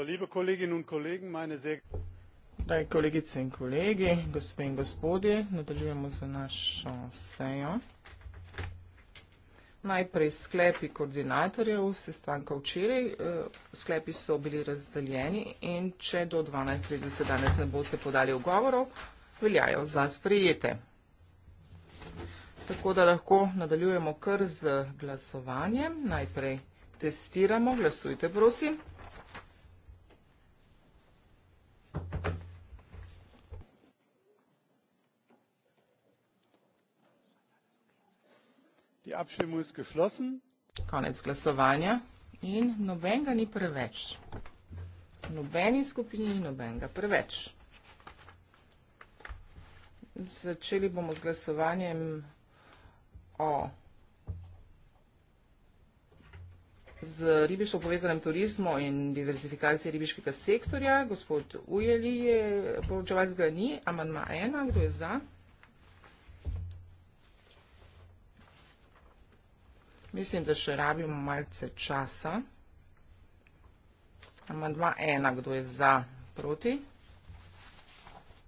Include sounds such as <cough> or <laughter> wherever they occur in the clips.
Liebe Kolleginnen und Kollegen, meine sehr Daj, kolegice in kolegi, gospe in gospodje, nadaljujemo za našo sejo. Najprej sklepi koordinatorjev, sestanka včeraj, eh, sklepi so bili razdeljeni in če do 12.30 danes ne boste podali ogovorov, veljajo za sprejete. Tako da lahko nadaljujemo kar z glasovanjem. Najprej testiramo, glasujte prosim. Konec glasovanja in nobenega ni preveč. Nobeni skupini ni nobenega preveč. Začeli bomo z glasovanjem o z ribištvo povezanem turizmu in diversifikaciji ribiškega sektorja. Gospod Ujeli je poročevalc ga ni, amandma ena, kdo je za? Mislim, da še rabimo malce časa. Amandma ena, kdo je za, proti.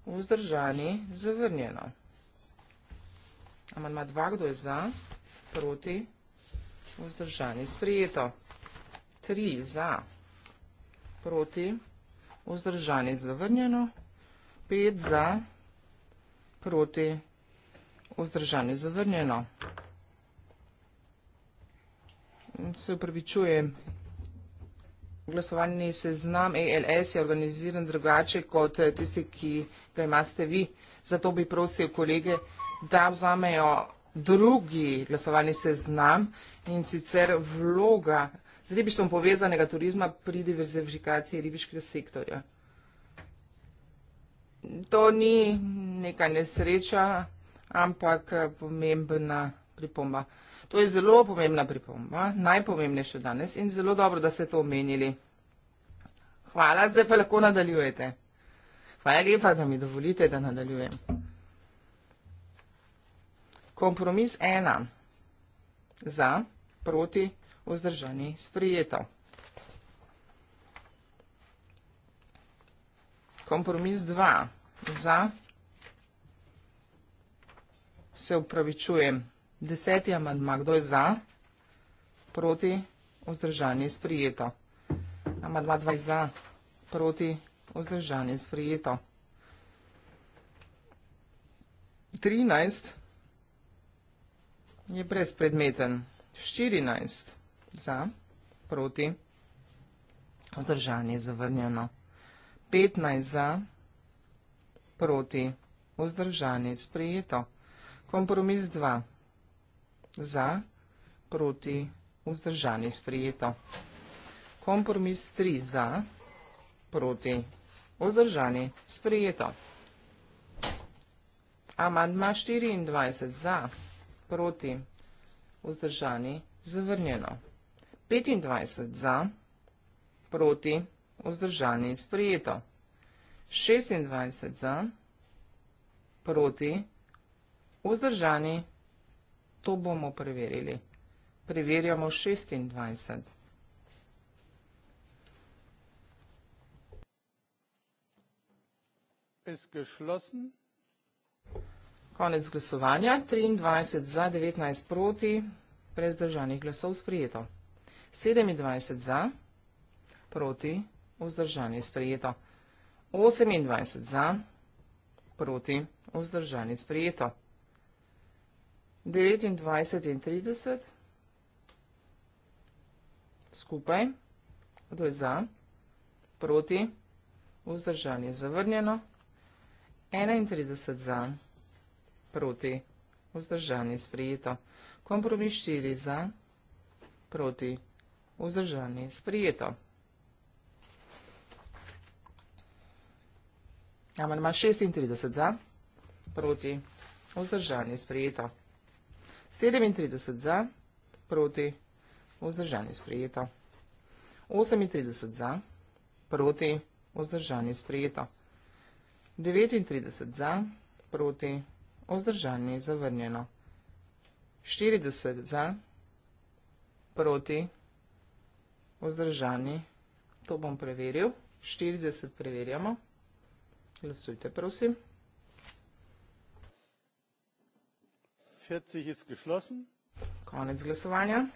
Vzdržani, zavrnjeno. Amandma dva, kdo je za, proti. Vzdržani, sprijeto. Tri, za, proti. Vzdržani, zavrnjeno. Pet, za, proti. Vzdržani, zavrnjeno. Vzdržani, zavrnjeno se upravičujem. Glasovanje seznam ALS je organiziran drugače kot tisti, ki ga imate vi. Zato bi prosil kolege, da vzamejo drugi glasovanje seznam in sicer vloga z ribištvom povezanega turizma pri diverzifikaciji ribiškega sektorja. To ni neka nesreča, ampak pomembna pripomba. To je zelo pomembna pripomba, najpomembnejša danes in zelo dobro, da ste to omenili. Hvala, zdaj pa lahko nadaljujete. Hvala lepa, da mi dovolite, da nadaljujem. Kompromis ena. Za, proti, vzdržani, sprijeto. Kompromis dva. Za, se upravičujem. Deseti amandma, kdo je za, proti, vzdržanje sprijeto. Amandma 2 za, proti, vzdržanje sprijeto. 13 je brezpredmeten. 14 za, proti, vzdržanje zavrnjeno. 15 za, proti, vzdržanje sprijeto. Kompromis 2 za, proti, vzdržani, sprijeto. Kompromis 3 za, proti, vzdržani, sprijeto. Amandma 24 za, proti, vzdržani, zavrnjeno. 25 za, proti, vzdržani, sprijeto. 26 za, proti, vzdržani, sprijeto. To bomo preverili. Preverjamo 26. Konec glasovanja. 23 za, 19 proti, brez državnih glasov sprijeto. 27 za, proti, vzdržani sprijeto. 28 za, proti, vzdržani sprijeto. 29 in 30 skupaj, kdo je za, proti, vzdržan je zavrnjeno, 31 za, proti, vzdržan je sprijeto, kompromis 4 za, proti, vzdržan je sprijeto. Amar ima 36 za, proti, vzdržan je sprijeto. 37 za, proti, vzdržani sprejeto. 38 za, proti, vzdržani sprejeto. 39 za, proti, vzdržani zavrnjeno. 40 za, proti, vzdržani, to bom preveril, 40 preverjamo, glasujte prosim. Konec glasovanja.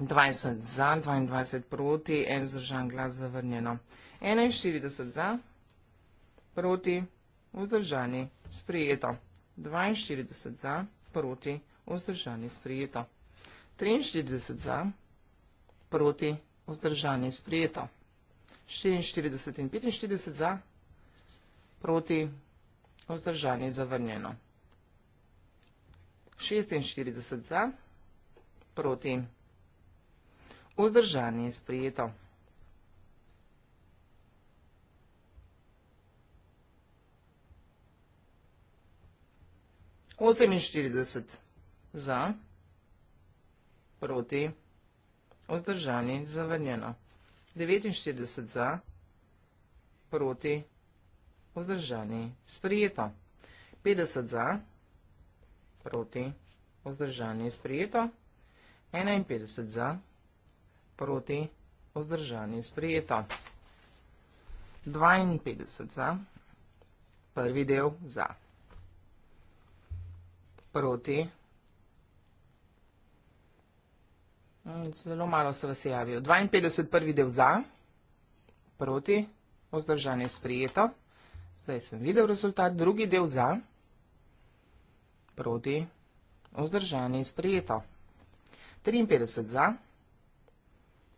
20 za, 22 proti, en vzdržan glas zavrnjeno. 41 za, proti, vzdržani, sprijeto. 42 za, proti, vzdržani, sprijeto. 43 za, proti, vzdržani, sprijeto. 44 in 45 za, proti, vzdržani, zavrnjeno. 46 za, proti. Vzdržanje je sprijeto. Oseminštirideset za, proti, vzdržanje je zavrnjeno. Devetinštirideset za, proti, vzdržanje je sprijeto. Petdeset za, proti proti, vzdržan je sprijeto, 51 za, proti, vzdržan je sprijeto, 52 za, prvi del za, proti, mm, zelo malo se vas javijo, 52 prvi del za, proti, vzdržan je sprijeto, zdaj sem videl rezultat, drugi del za, proti, proti, vzdržani, sprejeto. 53 za,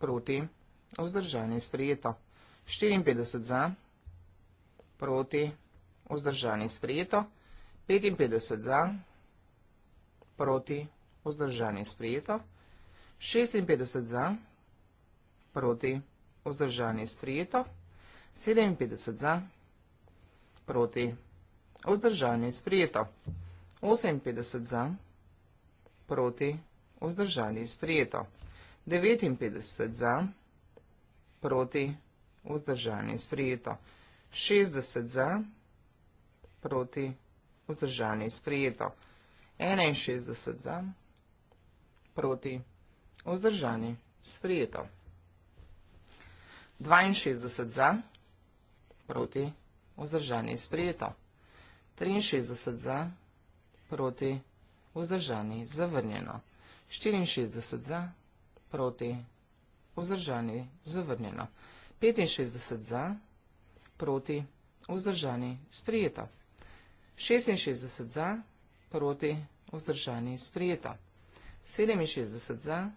proti, vzdržani, sprejeto. 54 za, proti, vzdržani, sprejeto. 55 za, proti, vzdržani, sprejeto. 56 za, proti, vzdržani, sprejeto. 57 za, proti, vzdržani, sprejeto. 58 za, proti, vzdržani, sprijeto. 59 za, proti, vzdržani, sprijeto. 60 za, proti, vzdržani, sprijeto. 61 za, proti, vzdržani, sprijeto. 62 za, proti, vzdržani, sprijeto. 63 za, proti, vzdržani, sprijeto proti, vzdržani, zavrnjeno. 64 za, proti, vzdržani, zavrnjeno. 65 za, proti, vzdržani, sprijeto. 66 za, proti, vzdržani, sprijeto. 67 za,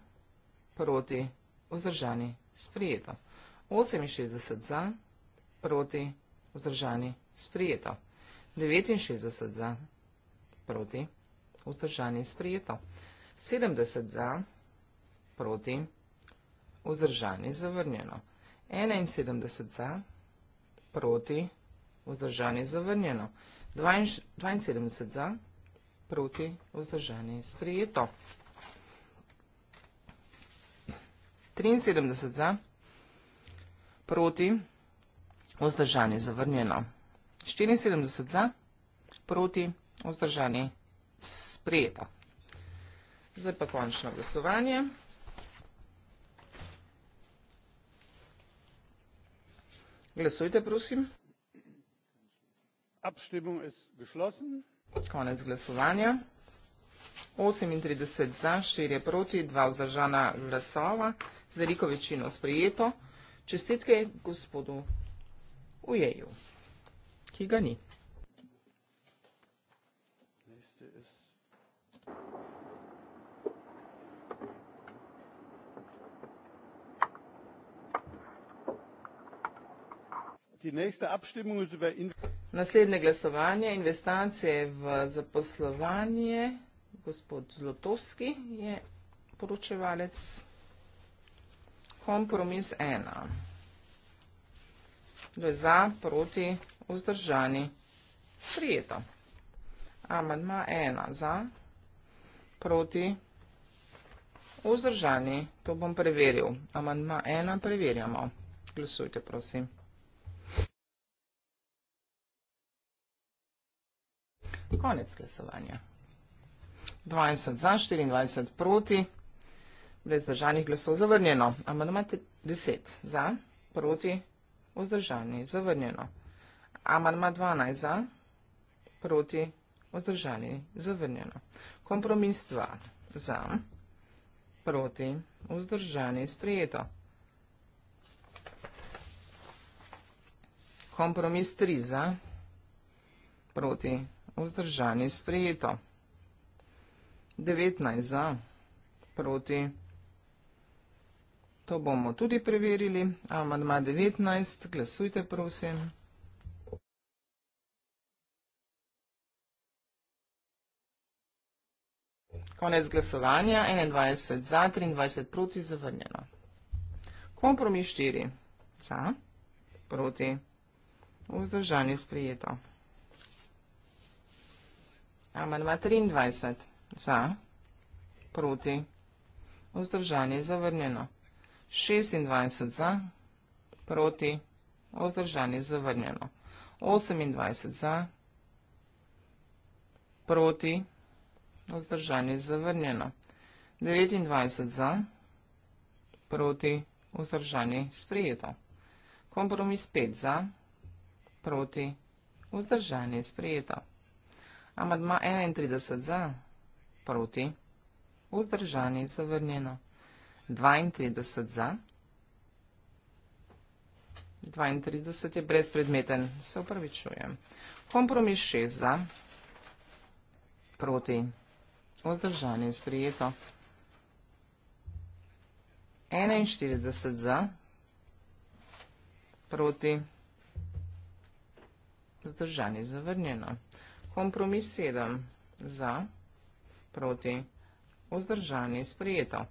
proti, vzdržani, sprijeto. 68 za, proti, vzdržani, sprijeto. 69 za, proti, vzdržani sprijeto. 70 za, proti, vzdržani zavrnjeno. 71 za, proti, vzdržani zavrnjeno. 72 za, proti, vzdržani sprijeto. 73 za, proti, vzdržani zavrnjeno. 74 za, proti, vzdržani zavrnjeno vzdržani sprejeta. Zdaj pa končno glasovanje. Glasujte, prosim. Abstimmung ist geschlossen. Konec glasovanja. 38 za, 4 proti, 2 vzdržana glasova, z veliko večino sprejeto. Čestitke gospodu Ujeju, ki ga ni. Naslednje glasovanje, investicije v zaposlovanje, gospod Zlotovski je poročevalec. Kompromis ena. Kdo je za, proti, vzdržani? Sprijeto. Amadma ena za, proti, vzdržani. To bom preveril. Amadma ena preverjamo. Glasujte, prosim. Konec glasovanja. 20 za, 24 proti, brez držanih glasov zavrnjeno. Amandma 10 za, proti, vzdržani, zavrnjeno. Amandma 12 za, proti, vzdržani, zavrnjeno. Kompromis 2 za, proti, vzdržani, sprejeto. Kompromis 3 za, proti, vzdržani vzdržani sprejeto. 19 za, proti. To bomo tudi preverili. Amandma 19, glasujte prosim. Konec glasovanja, 21 za, 23 proti, zavrnjeno. Kompromis 4, za, proti, vzdržanje sprijeto. Amandma 23. Za. Proti. Vzdržanje zavrnjeno. 26. Za. Proti. Vzdržanje zavrnjeno. 28. Za. Proti. Vzdržanje zavrnjeno. 29. Za. Proti. Vzdržanje sprijeto. Kompromis 5. Za. Proti. Vzdržanje sprijeto. Amadma 31 za, proti, vzdržani, zavrnjeno. 32 za, 32 je brezpredmeten, se upravičujem. Kompromis 6 za, proti, vzdržani, sprijeto. 41 za, proti, vzdržani, zavrnjeno. 32 za, proti kompromis 7 za, proti, vzdržanje sprejeto.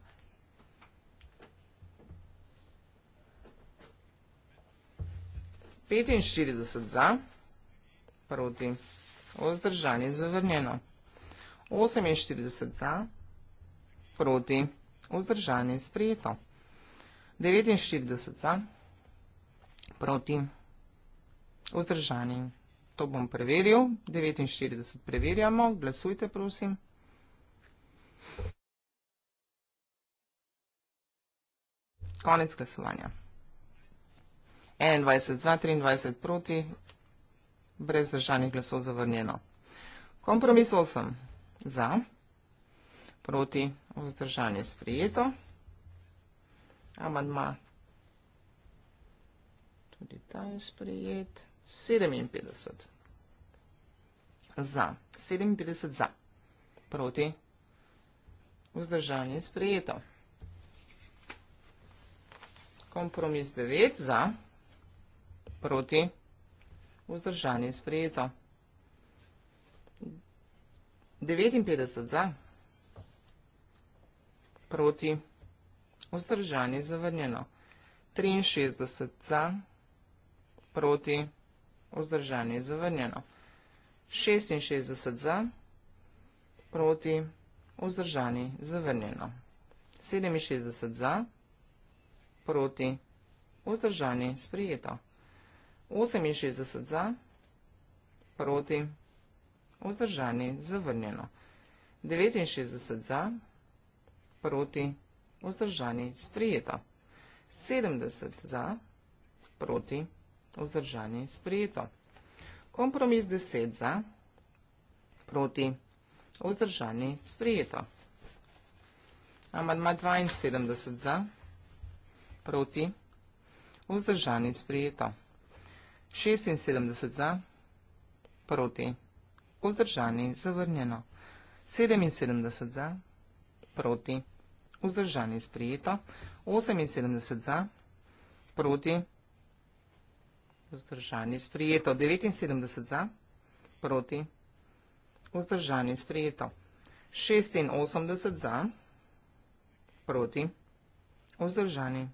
Petinštirideset za, proti, vzdržanje zavrnjeno. Oseminštirideset za, proti, vzdržanje sprejeto. Devetinštirideset za, proti, vzdržanje zavrnjeno to bom preveril. 49 preverjamo. Glasujte, prosim. Konec glasovanja. 21 za, 23 proti, brez držanih glasov zavrnjeno. Kompromis 8 za, proti, vzdržanje sprijeto. Amandma, tudi ta je sprijet, 57 za, 57 za, proti, vzdržanje sprejeto. Kompromis 9 za, proti, vzdržanje sprejeto. 59 za, proti, vzdržanje zavrnjeno. 63 za, proti, vzdržanje zavrnjeno. 63 za, proti, vzdržanje zavrnjeno. 66 za, proti, vzdržani, zavrnjeno. 67 za, proti, vzdržani, sprijeto. 68 za, proti, vzdržani, zavrnjeno. 69 za, proti, vzdržani, sprijeto. 70 za, proti, vzdržani, sprijeto. 71 za, proti, vzdržani, sprijeto kompromis 10 za, proti, vzdržani, sprijeto. Amadma 72 za, proti, vzdržani, sprijeto. 76 za, proti, vzdržani, zavrnjeno. 77 za, proti, vzdržani, sprijeto. 78 za, proti, vzdržani, sprijeto. Vzdržanje sprijeto. 79 za, proti. Vzdržanje sprijeto. 86 za, proti. Vzdržanje.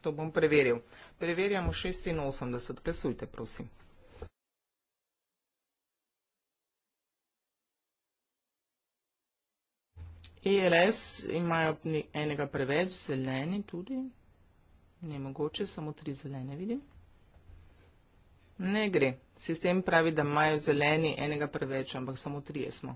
To bom preveril. Preverjamo 86. Presujte, prosim. ELS imajo enega preveč, zeleni tudi. Ne mogoče, samo tri zelene vidim. Ne gre. Sistem pravi, da imajo zeleni enega preveč, ampak samo trije smo.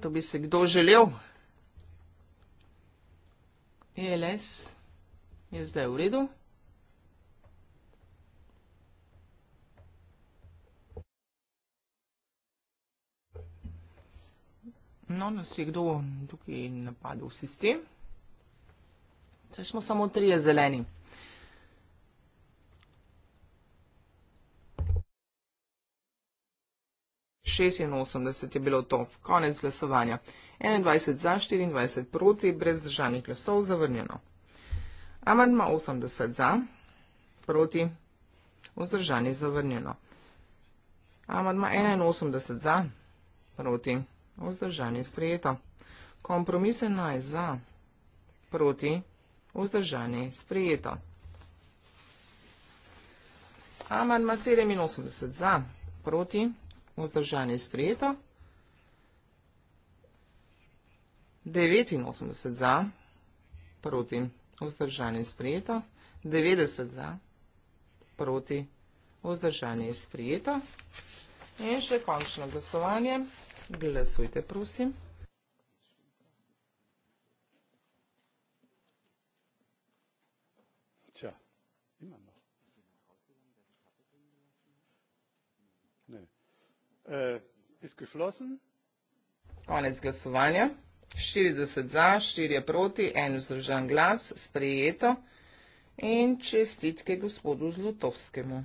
To bi se kdo želel? ELS je zdaj v redu. No, nas je kdo tukaj napadil v sistem. Zdaj smo samo trije zeleni. Šestinosemdeset je bilo to. Konec glasovanja. 21 za, 24 proti, brez državnih glasov, zavrnjeno. Amandma 80 za, proti, vzdržani, zavrnjeno. Amandma 81 za, proti, vzdržani, sprejeto. Kompromise naj za, proti, vzdržani vzdržani sprejeto. Amanma 87 za, proti, vzdržani sprejeto. 89 za, proti, vzdržani sprejeto. 90 za, proti, vzdržani sprejeto. In še končno glasovanje. Glasujte, prosim. Äh, ist geschlossen. Konec glasovanja. 40 za, 4 proti, 1 vzdržan glas, sprejeto in čestitke gospodu Zlotovskemu.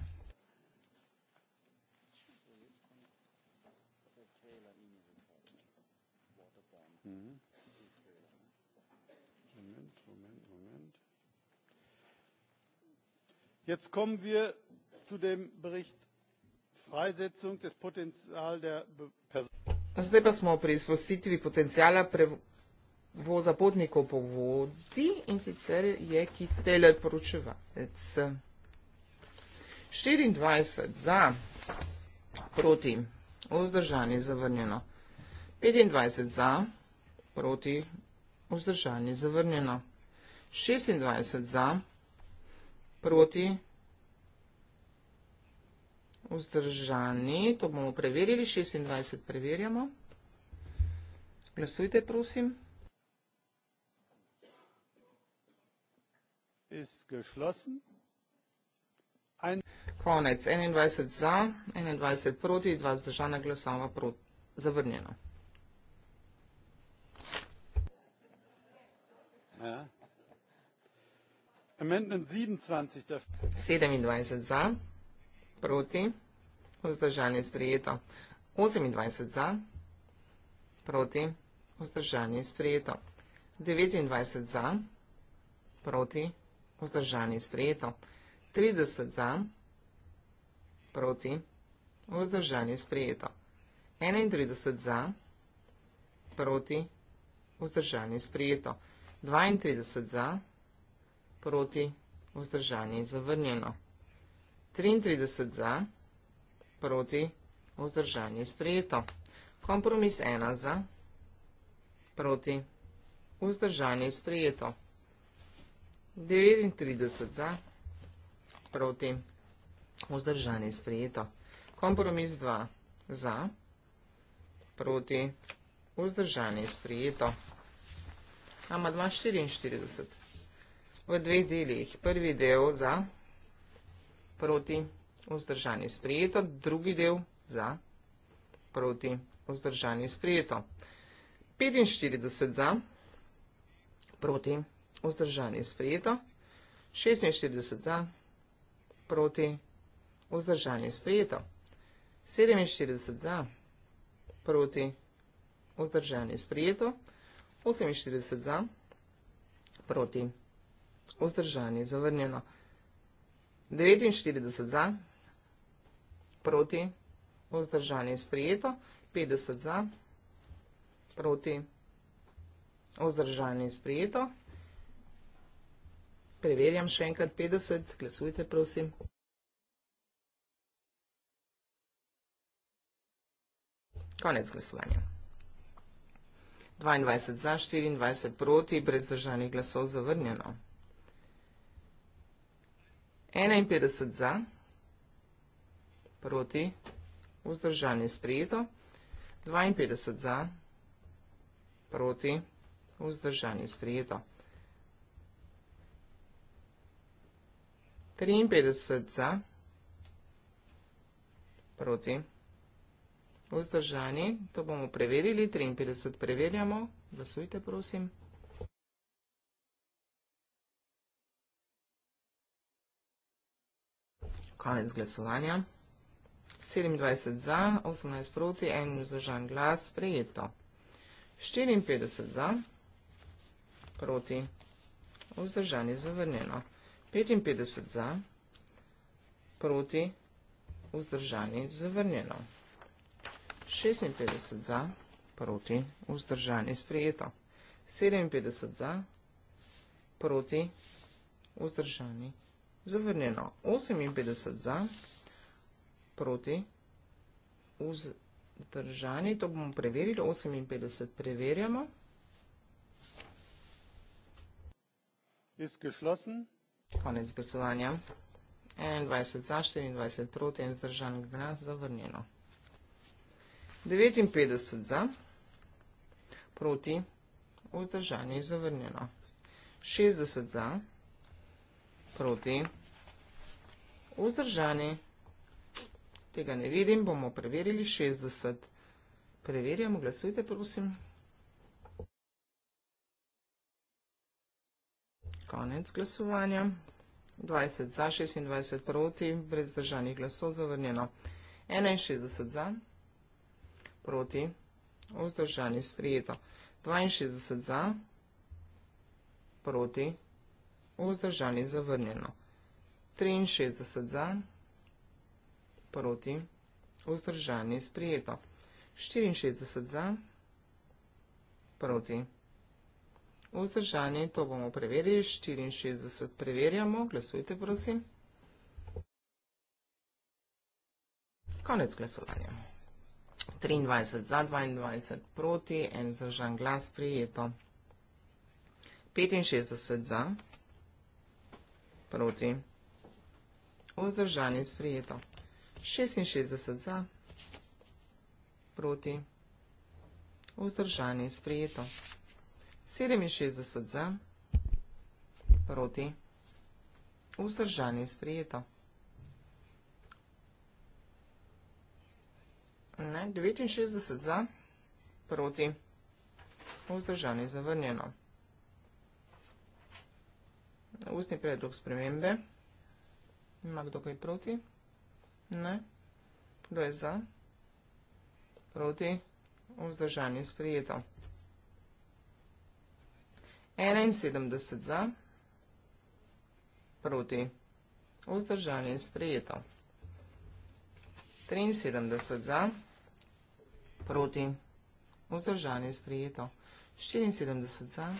Jetzt kommen wir zu dem Bericht Zdaj pa smo pri izpustitvi potencijala prevoza potnikov po vodi in sicer je kitele poročevalec 24 za proti vzdržanje zavrnjeno, 25 za proti vzdržanje zavrnjeno, 26 za proti vzdržanje zavrnjeno vzdržani, to bomo preverili, 26 preverjamo. Glasujte, prosim. Konec, 21 za, 21 proti, 2 vzdržana glasava proti, zavrnjeno. Ja. Amendment 27 za. 27 za proti, vzdržanje sprejeto. 28 za, proti, vzdržanje sprejeto. 29 za, proti, vzdržanje sprejeto. 30 za, proti, vzdržanje sprejeto. 31 za, proti, vzdržanje sprejeto. 32 za, proti, vzdržanje zavrnjeno. 33 za, proti, vzdržanje sprejeto. Kompromis 1 za, proti, vzdržanje sprejeto. 39 za, proti, vzdržanje sprejeto. Kompromis 2 za, proti, vzdržanje sprejeto. Amadma 44 v dveh delih. Prvi del za, proti, vzdržanje sprejeto proti, vzdržanje sprejeto, drugi del za, proti, vzdržanje sprejeto. 45 za, proti, vzdržanje sprejeto, 46 za, proti, vzdržanje sprejeto, 47 za, proti, vzdržanje sprejeto, 48 za, proti, vzdržanje zavrnjeno, 49 za, proti, vzdržanje zavrnjeno, 49 za, proti, vzdržanje sprijeto, 50 za, proti, vzdržanje sprijeto. Preverjam še enkrat 50, glasujte prosim. Konec glasovanja. 22 za, 24 proti, brez držanih glasov zavrnjeno. 51 za, proti, vzdržanje sprejeto, 52 za, proti, vzdržanje sprejeto, 53 za, proti, vzdržanje, to bomo preverili, 53 preverjamo, vasujte prosim, 53 za, proti, konec glasovanja. 27 za, 18 proti, 1 vzdržan glas, prejeto. 54 za, proti, vzdržan je zavrnjeno. 55 za, proti, vzdržan je zavrnjeno. 56 za, proti, vzdržan je sprejeto. 57 za, proti, vzdržan je zavrnjeno. Zavrnjeno 58 za, proti vzdržani, to bomo preverili, 58 preverjamo. Konec glasovanja. 21 za, 24 proti, en zdržan glas, zavrnjeno. 59 za, proti, vzdržanje je zavrnjeno. 60 za, proti, vzdržani, tega ne vidim, bomo preverili 60, preverjamo, glasujte prosim. Konec glasovanja, 20 za, 26 proti, brez zdržanih glasov, zavrnjeno, 61 za, proti, vzdržani, sprijeto, 62 za, proti, vzdržani, vzdržani zavrnjeno. 63 za, proti, vzdržani sprijeto. 64 za, proti, vzdržani, to bomo preverili, 64 preverjamo, glasujte prosim. Konec glasovanja. 23 za, 22 proti, en vzdržan glas sprijeto. 65 za, proti. Vzdržanje sprijeto. 66 za, proti. Vzdržanje sprijeto. 67 za, proti. Vzdržanje sprijeto. Ne, 69 za, proti. Vzdržanje zavrnjeno ustni predlog spremembe. Ima kdo kaj proti? Ne. Kdo je za? Proti? Vzdržan je sprijeto. 71 za. Proti? Vzdržan je sprijeto. 73 za. Proti? Vzdržan je sprijeto. 74 za.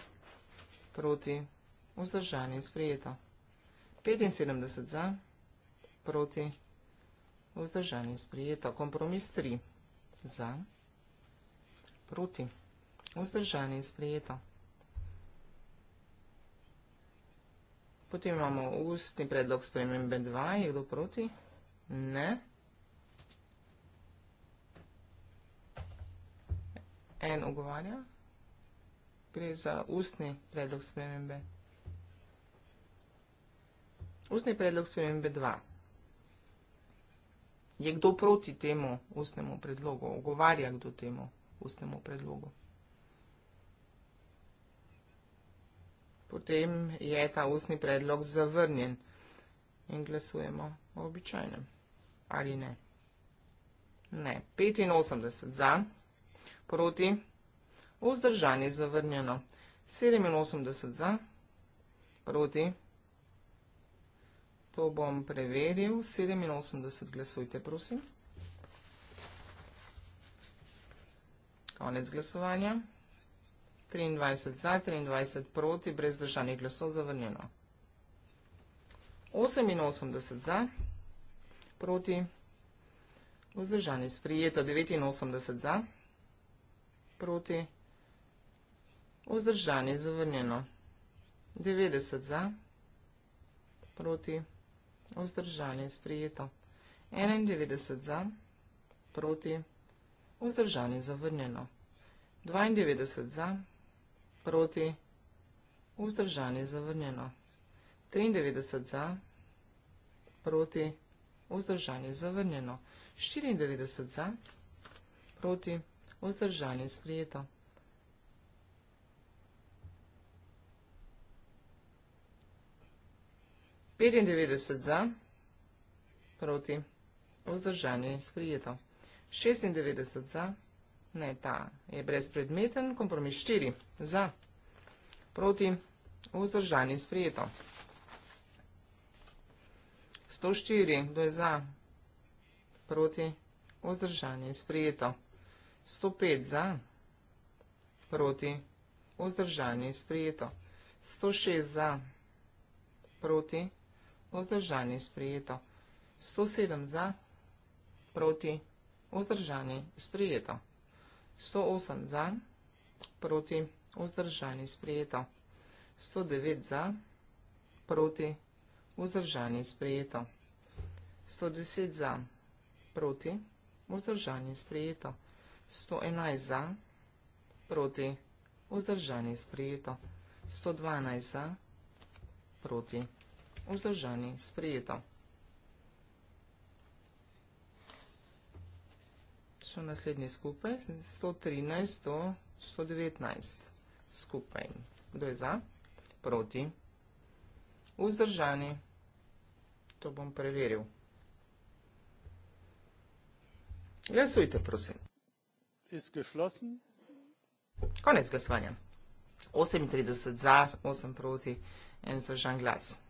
Proti? Vzdržan je sprijeto vzdržanje je sprejeto. 75 za, proti, vzdržanje je sprejeto. Kompromis 3 za, proti, vzdržanje je sprejeto. Potem imamo ustni predlog spremembe 2, je kdo proti? Ne. En ogovarja. Gre za ustni predlog spremembe 2. Ustni predlog spremembe 2. Je kdo proti temu ustnemu predlogu? Ogovarja kdo temu ustnemu predlogu? Potem je ta ustni predlog zavrnjen in glasujemo o običajnem. Ali ne? Ne. 85 za, proti, vzdržanje zavrnjeno. 87 za, proti, vzdržanje zavrnjeno. To bom preveril. 87 glasujte, prosim. Konec glasovanja. 23 za, 23 proti, brez držanih glasov, zavrnjeno. 88 za, proti, vzdržani, sprijeto, 89 za, proti, vzdržani, zavrnjeno, 90 za, proti, vzdržani vzdržali in sprejeto. 91 za, proti, vzdržali in zavrnjeno. 92 za, proti, vzdržali in zavrnjeno. 93 za, proti, vzdržali in zavrnjeno. 94 za, proti, vzdržali in sprejeto. 95 za, proti, vzdržanje je sprijeto. 96 za, ne ta, je brezpredmeten, kompromis 4 za, proti, vzdržanje je sprijeto. 104, kdo je za, proti, vzdržanje je sprijeto. 105 za, proti, vzdržanje je sprijeto. 106 za, proti, vzdržanje je sprijeto vzdržani sprejeto. 107 za, proti, vzdržani sprejeto. 108 za, proti, vzdržani sprejeto. 109 za, proti, vzdržani sprejeto. 110 za, proti, vzdržani sprejeto. 111 za, proti, vzdržani sprejeto. 112 za, proti, vzdržani sprejeto vzdržani, sprejeto. Še naslednji skupaj, 113 do 119 skupaj. Kdo je za? Proti. Vzdržani, to bom preveril. Glasujte, prosim. Konec glasovanja. 38 za, 8 proti, en vzdržan glas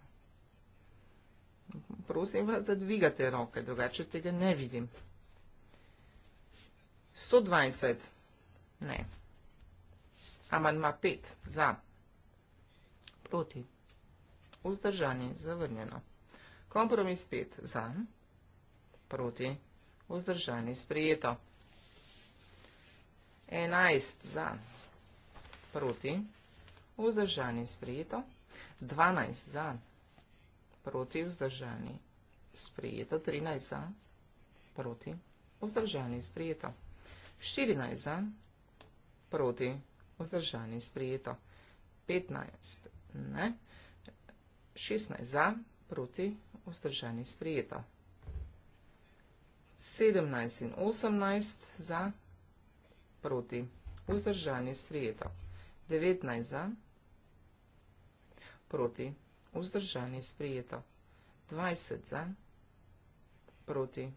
prosim vas, da dvigate roke, drugače tega ne vidim. 120, ne. Aman ima 5, za, proti, vzdržani, zavrnjeno. Kompromis 5, za, proti, vzdržani, sprijeto. 11, za, proti, vzdržani, sprijeto. 12, za, proti proti vzdržani, sprejeta, 13 za, proti vzdržani, sprejeta, 14 za, proti vzdržani, sprejeta, 15 ne, 16 za, proti vzdržani, sprejeta, 17 in 18 za, proti vzdržani, sprejeta, 19 za, proti vzdržani, sprejeta, Vzdržan je sprejeto. 20 za. Proti.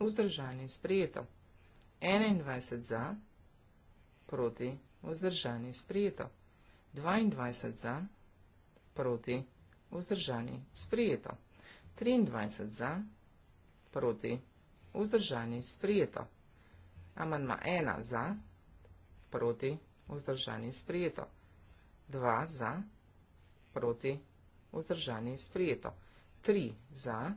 Vzdržan je sprejeto. 21 za. Proti. Vzdržan je sprejeto. 22 za. Proti. Vzdržan je sprejeto. 23 za. Proti. Vzdržan je sprejeto. Amanma 1 za. Proti. Vzdržan je sprejeto. 2 za. Proti. Vzdržan je sprejeto vzdržanje sprijeto. 3 za,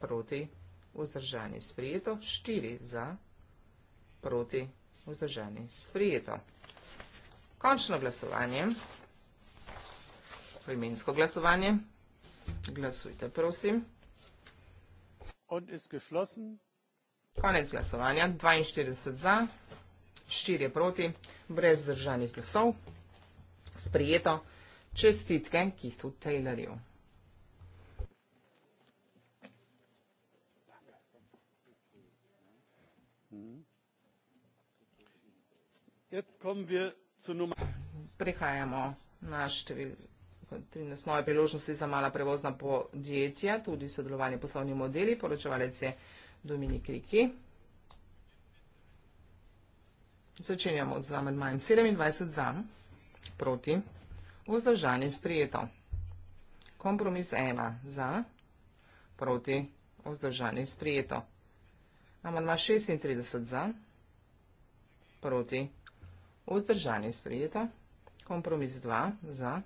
proti, vzdržanje sprijeto. 4 za, proti, vzdržanje sprijeto. Končno glasovanje, poimensko glasovanje. Glasujte, prosim. Und ist geschlossen. Konec glasovanja, 42 za, 4 proti, brez zdržanih glasov, sprijeto. Čestitke Keithu Taylorju. Prihajamo na številko 13 nove priložnosti za mala prevozna podjetja, tudi sodelovanje poslovni modeli, poročevalec je Dominik Riki. Začenjamo z amedmajem 27 za, proti vzdržan in sprijeto. Kompromis ena za, proti, vzdržan in sprijeto. Amandma 36 za, proti, vzdržan in sprijeto. Kompromis 2 za,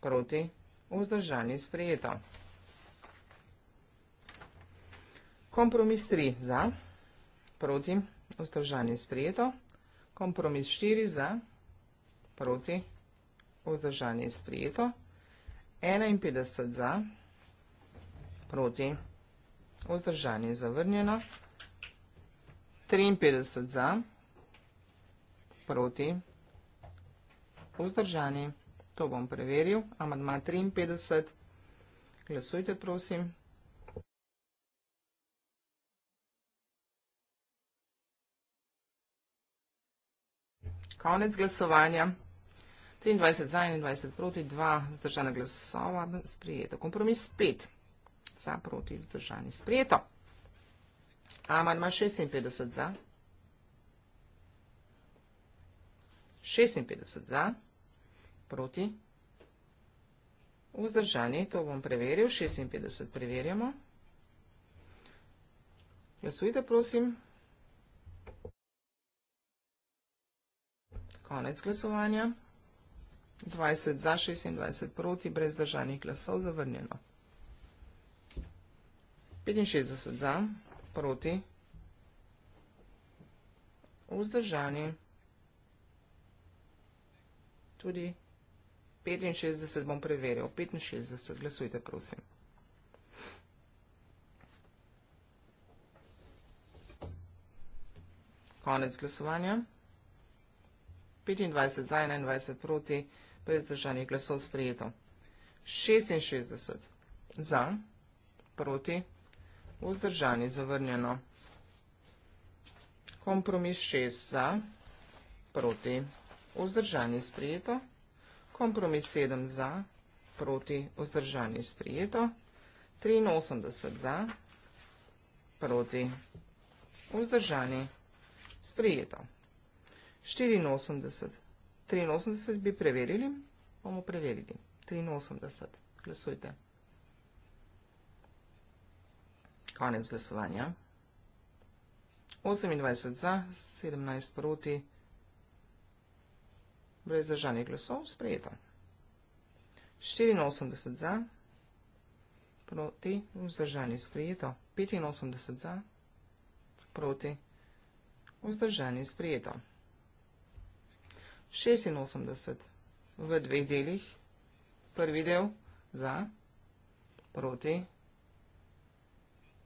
proti, vzdržan in sprijeto. Kompromis 3 za, proti, vzdržan in sprijeto. Kompromis 4 za, proti, vzdržan in sprijeto vzdržan je sprijeto, 51 za, proti, vzdržan je zavrnjeno, 53 za, proti, vzdržan je, to bom preveril, amadma 53, glasujte prosim. Konec glasovanja. 23 za in 21 proti, 2 zdržana glasova, sprijeto. Kompromis 5 za proti vzdržani. Sprijeto. Amar ima 56 za. 56 za proti vzdržani. To bom preveril. 56 preverjamo. Glasujte, prosim. Konec glasovanja. 20 za 26 proti, brez zdržanih glasov, zavrnjeno. 65 za proti, vzdržani, tudi 65 bom preveril, 65 glasujte prosim. Konec glasovanja. 25 za 21 proti brez držanih glasov sprejeto. 66 za, proti, vzdržani zavrnjeno. Kompromis 6 za, proti, vzdržani sprejeto. Kompromis 7 za, proti, vzdržani sprejeto. 83 za, proti, vzdržani sprejeto. 84 83 bi preverili, bomo preverili. 83, glasujte. Konec glasovanja. 28 za, 17 proti, brez zažanih glasov, sprejeto. 84 za, proti, vzdržani, sprejeto. 85 za, proti, vzdržani, sprejeto. 86 v dveh delih. Prvi del za, proti,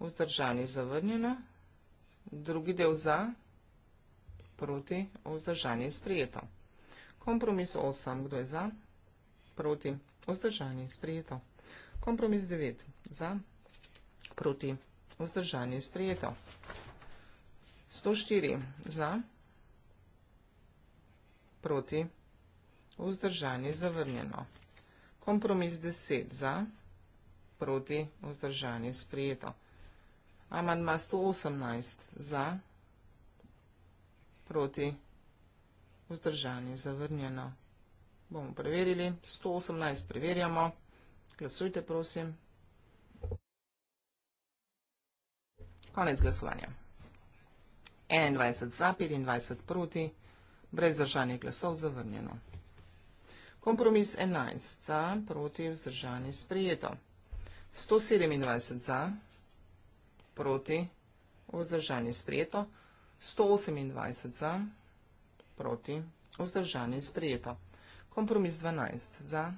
vzdržani, zavrnjena. Drugi del za, proti, vzdržani, sprijeto. Kompromis 8, kdo je za, proti, vzdržani, sprijeto. Kompromis 9, za, proti, vzdržani, sprijeto. 104, za, proti, vzdržani, sprijeto proti, vzdržanje zavrnjeno. Kompromis 10 za, proti, vzdržanje sprijeto. Amandma 118 za, proti, vzdržanje zavrnjeno. Bomo preverili, 118 preverjamo, glasujte prosim. Konec glasovanja. 21 za, 25 proti brez zdržanje glasov zavrnjeno. Kompromis 11 za, proti vzdržanje sprejeto. 127 za, proti vzdržanje sprejeto. 128 za, proti vzdržanje sprejeto. Kompromis 12 za,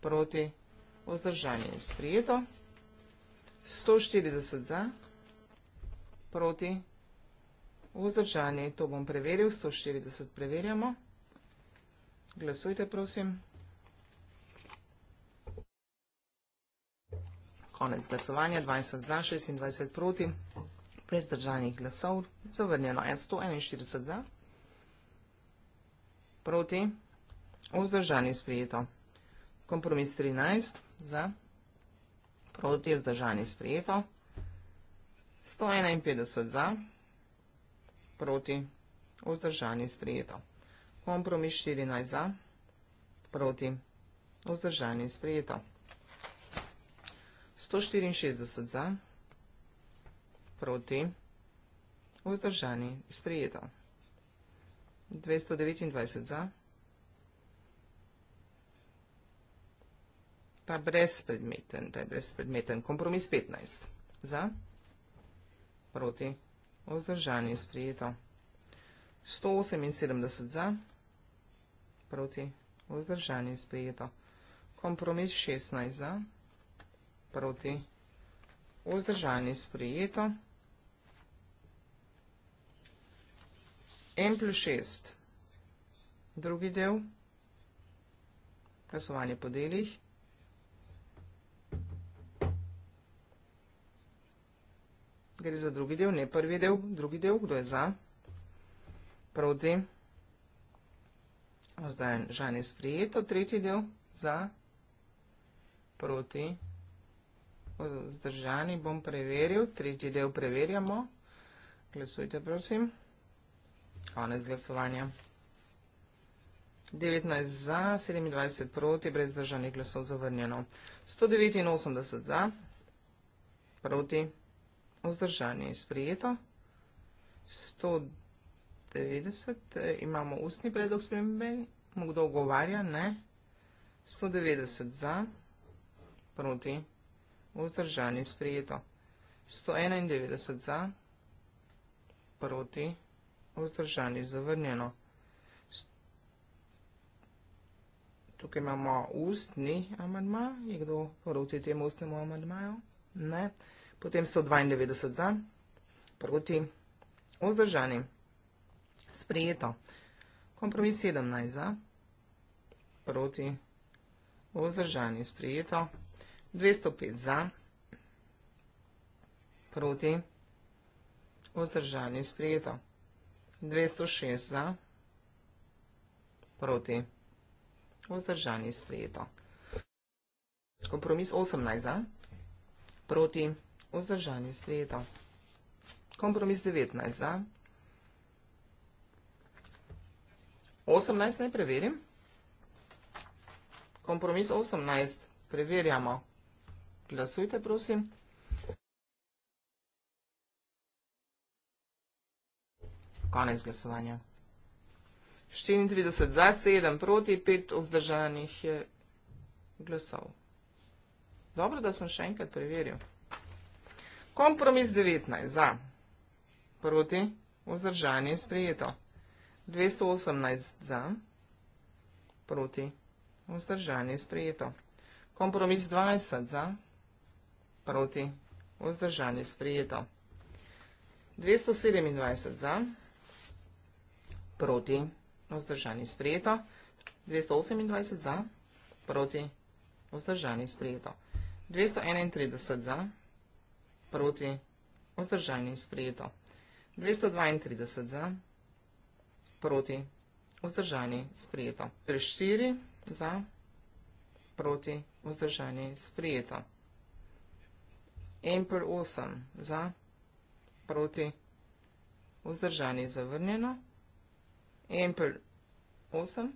proti vzdržanje sprejeto. 140 za, proti vzdržanje sprejeto vzdržanje, to bom preveril, 140 preverjamo. Glasujte, prosim. Konec glasovanja, 20 za, 26 proti, brez držanih glasov, zavrnjeno je 141 za, proti, vzdržanje sprijeto. Kompromis 13 za, proti, vzdržanje sprijeto, 151 za, proti, proti, vzdržani sprejeto. Kompromis 14 za, proti, vzdržani sprejeto. 164 za, proti, vzdržani sprejeto. 229 za, ta brezpredmeten, ta brezpredmeten, kompromis 15 za, proti, vzdržani sprejeto. Vzdržan je sprijeto. 178 za, proti. Vzdržan je sprijeto. Kompromis 16 za, proti. Vzdržan je sprijeto. 1 plus 6, drugi del, glasovanje po delih, Gre za drugi del, ne prvi del, drugi del, kdo je za? Proti. Zdaj žan je sprijeto, tretji del, za? Proti. Zdržani bom preveril, tretji del preverjamo. Glasujte, prosim. Konec glasovanja. 19 za, 27 proti, brez zdržanih glasov zavrnjeno. 189 za, proti vzdržanje je sprijeto. 190, e, imamo ustni predlog spremembe, mu kdo ogovarja, ne. 190 za, proti, vzdržanje je sprijeto. 191 za, proti, vzdržanje je zavrnjeno. Tukaj imamo ustni amadma, je kdo proti temu ustnemu amadmaju? Ne. Ne potem 192 za, proti, vzdržani, sprejeto. Kompromis 17 za, proti, vzdržani, sprejeto, 205 za, proti, vzdržani, sprejeto, 206 za, proti, vzdržani, sprejeto. Kompromis 18 za, proti, vzdržani, sprejeto vzdržanje sleda. Kompromis 19 za. 18 naj preverim. Kompromis 18 preverjamo. Glasujte, prosim. Konec glasovanja. 34 za, 7 proti, 5 vzdržanih glasov. Dobro, da sem še enkrat preveril. Kompromis 19 za, proti, vzdržanje sprejeto. 218 za, proti, vzdržanje sprejeto. Kompromis 20 za, proti, vzdržanje sprejeto. 227 za, proti, vzdržanje sprejeto. 228 za, proti, vzdržanje sprejeto. 231 za, proti, vzdržanje sprejeto proti vzdržanju in sprejeto. 232 za, proti vzdržanje sprejeto. 34 za, proti vzdržanje sprejeto. Emper 8 za, proti vzdržanje zavrnjeno. Emper 8,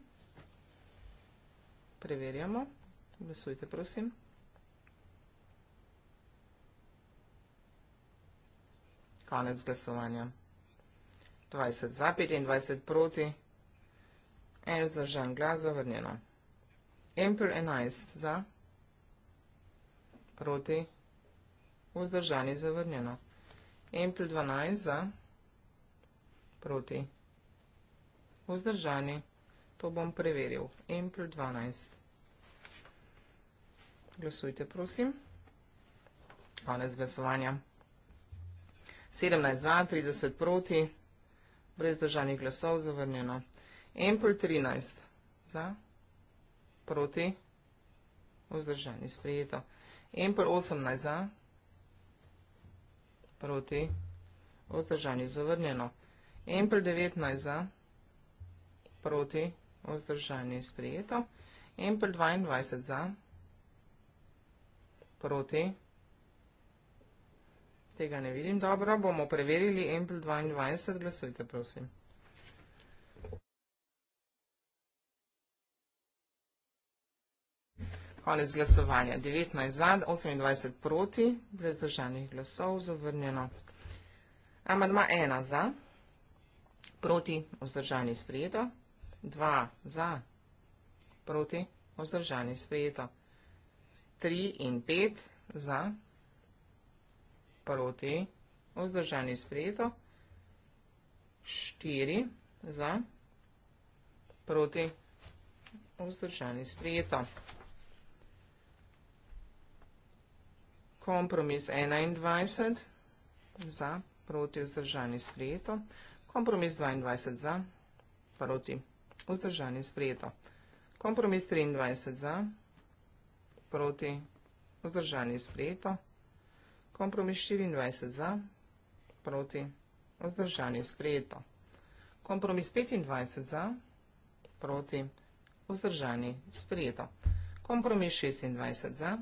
preverjamo, glasujte prosim. Konec glasovanja. 20 za, 25 proti. En zdržan glas, zavrnjeno. Emperor 11 za, proti, vzdržani, zavrnjeno. Emperor 12 za, proti, vzdržani, to bom preveril. Emperor 12. Glasujte, prosim. Konec glasovanja. 17 za, 30 proti, brez držanih glasov, zavrnjeno. Empel 13 za, proti, vzdržani, sprejeto. Empel 18 za, proti, vzdržani, zavrnjeno. Empel 19 za, proti, vzdržani, sprejeto. Empel 22 za, proti, vzdržani, sprejeto. Tega ne vidim dobro. Bomo preverili Ample 22. Glasujte, prosim. Konec glasovanja. 19 za, 28 proti, brez držanih glasov, zavrnjeno. Amadma 1 za, proti, vzdržani sprejeto. 2 za, proti, vzdržani sprejeto. 3 in 5 za, proti proti, vzdržani sprejeto, štiri za, proti, vzdržani sprejeto. Kompromis 21 za, proti, vzdržani sprejeto, kompromis 22 za, proti, vzdržani sprejeto, kompromis 23 za, proti, vzdržani sprejeto, kompromis 23 za, proti, vzdržani sprejeto, Kompromis 24 za, proti, vzdržanje sprejeto. Kompromis 25 za, proti, vzdržanje sprejeto. Kompromis 26 za,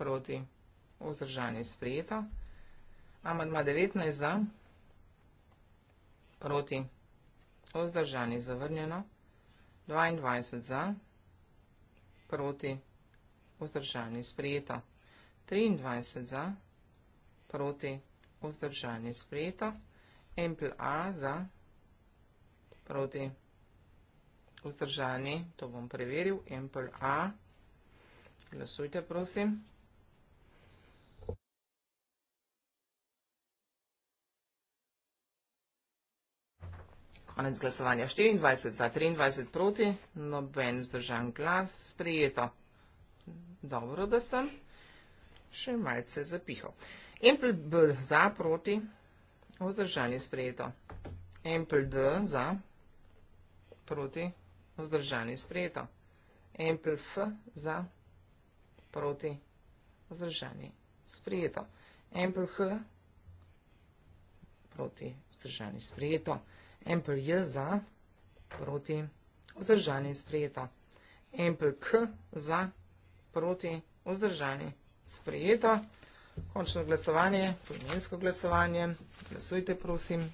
proti, vzdržanje sprejeto. Amadma 19 za, proti, vzdržanje zavrnjeno. 22 za, proti, vzdržanje sprejeto. 23 za, proti vzdržanje sprejeto, ampl A za, proti vzdržanje, to bom preveril, ampl A, glasujte prosim. Konec glasovanja 24 za, 23 proti, noben vzdržan glas, sprejeto. Dobro, da sem še malce zapihal. Empel B za, proti, vzdržanje sprejeto. Empel D za, proti, vzdržanje sprejeto. Empel F za, proti, vzdržanje sprejeto. Empel H, proti, vzdržanje sprejeto. Empel J za, proti, vzdržanje sprejeto. Empel K za, proti, vzdržanje sprejeto sprejeta. Končno glasovanje, poimensko glasovanje. Glasujte, prosim.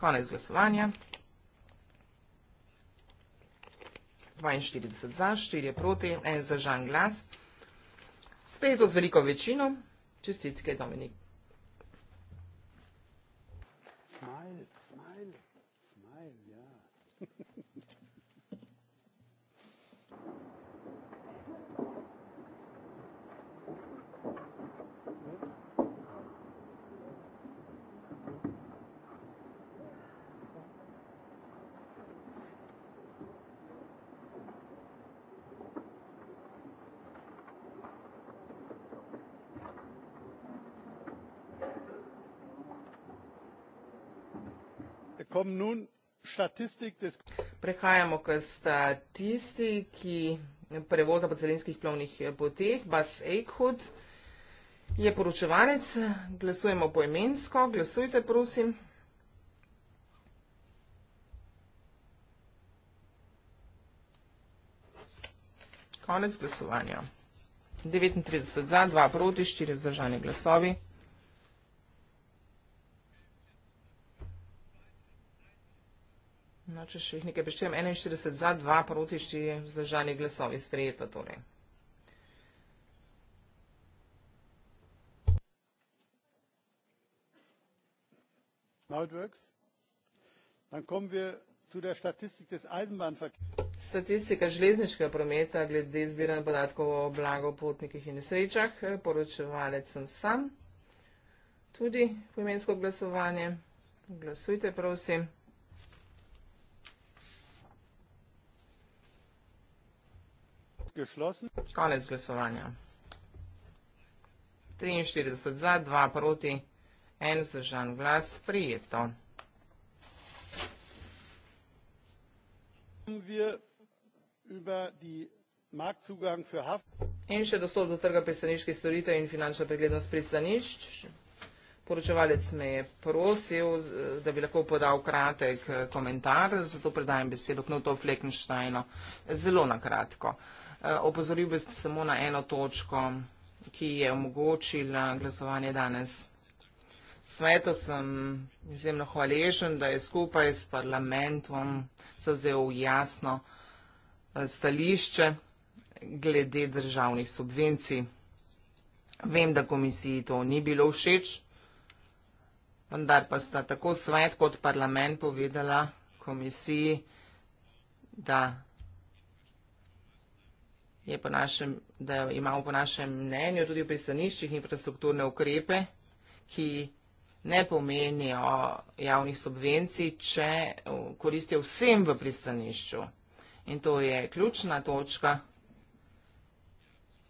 Konec glasovanja. 42 za, 4 proti, 1 zdržan glas. Sprejeto z veliko večino. Čestitke, Dominik. Prehajamo k statistiki prevoza po celinskih plovnih poteh. Bas Eichhut je poročevalec. Glasujemo poimensko. Glasujte, prosim. Konec glasovanja. 39 za, 2 proti, 4 vzdržani glasovi. No, če še jih nekaj prečem, 41 za, 2 proti 4 vzdržani glasovi sprejeta torej. Statistika železniškega prometa glede izbiranja podatkov o blago potnikih in nesrečah, poročevalec sem sam, tudi poimensko glasovanje. Glasujte, prosim. geschlossen. Konec glasovanja. 43 za, 2 proti, 1 vzdržan glas, sprijeto. In še dostop do trga pristaniških storitev in finančna preglednost pristanišč. Poročevalec me je prosil, da bi lahko podal kratek komentar, zato predajem besedo Knuto Fleckensteino zelo nakratko. kratko. Eh, opozoril bi samo na eno točko, ki je omogočila glasovanje danes. Sveto sem izjemno hvaležen, da je skupaj s parlamentom se vzel jasno eh, stališče glede državnih subvencij. Vem, da komisiji to ni bilo všeč, vendar pa sta tako svet kot parlament povedala komisiji, da je po našem, da imamo po našem mnenju tudi v pristaniščih infrastrukturne ukrepe, ki ne pomenijo javnih subvencij, če eh, koristijo vsem v pristanišču. In to je ključna točka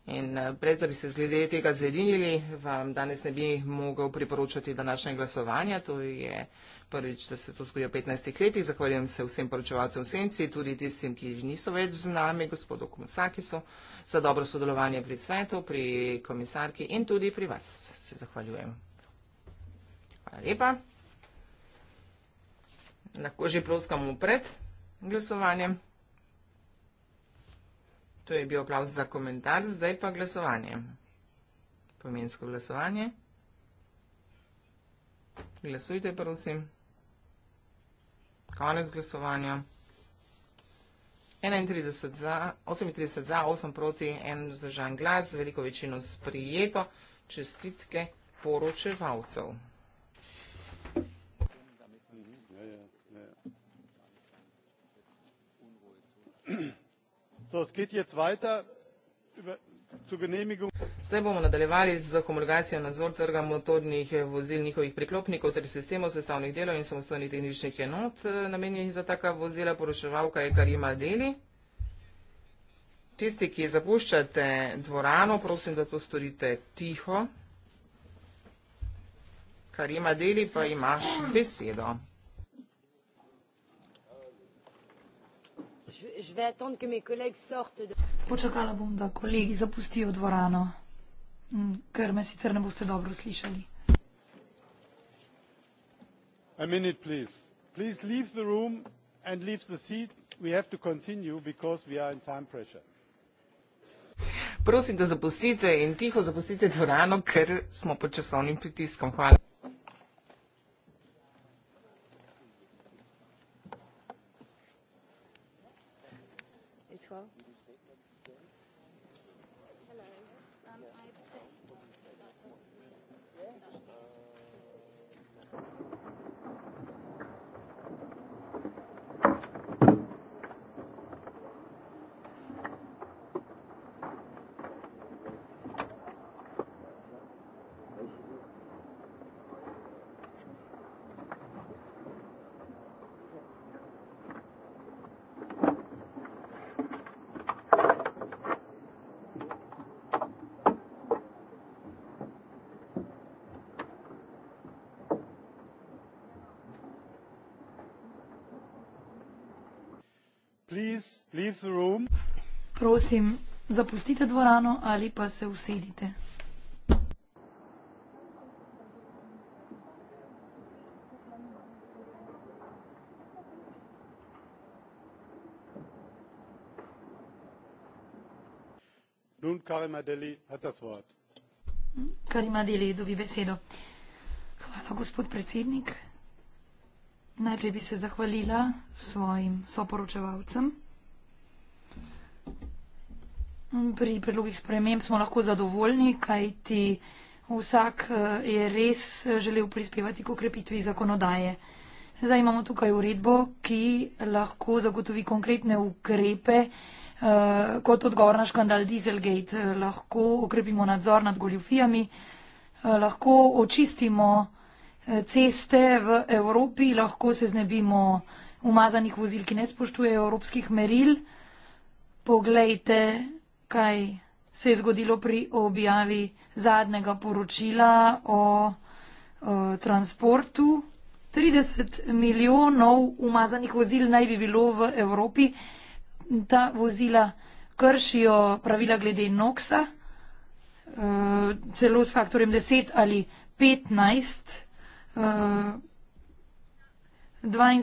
In eh, brez da bi se zglede tega zedinili, vam danes ne bi mogel priporočati današnje glasovanje. To je prvič, da se to zgodi v 15 letih. Zahvaljujem se vsem poročevalcem v senci, tudi tistim, ki niso več z nami, gospodu Komusakisu, za dobro sodelovanje pri svetu, pri komisarki in tudi pri vas. Se zahvaljujem. Hvala lepa. Lahko že proskam upred glasovanjem. To je bil aplavz za komentar, zdaj pa glasovanje. Pomensko glasovanje. Glasujte, prosim. Konec glasovanja. 31 za, 38 za, 8 proti, 1 zdržan glas, veliko večino sprijeto. Čestitke poročevalcev. Mm-hmm. Yeah, yeah, yeah. Zdaj bomo nadaljevali z homologacijo nadzor trga motornih eh, vozil njihovih priklopnikov ter sistemov sestavnih delov in samostojnih tehničnih enot eh, namenjenih za taka vozila. Poročevalka je Karima Deli. Tisti, ki zapuščate dvorano, prosim, da to storite tiho. Karima Deli pa ima besedo. Počakala bom, da kolegi zapustijo dvorano, mm, ker me sicer ne boste dobro slišali. Prosim, da zapustite in tiho zapustite dvorano, ker smo pod časovnim pritiskom. Hvala. Please leave the room. Prosim, zapustite dvorano ali pa se usedite. Nun Karima Deli hat das Wort. Karima Deli dobi besedo. Hvala, gospod predsednik. Najprej bi se zahvalila svojim soporočevalcem. Pri predlogih sprememb smo lahko zadovoljni, kaj ti vsak eh, je res eh, želel prispevati k okrepitvi zakonodaje. Zdaj imamo tukaj uredbo, ki lahko zagotovi konkretne ukrepe eh, kot odgovor na škandal Dieselgate. Lahko okrepimo nadzor nad goljufijami, lahko očistimo ceste v Evropi, lahko se znebimo umazanih vozil, ki ne spoštujejo evropskih meril. Poglejte, kaj se je zgodilo pri objavi zadnjega poročila o, o transportu. 30 milijonov umazanih vozil naj bi bilo v Evropi. Ta vozila kršijo pravila glede NOX-a, e, celo s faktorjem 10 ali 15. 72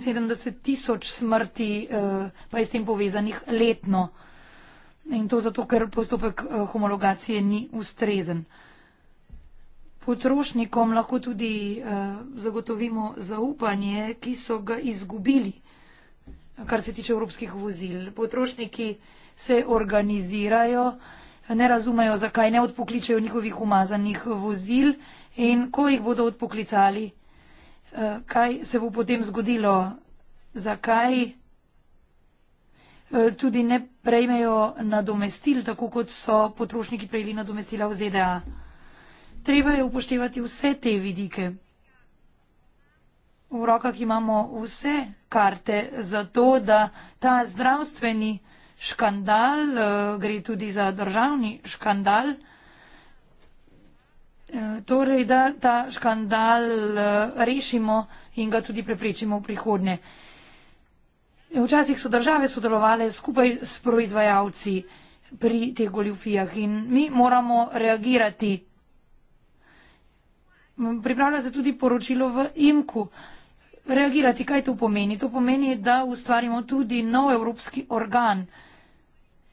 eh, tisoč smrti eh, pa je s tem povezanih letno. In to zato, ker postopek eh, homologacije ni ustrezen. Potrošnikom lahko tudi zagotovimo zaupanje, ki so ga izgubili, kar se tiče evropskih vozil. Potrošniki se organizirajo, ne razumejo, zakaj ne odpokličajo njihovih umazanih vozil in ko jih bodo odpoklicali. Eh, kaj se bo potem zgodilo, zakaj eh, tudi ne prejmejo nadomestil, tako kot so potrošniki prejeli nadomestila v ZDA. Treba je upoštevati vse te vidike. V rokah imamo vse karte za to, da ta zdravstveni škandal, eh, gre tudi za državni škandal, Torej, da ta škandal eh, rešimo in ga tudi preprečimo v prihodnje. Včasih so države sodelovali skupaj s proizvajalci pri teh goljufijah in mi moramo reagirati. Pripravlja se tudi poročilo v IMKU. Reagirati, kaj to pomeni? To pomeni, da ustvarimo tudi nov evropski organ.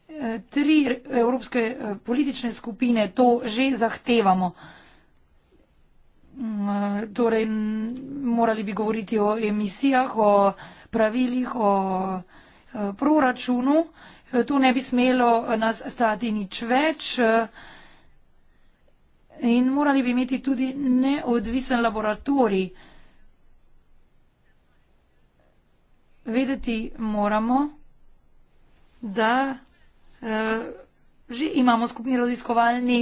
Eh, tri evropske eh, politične skupine to že zahtevamo. Mm, torej, morali bi govoriti o emisijah, o pravilih, o eh, proračunu. Eh, tu ne bi smelo nas stati nič več. Eh, in morali bi imeti tudi neodvisen laboratorij. Vedeti moramo, da že imamo skupni raziskovalni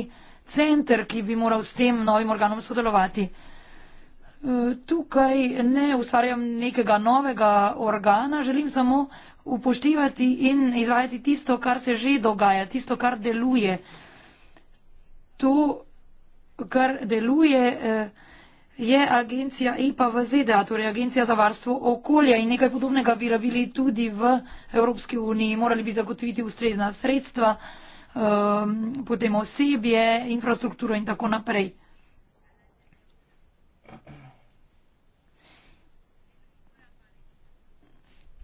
center, ki bi moral s tem novim organom sodelovati. E, tukaj ne ustvarjam nekega novega organa, želim samo upoštevati in izvajati tisto, kar se že dogaja, tisto, kar deluje. To, kar deluje, e, je agencija IPA e v ZDA, torej Agencija za varstvo okolja in nekaj podobnega bi rabili tudi v Evropski uniji. Morali bi zagotoviti ustrezna sredstva. Um, potem osebje, infrastrukturo in tako naprej.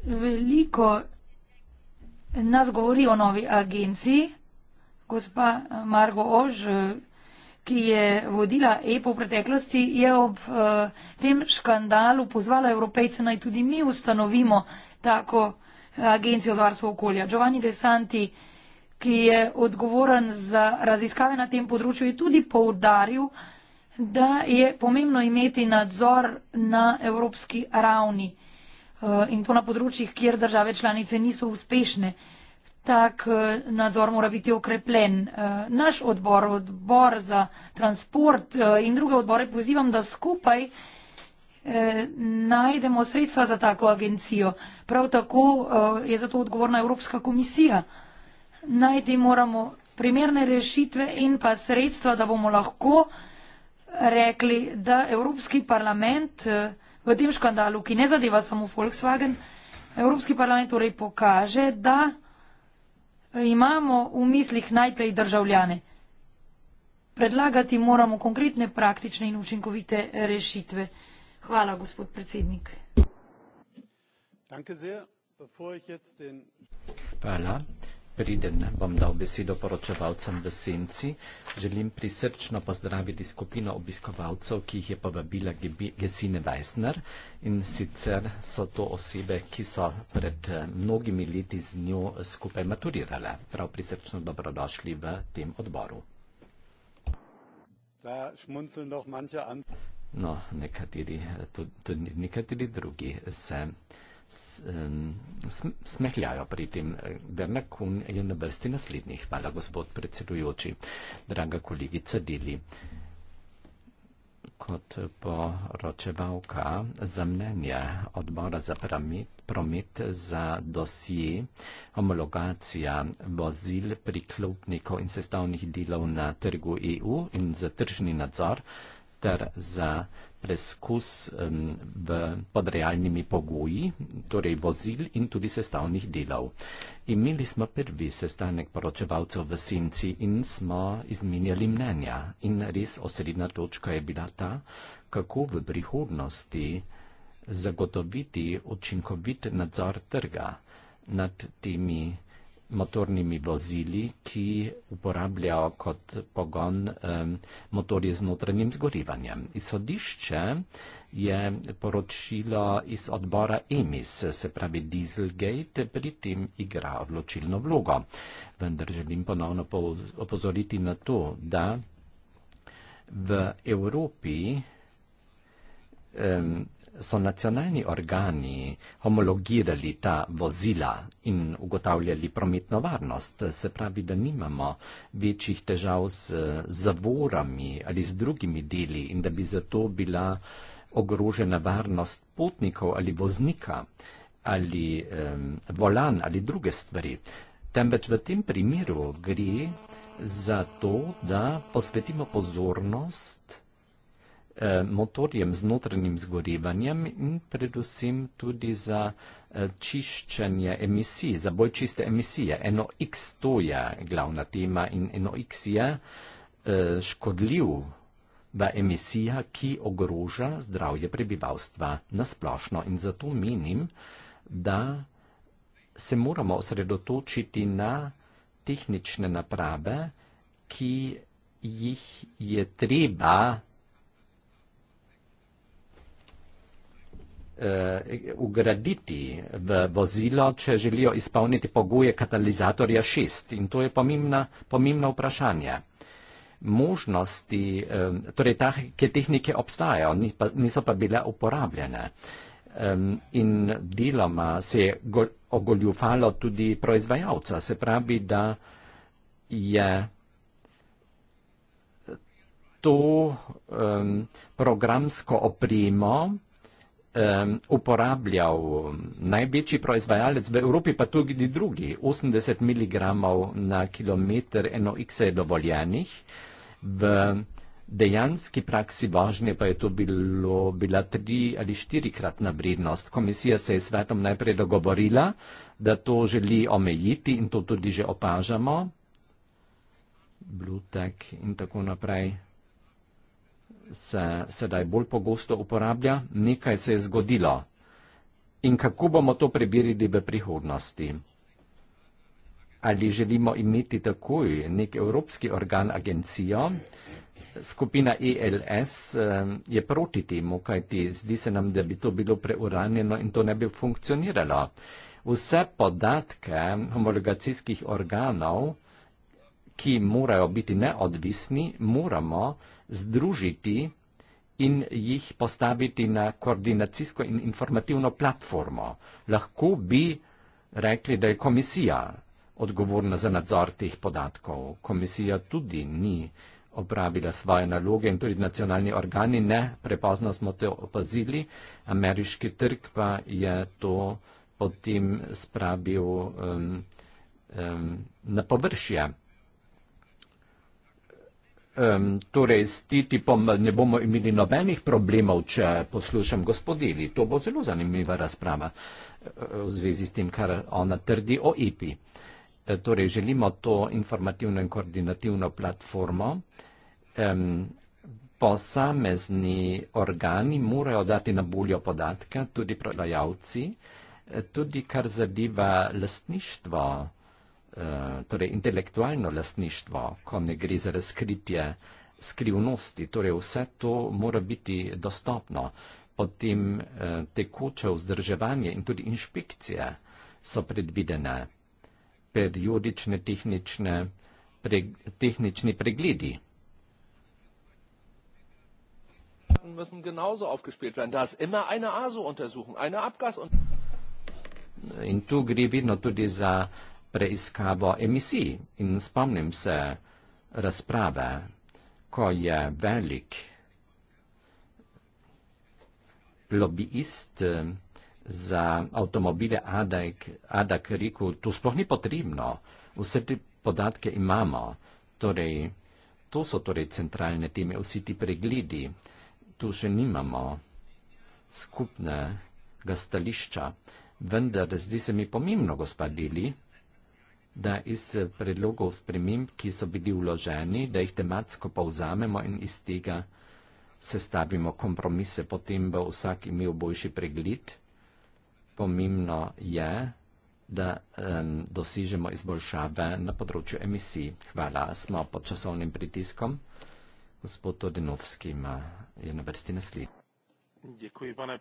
Veliko nas govori o novi agenciji, gospa Margo Ož, ki je vodila EPO v preteklosti, je ob uh, tem škandalu pozvala evropejce naj tudi mi ustanovimo tako agencijo za varstvo okolja. Giovanni De Santi uh, ki je odgovoren za raziskave na tem področju, je tudi poudaril, da je pomembno imeti nadzor na evropski ravni eh, in to na področjih, kjer države članice niso uspešne. Tak eh, nadzor mora biti okrepljen. Eh, naš odbor, odbor za transport in druge odbore pozivam, da skupaj najdemo sredstva za tako agencijo. Prav tako je za to odgovorna Evropska komisija najti moramo primerne rešitve in pa sredstva, da bomo lahko rekli, da Evropski parlament eh, v tem škandalu, ki ne zadeva samo Volkswagen, Evropski parlament torej pokaže, da imamo v mislih najprej državljane. Predlagati moramo konkretne, praktične in učinkovite rešitve. Hvala, gospod predsednik. Hvala. Priden bom dal besedo poročevalcem v Senci. Želim prisrčno pozdraviti skupino obiskovalcev, ki jih je povabila Gesine Weisner. In sicer so to osebe, ki so pred eh, mnogimi leti z njo skupaj maturirale. Prav prisrčno dobrodošli v tem odboru. No, nekateri, eh, tudi, tudi nekateri drugi se smehljajo pri tem. Bernakun eh, je na vrsti naslednjih. Hvala, gospod predsedujoči. Draga kolegica Dili, kot poročevalka za mnenje odbora za promet, promet za dosije homologacija vozil, priklopnikov in sestavnih delov na trgu EU in za tržni nadzor ter za preskus um, v podrealnimi pogoji, torej vozil in tudi sestavnih delov. Imeli smo prvi sestanek poročevalcev v Sinci in smo izmenjali mnenja. In res osrednja točka je bila ta, kako v prihodnosti zagotoviti učinkovit nadzor trga nad temi motornimi vozili, ki uporabljajo kot pogon motorje z notranjim zgorivanjem. Izhodišče je poročilo iz odbora EMIS, se pravi Dieselgate, pri tem igra odločilno vlogo. Vendar želim ponovno opozoriti na to, da v Evropi so nacionalni organi homologirali ta vozila in ugotavljali prometno varnost, se pravi, da nimamo večjih težav z zavorami ali z drugimi deli in da bi zato bila ogrožena varnost potnikov ali voznika ali eh, volan ali druge stvari. Temveč v tem primeru gre za to, da posvetimo pozornost Eh, motorjem z notrnim zgorevanjem in predvsem tudi za eh, čiščenje emisij, za boj čiste emisije. Eno X to je glavna tema in eno X je eh, škodljiv v emisija, ki ogroža zdravje prebivalstva nasplošno. In zato menim, da se moramo osredotočiti na tehnične naprave, ki jih je treba Eh, ugraditi v vozilo, če želijo izpolniti pogoje katalizatorja 6. In to je pomembna, pomembno vprašanje. Možnosti, eh, torej take tehnike obstajajo, niso pa bile uporabljene. In deloma se je ogoljufalo tudi proizvajalca. Se pravi, da je to um, programsko opremo, uporabljal največji proizvajalec v Evropi, pa tudi drugi. 80 mg na kilometr NOX je dovoljenih, v dejanski praksi važnje pa je to bilo, bila tri ali štirikratna vrednost. Komisija se je svetom najprej dogovorila, da to želi omejiti in to tudi že opažamo. Blutek in tako naprej se sedaj bolj pogosto uporablja, nekaj se je zgodilo. In kako bomo to prebirili v prihodnosti? Ali želimo imeti takoj nek evropski organ, agencijo? Skupina ELS eh, je proti temu, kajti zdi se nam, da bi to bilo preuranjeno in to ne bi funkcioniralo. Vse podatke homologacijskih organov, ki morajo biti neodvisni, moramo združiti in jih postaviti na koordinacijsko in informativno platformo. Lahko bi rekli, da je komisija odgovorna za nadzor teh podatkov. Komisija tudi ni opravila svoje naloge in tudi nacionalni organi ne, prepozno smo to opazili, ameriški trg pa je to potem spravil um, um, na površje. Um, torej, s TTIP-om ne bomo imeli nobenih problemov, če poslušam gospodili. To bo zelo zanimiva razprava eh, v zvezi s tem, kar ona trdi o IPI. E, eh, torej, želimo to informativno in koordinativno platformo. Um, posamezni organi morajo dati na boljo podatke, tudi prodajalci, eh, tudi kar zadeva lastništvo. Eh, torej intelektualno lastništvo, ko ne gre za razkritje skrivnosti, torej vse to mora biti dostopno. Potem eh, tekoče vzdrževanje in tudi inšpekcije so predvidene, periodične tehnične, pre, tehnični pregledi. In tu gre vedno tudi za uh, preiskavo emisij in spomnim se razprave, ko je velik lobijist eh, za avtomobile ADAK, ADAK rekel, tu sploh ni potrebno, vse te podatke imamo, torej to so torej centralne teme, vsi ti pregledi, tu še nimamo skupnega stališča, vendar zdi se mi pomembno, gospod Lili, da iz eh, predlogov sprememb, ki so bili vloženi, da jih tematsko povzamemo in iz tega sestavimo kompromise, potem bo vsak imel boljši pregled. Pomembno je, da um, dosežemo izboljšave na področju emisij. Hvala, smo pod časovnim pritiskom. Gospod Todinovski ima je na vrsti naslednji. Děkuji, pane.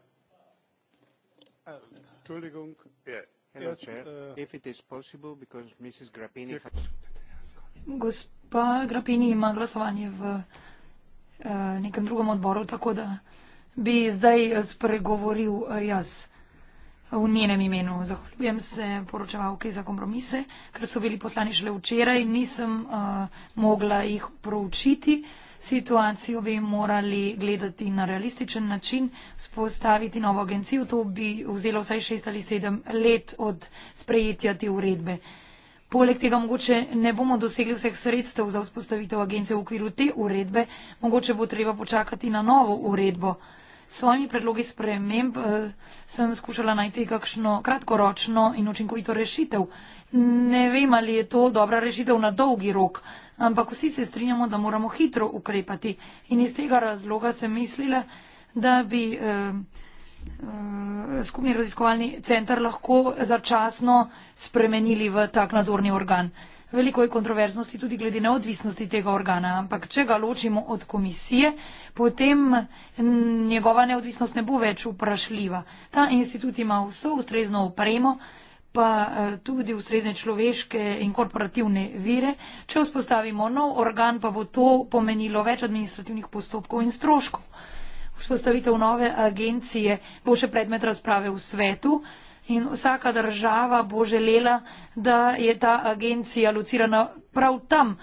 Entschuldigung. Yeah. Hello, chair. Uh, If it is possible, because Mrs. Grapini has... Gospa Grapini ima glasovanje v uh, nekem drugem odboru, tako da bi zdaj eh, spregovoril uh, jaz v njenem imenu. Zahvaljujem se poročevalki za kompromise, ker so bili poslani šele včeraj, nisem uh, mogla jih proučiti. Uh, situacijo bi morali gledati na realističen način, spostaviti novo agencijo, to bi vzelo vsaj šest ali sedem let od sprejetja te uredbe. Poleg tega mogoče ne bomo dosegli vseh sredstev za vzpostavitev agencije v okviru te uredbe, mogoče bo treba počakati na novo uredbo. S svojimi predlogi sprememb eh, sem skušala najti kakšno kratkoročno in učinkovito rešitev. Ne vem, ali je to dobra rešitev na dolgi rok ampak vsi se strinjamo, da moramo hitro ukrepati. In iz tega razloga sem mislila, da bi eh, eh, skupni raziskovalni center lahko začasno spremenili v tak nadzorni organ. Veliko je kontroverznosti tudi glede neodvisnosti tega organa, ampak če ga ločimo od komisije, potem njegova neodvisnost ne bo več vprašljiva. Ta institut ima vso ustrezno opremo, pa eh, tudi ustrezne človeške in korporativne vire. Če vzpostavimo nov organ, pa bo to pomenilo več administrativnih postopkov in stroškov. Vzpostavitev nove agencije bo še predmet razprave v svetu in vsaka država bo želela, da je ta agencija locirana prav tam.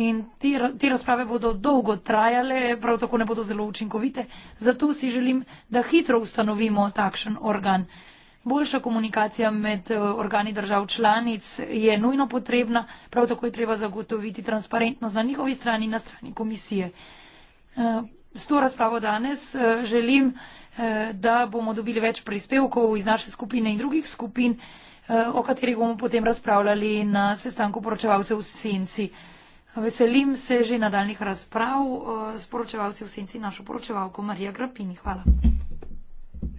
In te razprave bodo dolgo trajale, prav tako ne bodo zelo učinkovite. Zato si želim, da hitro ustanovimo takšen organ. Boljša komunikacija med eh, organi držav članic je nujno potrebna, prav tako je treba zagotoviti transparentnost na njihovi strani in na strani komisije. Eh, s to razpravo danes eh, želim, da bomo dobili več prispevkov iz naše skupine in drugih skupin, o katerih bomo potem razpravljali na sestanku poročevalcev v Senci. Veselim se že nadaljnih razprav s poročevalci v Senci, našo poročevalko Marija Grapini. Hvala.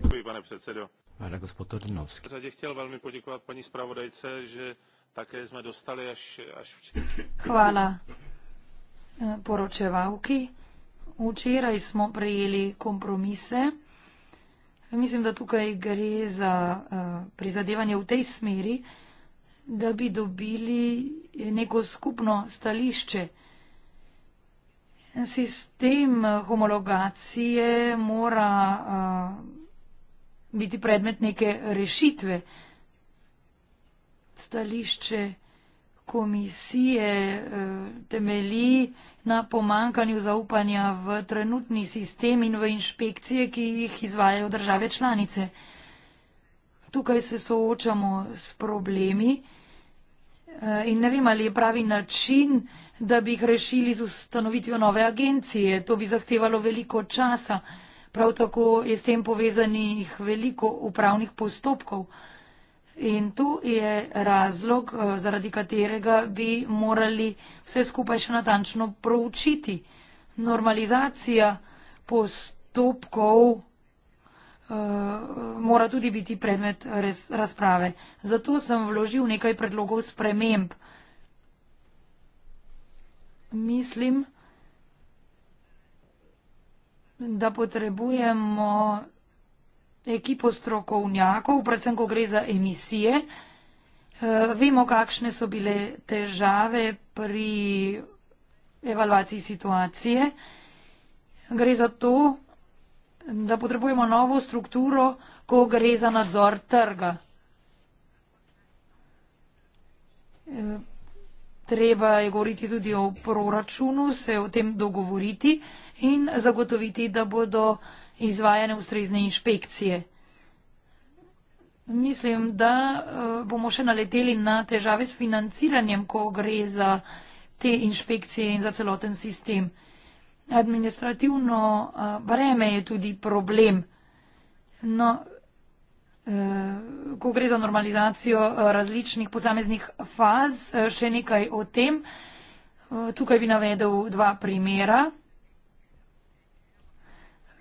Hvala, pane predsedujoči. Hvala, gospod Trdinovski. V zadnje htjel veljmi podjekovati pani spravodajce, že take smo dostali až, až včeraj. Hvala eh, poročevalki. Včeraj smo prejeli kompromise. Mislim, da tukaj gre za eh, prizadevanje v tej smeri, da bi dobili neko skupno stališče. Sistem homologacije mora. A, eh, biti predmet neke rešitve. Stališče komisije eh, temelji na pomankanju zaupanja v trenutni sistem in v inšpekcije, ki jih izvajajo države članice. Tukaj se soočamo s problemi eh, in ne vem, ali je pravi način, da bi jih rešili z ustanovitvijo nove agencije. To bi zahtevalo veliko časa. Prav tako je s tem povezanih veliko upravnih postopkov. In tu je razlog, eh, zaradi katerega bi morali vse skupaj še natančno proučiti. Normalizacija postopkov uh, mora tudi biti predmet res, razprave. Zato sem vložil nekaj predlogov sprememb. Mislim, da potrebujemo ekipo strokovnjakov, predvsem, ko gre za emisije. Eh, vemo, kakšne so bile težave pri evalvaciji situacije. Gre za to, da potrebujemo novo strukturo, ko gre za nadzor trga. Eh, treba je govoriti tudi o proračunu, se o tem dogovoriti, in zagotoviti, da bodo izvajane ustrezne inšpekcije. Mislim, da eh, bomo še naleteli na težave s financiranjem, ko gre za te inšpekcije in za celoten sistem. Administrativno eh, breme je tudi problem. No, eh, ko gre za normalizacijo različnih posameznih faz, še nekaj o tem. Tukaj bi navedel dva primera.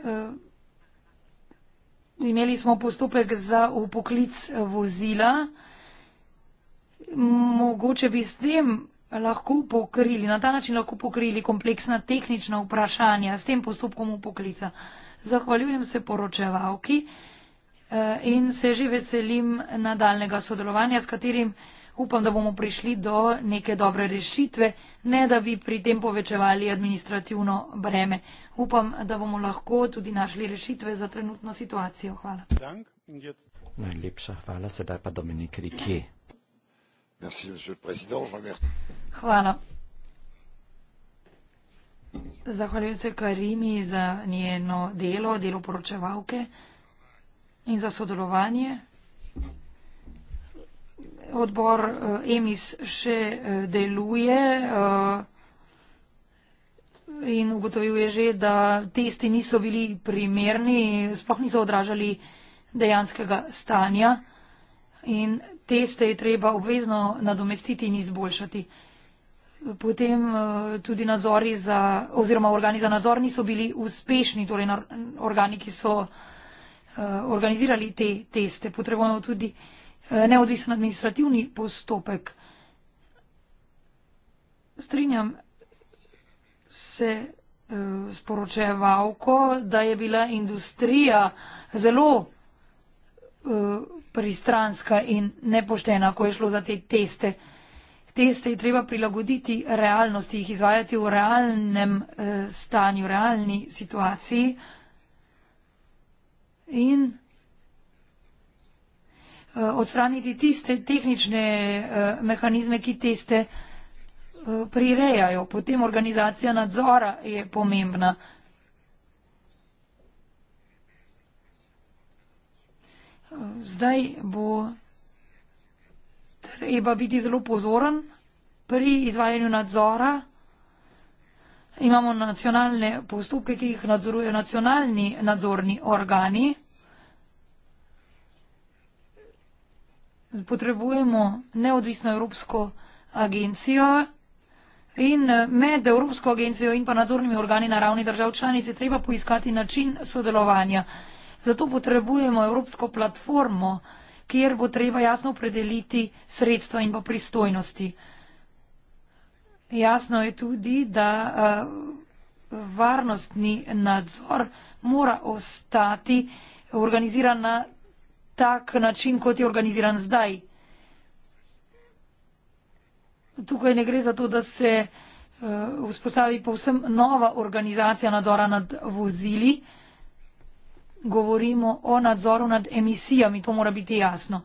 Eh, imeli smo postopek za upoklic vozila. Mogoče bi s tem lahko pokrili, na ta način lahko pokrili kompleksna tehnična vprašanja s tem postopkom upoklica. Zahvaljujem se poročevalki eh, in se že veselim nadaljnega sodelovanja, s katerim upam, da bomo prišli do neke dobre rešitve, ne da bi pri tem povečevali administrativno breme. Upam, da bomo lahko tudi našli rešitve za trenutno situacijo. Hvala. Najlepša hvala, sedaj pa Dominik Rikje. Hvala. Zahvaljujem se Karimi za njeno delo, delo poročevalke in za sodelovanje odbor eh, EMIS še eh, deluje eh, in ugotovil je že, da testi niso bili primerni, sploh niso odražali dejanskega stanja in teste je treba obvezno nadomestiti in izboljšati. Potem tudi nadzori za, oziroma organi za nadzor niso bili uspešni, torej organi, ki so organizirali te teste. Potrebujemo tudi uh, Eh, neodvisen administrativni postopek. Strinjam se eh, s poročevalko, da je bila industrija zelo eh, pristranska in nepoštena, ko je šlo za te teste. Teste je treba prilagoditi realnosti, jih izvajati v realnem stanju, realni situaciji. In Eh, odstraniti tiste tehnične eh, mehanizme, ki teste eh, prirejajo. Potem organizacija nadzora je pomembna. Zdaj bo treba biti zelo pozoren pri izvajanju nadzora. Imamo nacionalne postopke, ki jih nadzorujejo nacionalni nadzorni organi. potrebujemo neodvisno evropsko agencijo in eh, med Evropsko agencijo in pa nadzornimi organi na ravni držav članic je treba poiskati način sodelovanja. Zato potrebujemo evropsko platformo, kjer bo treba jasno opredeliti sredstva in pa pristojnosti. Jasno je tudi, da eh, varnostni nadzor mora ostati organiziran na tak način, kot je organiziran zdaj. Tukaj ne gre za to, da se eh, vzpostavi povsem nova organizacija nadzora nad vozili. Govorimo o nadzoru nad emisijami, to mora biti jasno.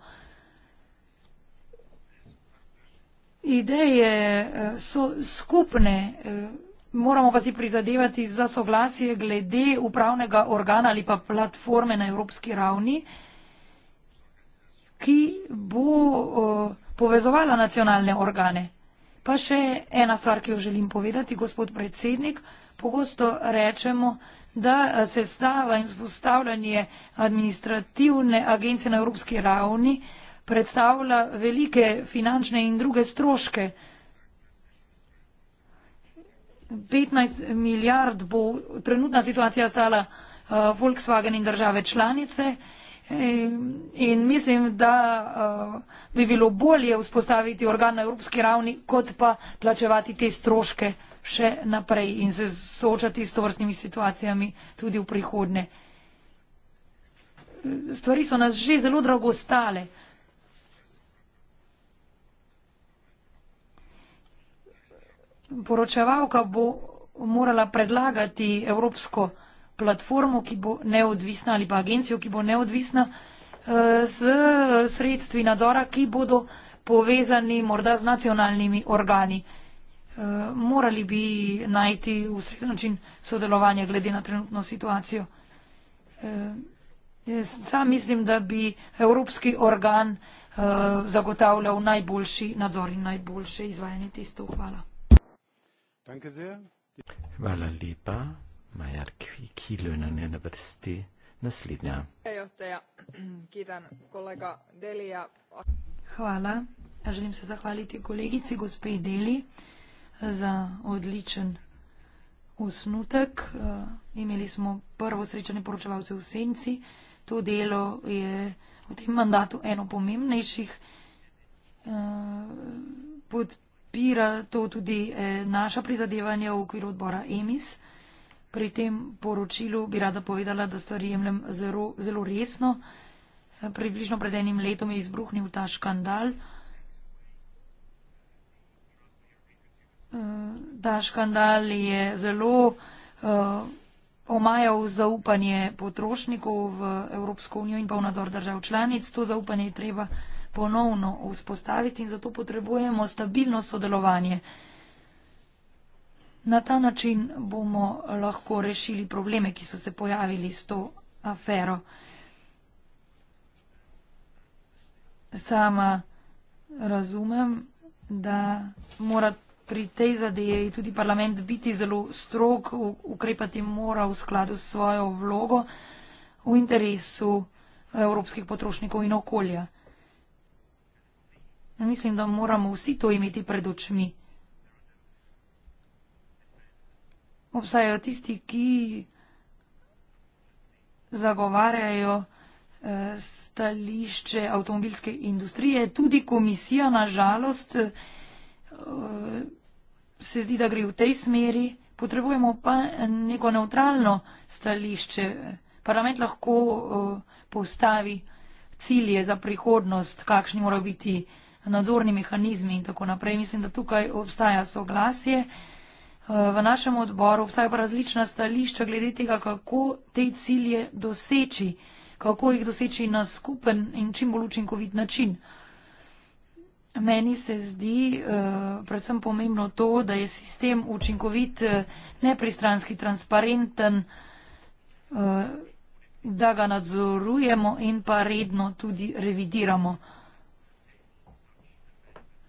Ideje eh, so skupne, eh, moramo pa si prizadevati za soglasje glede upravnega organa ali pa platforme na evropski ravni ki bo uh, povezovala nacionalne organe. Pa še ena stvar, ki jo želim povedati, gospod predsednik, pogosto rečemo, da se stava in vzpostavljanje administrativne agencije na evropski ravni predstavlja velike finančne in druge stroške. 15 milijard bo trenutna situacija stala uh, Volkswagen in države članice. Uh, In mislim, da eh, bi bilo bolje vzpostaviti organ na evropski ravni, kot pa plačevati te stroške še naprej in se soočati s tovrstnimi situacijami tudi v prihodne. Stvari so nas že zelo drago stale. Poročevalka bo morala predlagati Evropsko platformo, ki bo neodvisna ali pa agencijo, ki bo neodvisna z eh, eh, sredstvi nadzora, ki bodo povezani morda z nacionalnimi organi. Eh, morali bi najti ustrezen način sodelovanja glede na trenutno situacijo. Sam mislim, da bi evropski organ zagotavljal najboljši nadzor in najboljše izvajanje testov. Hvala. Hvala lepa. Majar Kiljunen je na vrsti naslednja. Ja. Hvala. Želim se zahvaliti kolegici gospe Deli za odličen usnutek. Eh, imeli smo prvo srečanje poročevalcev v Senci. To delo je v tem mandatu eno pomembnejših. Eh, podpira to tudi eh, naša prizadevanja v okviru odbora EMIS pri tem poročilu bi rada povedala, da stvari jemljem zelo, zelo resno. Približno pred enim letom je izbruhnil ta škandal. Ta škandal je zelo eh, omajal zaupanje potrošnikov v Evropsko unijo in pa v nadzor držav članic. To zaupanje je treba ponovno vzpostaviti in zato potrebujemo stabilno sodelovanje. Na ta način bomo lahko rešili probleme, ki so se pojavili s to afero. Sama razumem, da mora pri tej zadeji tudi parlament biti zelo strok, ukrepati mora v skladu s svojo vlogo v interesu evropskih potrošnikov in okolja. Mislim, da moramo vsi to imeti pred očmi. obstajajo tisti, ki zagovarjajo eh, stališče avtomobilske industrije. Tudi komisija, na žalost, eh, se zdi, da gre v tej smeri. Potrebujemo pa neko neutralno stališče. Parlament lahko eh, postavi cilje za prihodnost, kakšni morajo biti nadzorni mehanizmi in tako naprej. Mislim, da tukaj obstaja soglasje. V našem odboru obstajajo pa različna stališča glede tega, kako te cilje doseči, kako jih doseči na skupen in čim bolj učinkovit način. Meni se zdi eh, predvsem pomembno to, da je sistem učinkovit, eh, nepristranski, transparenten, eh, da ga nadzorujemo in pa redno tudi revidiramo.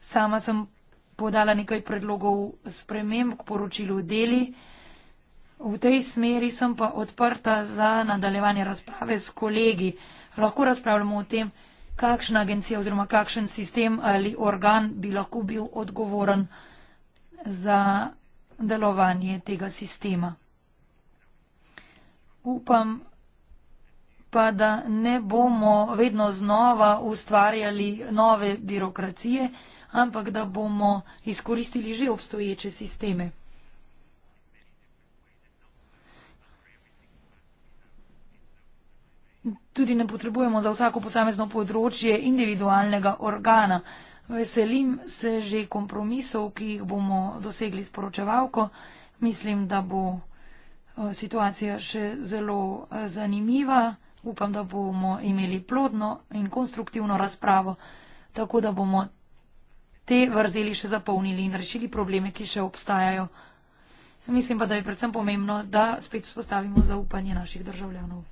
Sama sem podala nekaj predlogov sprememb k poročilu deli. V tej smeri sem pa odprta za nadaljevanje razprave s kolegi. Lahko razpravljamo o tem, kakšna agencija oziroma kakšen sistem ali organ bi lahko bil odgovoren za delovanje tega sistema. Upam pa, da ne bomo vedno znova ustvarjali nove birokracije ampak da bomo izkoristili že obstoječe sisteme. Tudi ne potrebujemo za vsako posamezno področje individualnega organa. Veselim se že kompromisov, ki jih bomo dosegli s poročevalko. Mislim, da bo eh, situacija še zelo eh, zanimiva. Upam, da bomo imeli plodno in konstruktivno razpravo, tako da bomo te vrzeli še zapolnili in rešili probleme, ki še obstajajo. Mislim pa, da je predvsem pomembno, da spet vzpostavimo zaupanje naših državljanov.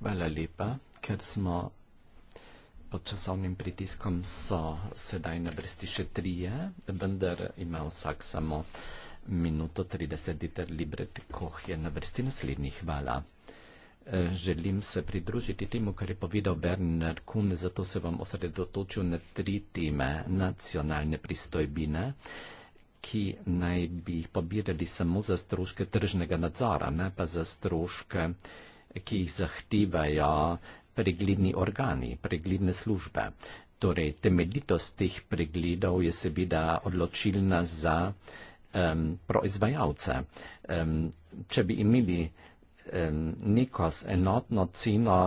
Hvala lepa, ker smo pod časovnim pritiskom, so sedaj na vrsti še trije, vendar ima vsak samo minuto 30, Dieter Libret Koh je na vrsti naslednji. Hvala želim se pridružiti temu, kar je povedal Bernard Kuhn, zato se bom osredotočil na tri teme nacionalne pristojbine, ki naj bi jih pobirali samo za stroške tržnega nadzora, ne pa za stroške, ki jih zahtevajo pregledni organi, pregledne službe. Torej, temeljitost teh pregledov je seveda odločilna za um, proizvajalce. Um, če bi imeli neko enotno ceno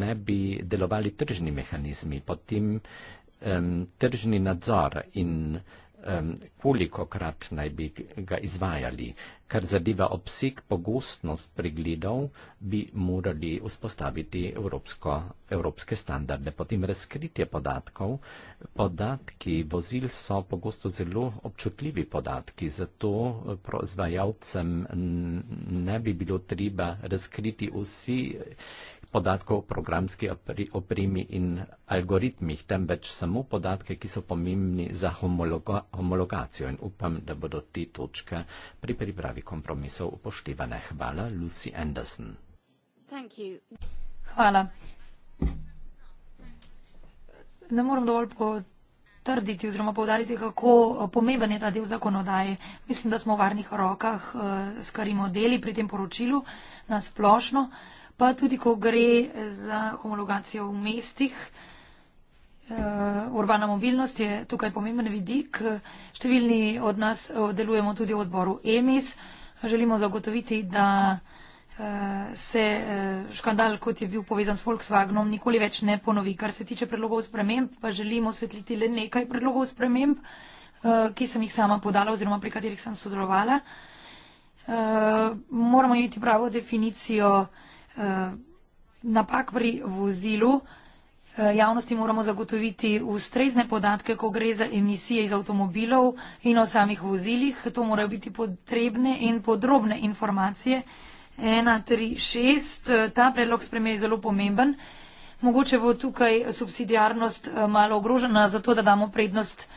ne bi delovali tržni mehanizmi, potem tržni nadzor in um, koliko krat naj bi ga izvajali. Kar zadeva obseg pogostnost pregledov, bi morali vzpostaviti evropsko, evropske standarde. Potem razkritje podatkov. Podatki vozil so pogosto zelo občutljivi podatki, zato proizvajalcem ne bi bilo treba razkriti vsi podatkov o programski opremi in algoritmih, temveč samo podatke, ki so pomembni za homologo, homologacijo in upam, da bodo te točke pri pripravi kompromisov upoštevane. Hvala, Lucy Anderson. Hvala. Ne moram dovolj potrditi oziroma povdariti, kako pomemben je ta del zakonodaje. Mislim, da smo v varnih rokah, eh, skarimo deli pri tem poročilu na splošno pa tudi, ko gre za homologacijo v mestih. Eh, urbana mobilnost je tukaj pomemben vidik. Številni od nas eh, delujemo tudi v odboru EMIS. Želimo zagotoviti, da eh, se škandal, kot je bil povezan s Volkswagenom, nikoli več ne ponovi. Kar se tiče predlogov sprememb, pa želimo osvetliti le nekaj predlogov sprememb, ki sem jih sama podala oziroma pri katerih sem sodelovala. Moramo imeti pravo definicijo Eh, napak pri vozilu. Eh, javnosti moramo zagotoviti ustrezne podatke, ko gre za emisije iz avtomobilov in o samih vozilih. To morajo biti potrebne in podrobne informacije. 136. Eh, ta predlog spreme je zelo pomemben. Mogoče bo tukaj subsidijarnost malo ogrožena, zato da damo prednost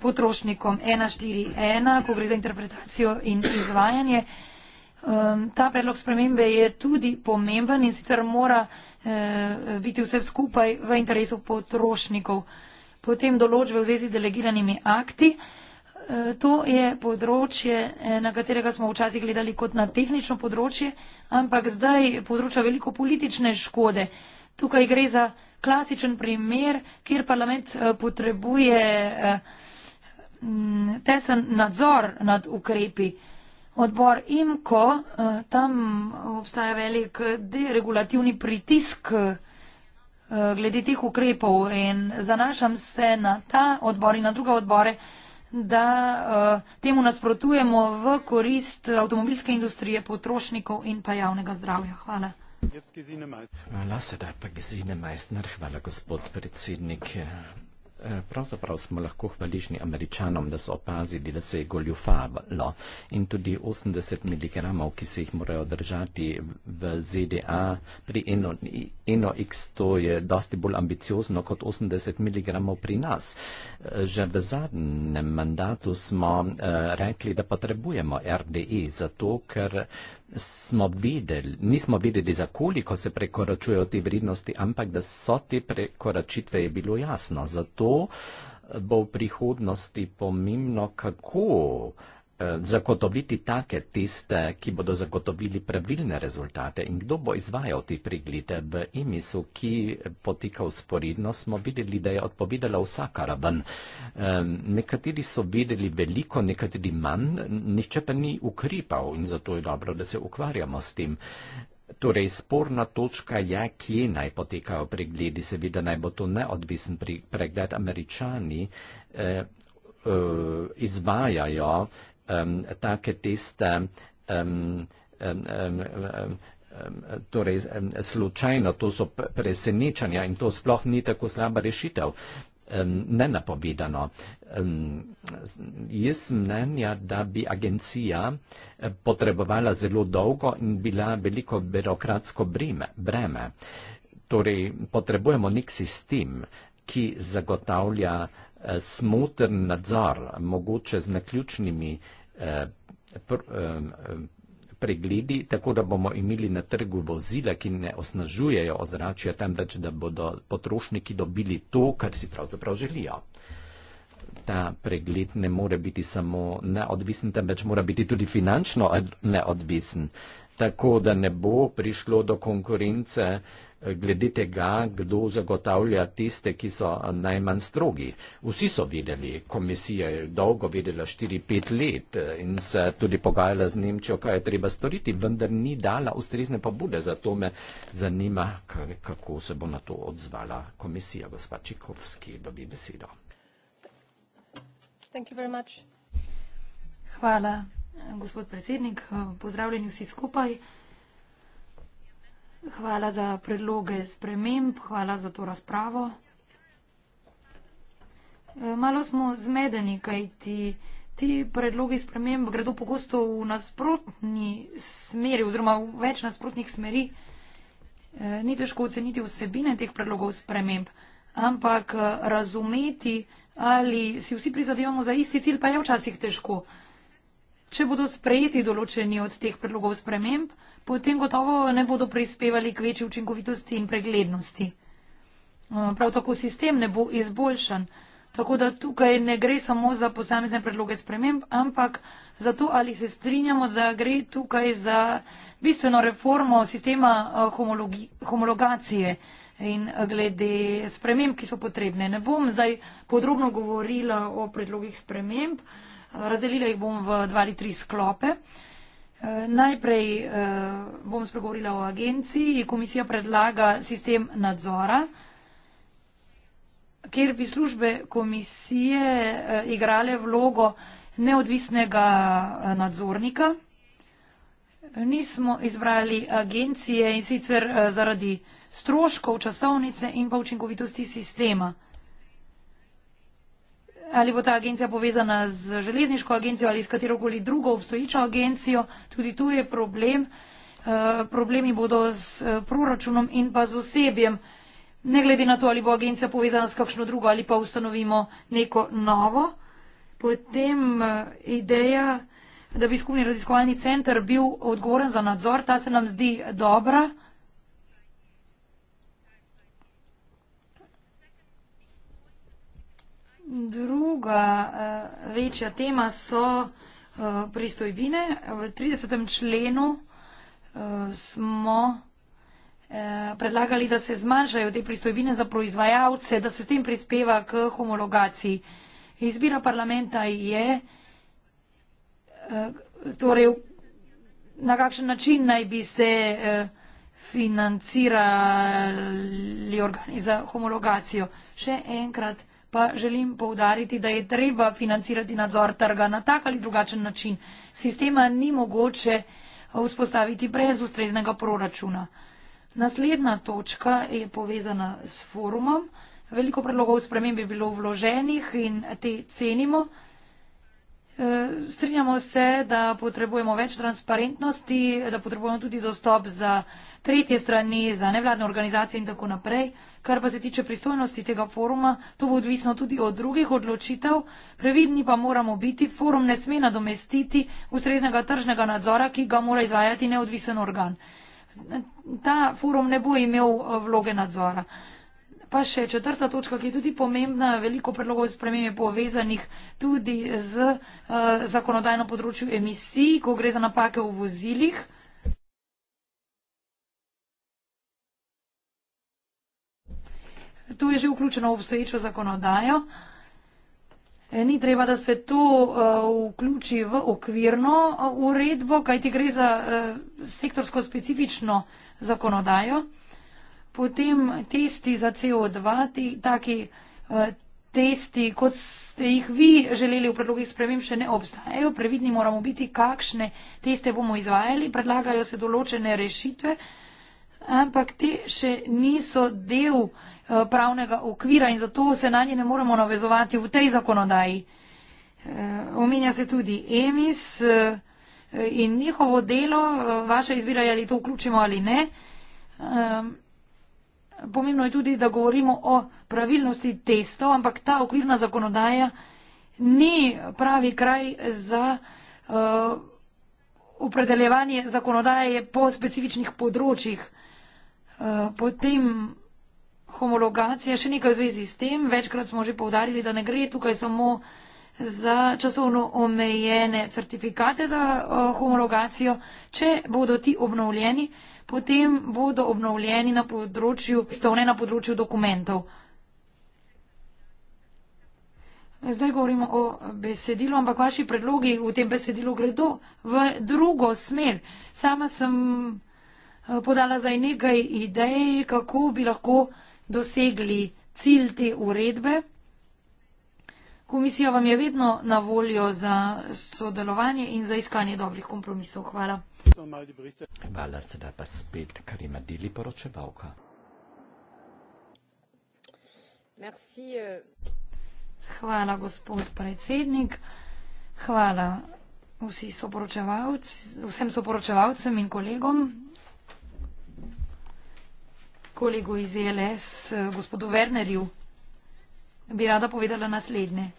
potrošnikom 141, ko gre za interpretacijo in izvajanje. Um, ta predlog spremembe je tudi pomemben in sicer mora eh, biti vse skupaj v interesu potrošnikov. Potem določbe v zvezi z delegiranimi akti. Eh, to je področje, eh, na katerega smo včasih gledali kot na tehnično področje, ampak zdaj področja veliko politične škode. Tukaj gre za klasičen primer, kjer parlament eh, potrebuje tesen nadzor nad ukrepi. Odbor IMKO, eh, tam obstaja velik deregulativni pritisk eh, glede teh ukrepov in zanašam se na ta odbor in na druge odbore, da eh, temu nasprotujemo v korist avtomobilske industrije, potrošnikov in pa javnega zdravja. Hvala. Hvala, sedaj pa Gesine Meissner. Hvala, gospod predsednik. Pravzaprav smo lahko hvaležni američanom, da so opazili, da se je goljufavalo in tudi 80 mg, ki se jih morajo držati v ZDA, pri eno, eno X to je dosti bolj ambiciozno kot 80 mg pri nas. Uh, Že v zadnjem mandatu smo eh, rekli, da potrebujemo RDI, e, zato ker smo videli, nismo videli, za koliko se prekoračujejo te vrednosti, ampak da so te prekoračitve je bilo jasno. Zato bo v prihodnosti pomembno, kako zagotoviti take tiste, ki bodo zagotovili pravilne rezultate in kdo bo izvajal ti priglite v imisu, ki potika usporedno, smo videli, da je odpovedala vsaka raven. Nekateri so videli veliko, nekateri manj, nihče pa ni ukripal in zato je dobro, da se ukvarjamo s tem. Torej, sporna točka je, kje naj potekajo pregledi, seveda naj bo to neodvisen pregled. Američani eh, eh, izvajajo um, take tiste um um um, um, um, um, torej um, slučajno, to so presenečanja in to sploh ni tako slaba rešitev, um, nenapovedano. Um, jaz mnenja, da bi agencija eh, potrebovala zelo dolgo in bila veliko birokratsko breme. breme. Torej, potrebujemo nek sistem, ki zagotavlja uh, smotrn nadzor, mogoče z naključnimi uh, Eh, pr, eh, pregledi, tako da bomo imeli na trgu vozila, ki ne osnažujejo ozračja, temveč da bodo potrošniki dobili to, kar si pravzaprav želijo. Ta pregled ne more biti samo neodvisen, temveč mora biti tudi finančno neodvisen tako da ne bo prišlo do konkurence eh, glede tega, kdo zagotavlja tiste, ki so eh, najmanj strogi. Vsi so vedeli, komisija je dolgo vedela, 4-5 let eh, in se tudi pogajala z Nemčijo, kaj je treba storiti, vendar ni dala ustrezne pobude. Zato me zanima, kako se bo na to odzvala komisija, gospa Čikovski, dobi besedo. Hvala. Gospod predsednik, pozdravljeni vsi skupaj. Hvala za predloge sprememb, hvala za to razpravo. E, malo smo zmedeni, kaj ti, ti predlogi sprememb gredo pogosto v nasprotni smeri oziroma v več nasprotnih smeri. E, ni težko oceniti vsebine teh predlogov sprememb, ampak e, razumeti, ali si vsi prizadevamo za isti cilj, pa je včasih težko. Če bodo sprejeti določeni od teh predlogov sprememb, potem gotovo ne bodo prispevali k večji učinkovitosti in preglednosti. Uh, prav tako sistem ne bo izboljšan, tako da tukaj ne gre samo za posamezne predloge sprememb, ampak za to, ali se strinjamo, da gre tukaj za bistveno reformo sistema uh, homologacije in uh, glede sprememb, ki so potrebne. Ne bom zdaj podrobno govorila o predlogih sprememb. Razdelila jih bom v dva ali tri sklope. Eh, najprej eh, bom spregovorila o agenciji. Komisija predlaga sistem nadzora, kjer bi službe komisije eh, igrale vlogo neodvisnega nadzornika. Nismo izbrali agencije in sicer zaradi stroškov, časovnice in pa učinkovitosti sistema. Ali bo ta agencija povezana z železniško agencijo ali s katerokoli drugo obstoječo agencijo, tudi tu je problem. E, problemi bodo s eh, proračunom in pa z osebjem. Ne glede na to, ali bo agencija povezana s kakšno drugo ali pa ustanovimo neko novo. Potem eh, ideja, da bi skupni raziskovalni center bil odgovoren za nadzor, ta se nam zdi dobra. Druga uh, večja tema so uh, pristojbine. V 30. členu uh, smo uh, predlagali, da se zmanjšajo te pristojbine za proizvajalce, da se s tem prispeva k homologaciji. Izbira parlamenta je, uh, torej na kakšen način naj bi se uh, financirali organi za homologacijo. Še enkrat pa želim povdariti, da je treba financirati nadzor trga na tak ali drugačen način. Sistema ni mogoče vzpostaviti brez ustreznega proračuna. Naslednja točka je povezana s forumom. Veliko predlogov sprememb je bilo vloženih in te cenimo. E, strinjamo se, da potrebujemo več transparentnosti, da potrebujemo tudi dostop za tretje strani, za nevladne organizacije in tako naprej. Kar pa se tiče pristojnosti tega foruma, to bo odvisno tudi od drugih odločitev. Previdni pa moramo biti, forum ne sme nadomestiti ustreznega tržnega nadzora, ki ga mora izvajati neodvisen organ. Ta forum ne bo imel eh, vloge nadzora. Pa še četrta točka, ki je tudi pomembna, veliko predlogov sprememb je povezanih tudi z uh, zakonodajno področju emisij, ko gre za napake v vozilih. To je že vključeno v obstoječo zakonodajo. E, ni treba, da se to e, vključi v okvirno e, uredbo, kajti gre za sektorsko specifično zakonodajo. Potem testi za CO2, taki testi, kot ste jih vi želeli v predlogih spremem, še ne obstajajo. Previdni moramo biti, kakšne teste bomo izvajali. Predlagajo se določene rešitve, ampak te še niso del Eh, pravnega okvira in zato se na nje ne moremo navezovati v tej zakonodaji. Eh, omenja se tudi EMIS eh, in njihovo delo, vaša izbira je, ali to vključimo ali ne. Pomembno je tudi, da govorimo o pravilnosti testov, ampak ta okvirna zakonodaja ni pravi kraj za opredeljevanje zakonodaje po specifičnih področjih. Potem homologacije, še nekaj v zvezi s tem. Večkrat smo že povdarili, da ne gre tukaj samo za časovno omejene certifikate za eh, homologacijo. Če bodo ti obnovljeni, potem bodo obnovljeni na področju, stovne na področju dokumentov. Zdaj govorimo o besedilu, ampak vaši predlogi v tem besedilu gredo v drugo smer. Sama sem eh, podala zdaj nekaj idej, kako bi lahko uh, dosegli cilj te uredbe. Komisija vam je vedno na voljo za sodelovanje in za iskanje dobrih kompromisov. Hvala. Hvala sedaj pa spet Karima Dili poročevalka. Eh. Hvala, gospod predsednik. Hvala vsem soporočevalcem in kolegom kolegu iz ELS, eh, gospodu Wernerju, bi rada povedala naslednje.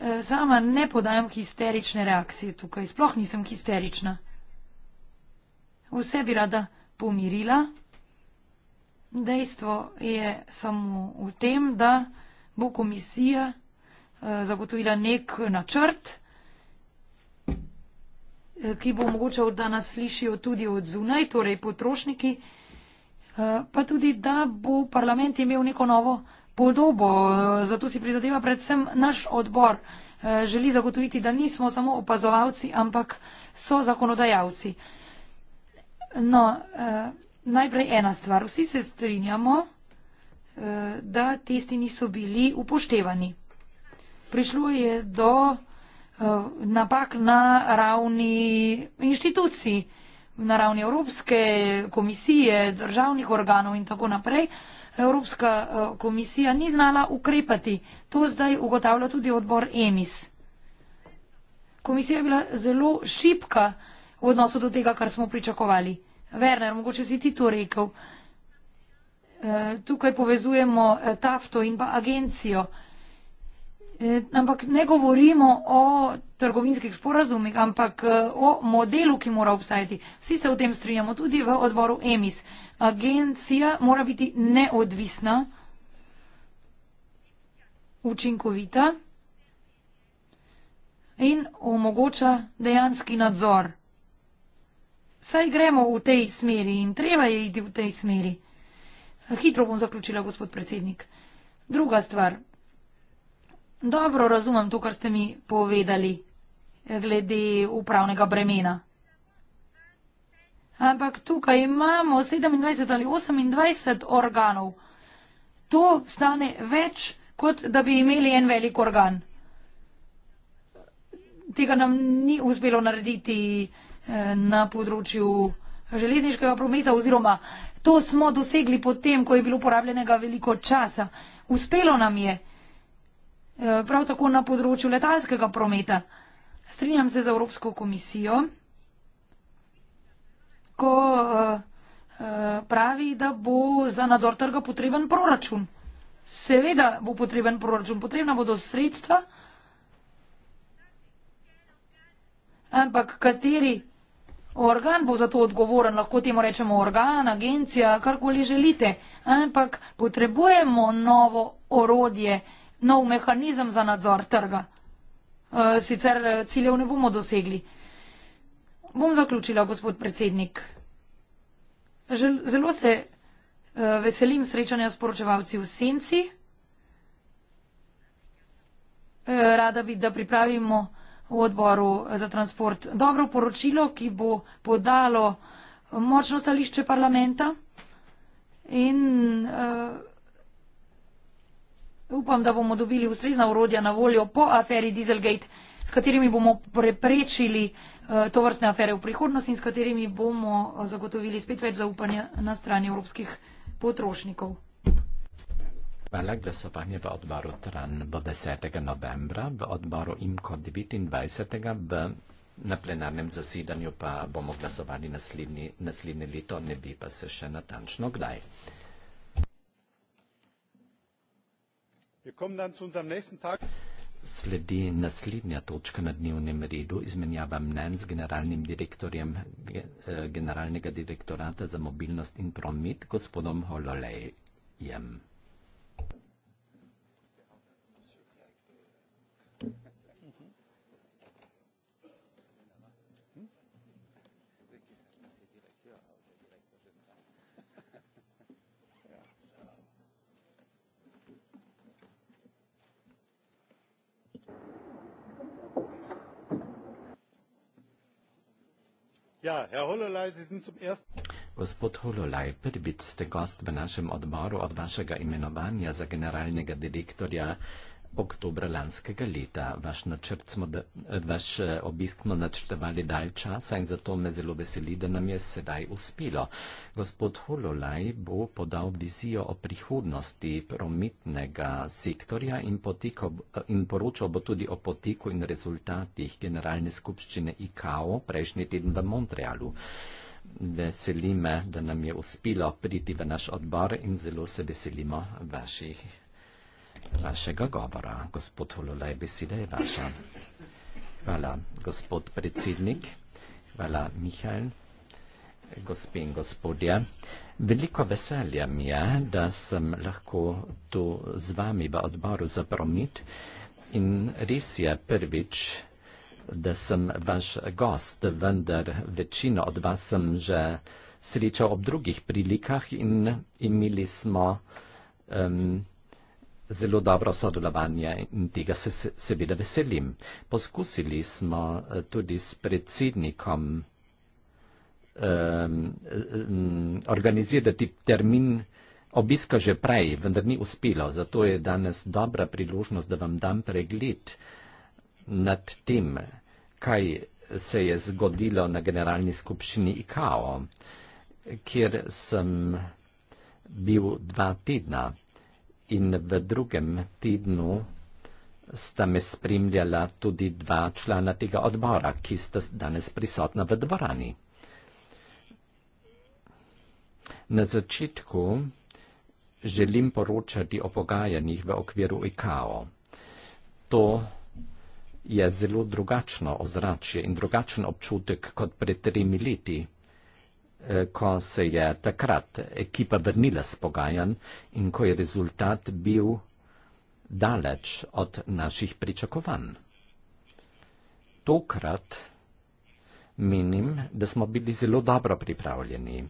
Eh, sama ne podajam histerične reakcije tukaj, sploh nisem histerična. Vse bi rada pomirila. Dejstvo je samo v tem, da bo komisija eh, zagotovila nek načrt, ki bo omogočal, da nas slišijo tudi od zunaj, torej potrošniki. Eh, pa tudi, da bo parlament imel neko novo podobo. Eh, zato si prizadeva predvsem naš odbor. Eh, želi zagotoviti, da nismo samo opazovalci, ampak so zakonodajalci. No, najprej ena stvar. Vsi se strinjamo, da testi niso bili upoštevani. Prišlo je do napak na ravni inštitucij na ravni Evropske komisije, državnih organov in tako naprej. Evropska eh, komisija ni znala ukrepati. To zdaj ugotavlja tudi odbor EMIS. Komisija je bila zelo šipka v odnosu do tega, kar smo pričakovali. Werner, mogoče si ti to rekel. Eh, tukaj povezujemo eh, Tafto in pa agencijo. Eh, ampak ne govorimo o trgovinskih sporazumih, ampak eh, o modelu, ki mora obstajati. Vsi se v tem strinjamo, tudi v odboru EMIS. Agencija mora biti neodvisna, učinkovita in omogoča dejanski nadzor. Saj gremo v tej smeri in treba je iti v tej smeri. Hitro bom zaključila, gospod predsednik. Druga stvar. Dobro razumem to, kar ste mi povedali eh, glede upravnega bremena. Ampak tukaj imamo 27 ali 28 organov. To stane več, kot da bi imeli en velik organ. Tega nam ni uspelo narediti eh, na področju železniškega prometa oziroma to smo dosegli potem, ko je bilo porabljenega veliko časa. Uspelo nam je. Eh, prav tako na področju letalskega prometa. Strinjam se z Evropsko komisijo, ko eh, eh, pravi, da bo za nadzor trga potreben proračun. Seveda bo potreben proračun, potrebna bodo sredstva, ampak kateri organ bo za to odgovoren, lahko temu rečemo organ, agencija, karkoli želite, ampak potrebujemo novo orodje nov mehanizem za nadzor trga. Eh, sicer eh, ciljev ne bomo dosegli. Bom zaključila, gospod predsednik. Zelo se eh, veselim srečanja s poročevalci v Senci. Rada bi, da pripravimo v odboru za transport dobro poročilo, ki bo podalo močno stališče parlamenta in uh, Upam, da bomo dobili ustrezna urodja na voljo po aferi Dieselgate, s katerimi bomo preprečili eh, to vrstne afere v prihodnosti in s katerimi bomo eh, zagotovili spet več zaupanja na strani evropskih potrošnikov. Velja glasovanje v odboru Tran bo 10. novembra, v odboru IMKO 29. v na plenarnem zasedanju pa bomo glasovali naslednje leto, ne bi pa se še natančno kdaj. Sledi naslednja točka na dnevnem redu, izmenjava mnen z generalnim direktorjem eh, generalnega direktorata za mobilnost in promet, gospodom Hololejem. Ja, Gospod Hololaj, prvič ste gost v našem odboru od vašega imenovanja za generalnega direktorja oktobra lanskega leta. Vaš, smo da, vaš eh, obisk smo načrtovali dalj časa in zato me zelo veseli, da nam je sedaj uspelo. Gospod Hololaj bo podal vizijo o prihodnosti prometnega sektorja in, potiko, eh, in poročal bo tudi o poteku in rezultatih generalne skupščine IKO prejšnji teden v Montrealu. Veseli me, da nam je uspelo priti v naš odbor in zelo se veselimo vaših vašega govora, gospod Hololaj, beseda je vaša. Hvala, gospod predsednik, hvala, Mihajl, gospe in gospodje. Veliko veselja mi je, da sem lahko tu z vami v odboru za promet in res je prvič, da sem vaš gost, vendar večino od vas sem že srečal ob drugih prilikah in imeli smo um, zelo dobro sodelovanje in tega se seveda veselim. Poskusili smo eh, tudi s predsednikom um, organizirati termin obiska že prej, vendar ni uspelo. Zato je danes dobra priložnost, da vam dam pregled nad tem, kaj se je zgodilo na generalni skupščini IKAO, kjer sem bil dva tedna in v drugem tednu sta me spremljala tudi dva člana tega odbora, ki sta danes prisotna v dvorani. Na začetku želim poročati o pogajanjih v okviru IKAO. To je zelo drugačno ozračje in drugačen občutek kot pred tremi leti ko se je takrat ekipa vrnila s pogajanj in ko je rezultat bil daleč od naših pričakovanj. Tokrat menim, da smo bili zelo dobro pripravljeni.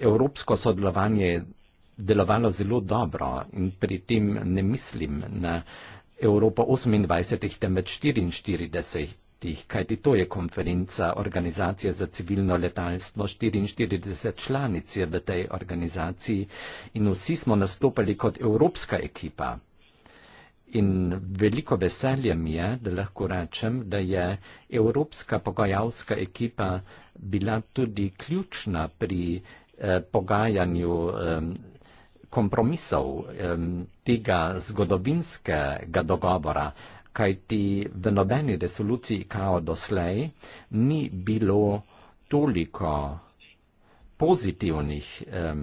Evropsko sodelovanje je delovalo zelo dobro in pri tem ne mislim na Evropo 28, temveč 44 podjetjih, kajti to je konferenca organizacije za civilno letalstvo, 44 članic je v tej organizaciji in vsi smo nastopali kot evropska ekipa. In veliko veselje mi je, da lahko rečem, da je evropska pogajalska ekipa bila tudi ključna pri eh, pogajanju eh, kompromisov eh, tega zgodovinskega dogovora kajti v nobeni resoluciji kao doslej ni bilo toliko pozitivnih um,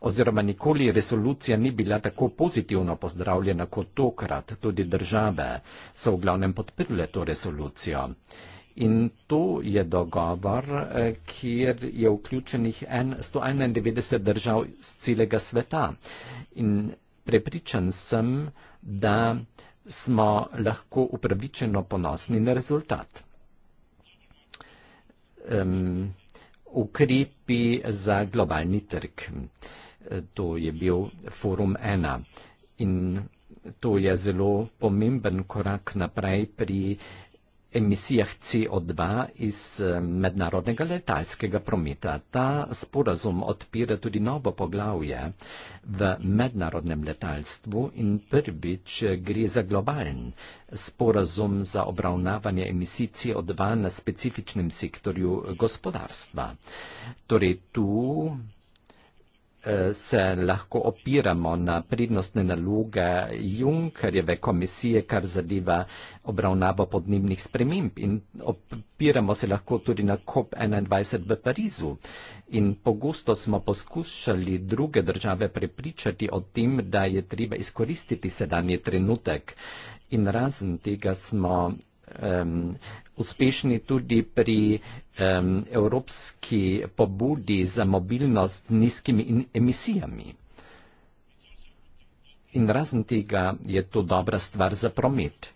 oziroma nikoli resolucija ni bila tako pozitivno pozdravljena kot tokrat. Tudi države so v glavnem podprle to resolucijo. In to je dogovor, eh, kjer je vključenih 191 držav z celega sveta. In prepričan sem, da smo lahko upravičeno ponosni na rezultat. Um, ukrepi za globalni trg. To je bil forum ena in to je zelo pomemben korak naprej pri uh, emisijah CO2 iz eh, mednarodnega letalskega prometa. Ta sporazum odpira tudi novo poglavje v mednarodnem letalstvu in prvič eh, gre za globalen sporazum za obravnavanje emisij CO2 na specifičnem sektorju gospodarstva. Torej tu se lahko opiramo na pridnostne naloge Junkerjeve komisije, kar zadeva obravnavo podnebnih sprememb in opiramo se lahko tudi na COP21 v Parizu. In pogosto smo poskušali druge države prepričati o tem, da je treba izkoristiti sedanji trenutek. In razen tega smo um, uspešni tudi pri um, evropski pobudi za mobilnost z nizkimi in, emisijami. In razen tega je to dobra stvar za promet.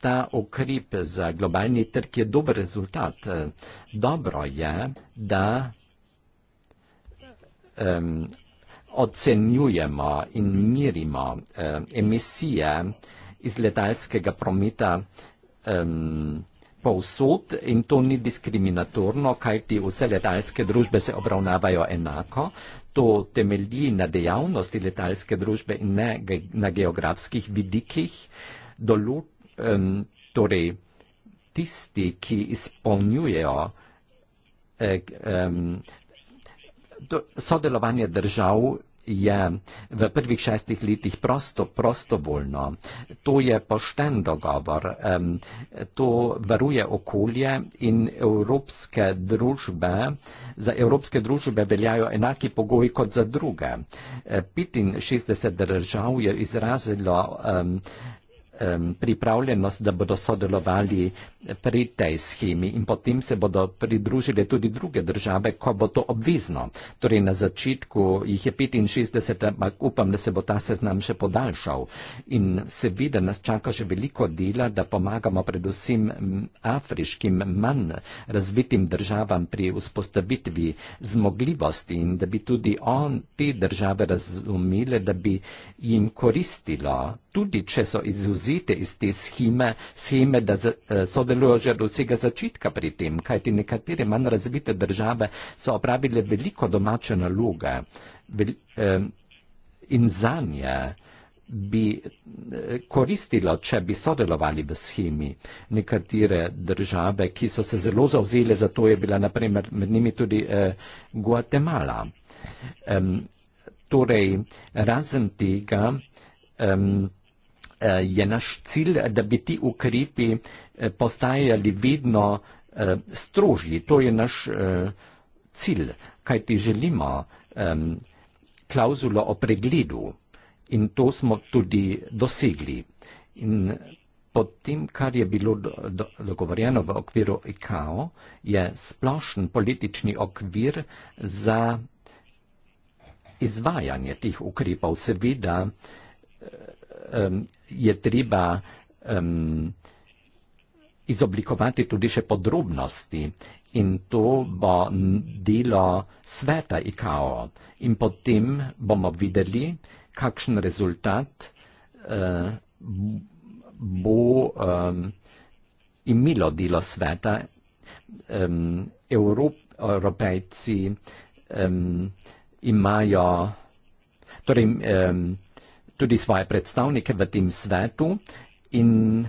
Ta ukrep za globalni trg je dober rezultat. Dobro je, da um, ocenjujemo in mirimo um, emisije iz letalskega prometa. Um, povsod in to ni diskriminatorno, kajti vse letalske družbe se obravnavajo enako. To temelji na dejavnosti letalske družbe in ne na geografskih vidikih. Dolu, um, torej, tisti, ki izpolnjujejo um, sodelovanje držav, je v prvih šestih letih prosto, prostovoljno. To je pošten dogovor. Um, to varuje okolje in evropske družbe. Za evropske družbe veljajo enaki pogoji kot za druge. 65 držav je izrazilo um, pripravljenost, da bodo sodelovali pri tej schemi in potem se bodo pridružile tudi druge države, ko bo to obvezno. Torej na začetku jih je 65, ampak upam, da se bo ta seznam še podaljšal. In seveda nas čaka že veliko dela, da pomagamo predvsem afriškim manj razvitim državam pri vzpostavitvi zmogljivosti in da bi tudi on te države razumele, da bi jim koristilo tudi če so izuzite iz te scheme, scheme, da eh, sodelujo že od vsega začetka pri tem, kajti nekatere manj razvite države so opravile veliko domače naloge in zanje bi eh, koristilo, če bi sodelovali v schemi. Nekatere države, ki so se zelo zauzele za to, je bila naprimer med njimi tudi eh, Guatemala. Eh, torej, razen tega, eh, Eh, je naš cilj, da bi ti ukrepi eh, postajali vedno eh, strožji. To je naš cilj, kaj ti želimo, klauzulo o pregledu in to smo tudi dosegli. In po tem, kar je bilo do, do, dogovorjeno v okviru ICAO, je splošen politični okvir za izvajanje teh ukrepov seveda um, je treba um, izoblikovati tudi še podrobnosti in to bo delo sveta IKO in potem bomo videli, kakšen rezultat uh, bo um, imelo delo sveta. Um, Evrop, Evropejci um, imajo, torej um, tudi svoje predstavnike v tem svetu in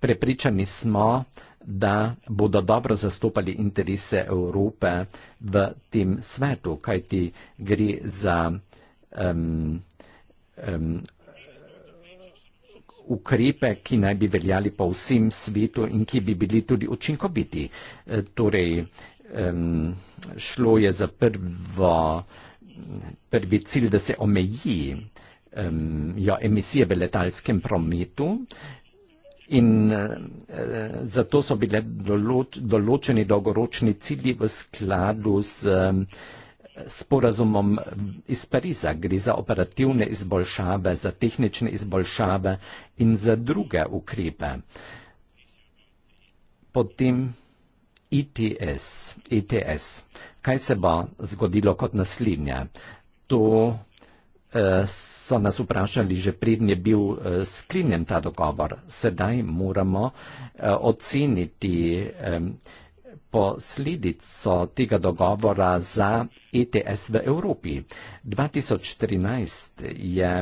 prepričani smo, da bodo dobro zastopali interese Evrope v tem svetu, kajti gre za um, um, ukrepe, ki naj bi veljali po vsem svetu in ki bi bili tudi učinkoviti. E, torej, um, šlo je za prvo, prvi cilj, da se omeji um, jo ja, emisije v letalskem prometu. In eh, zato so bile določ, določeni dolgoročni cilji v skladu s eh, sporazumom iz Pariza. Gre za operativne izboljšave, za tehnične izboljšave in za druge ukrepe. Potem ETS. ETS. Kaj se bo zgodilo kot naslednje? To Eh, so nas vprašali že prednje je bil eh, sklinjen ta dogovor. Sedaj moramo eh, oceniti posledico tega dogovora za ETS v Evropi. 2013 je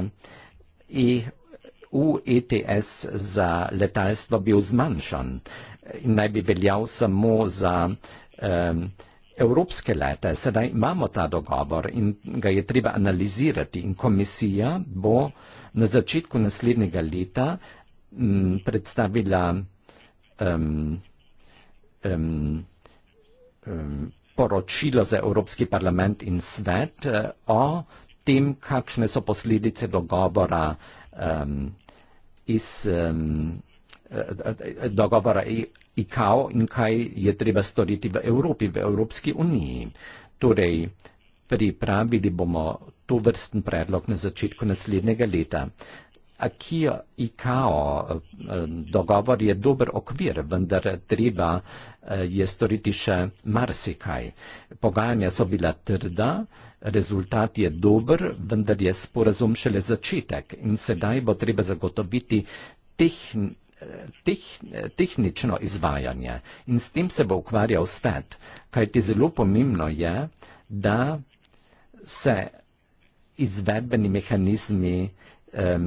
EU ETS za letalstvo bil zmanjšan in naj bi veljal samo za um, evropske lete, sedaj imamo ta dogovor in ga je treba analizirati in komisija bo na začetku naslednjega leta m, mm, predstavila um, um, um, poročilo za Evropski parlament in svet uh, o tem, kakšne so posledice dogovora um, iz. Um, dogovora e- ikao in kaj je treba storiti v Evropi, v Evropski uniji. Torej, pripravili bomo to vrsten predlog na začetku naslednjega leta. Akio ikao eh, dogovor je dober okvir, vendar treba eh, je storiti še marsikaj. Pogajanja so bila trda, rezultat je dober, vendar je sporazum šele začetek in sedaj bo treba zagotoviti tehnično teh, tehnično izvajanje in s tem se bo ukvarjal svet, kajti zelo pomembno je, da se izvedbeni mehanizmi um,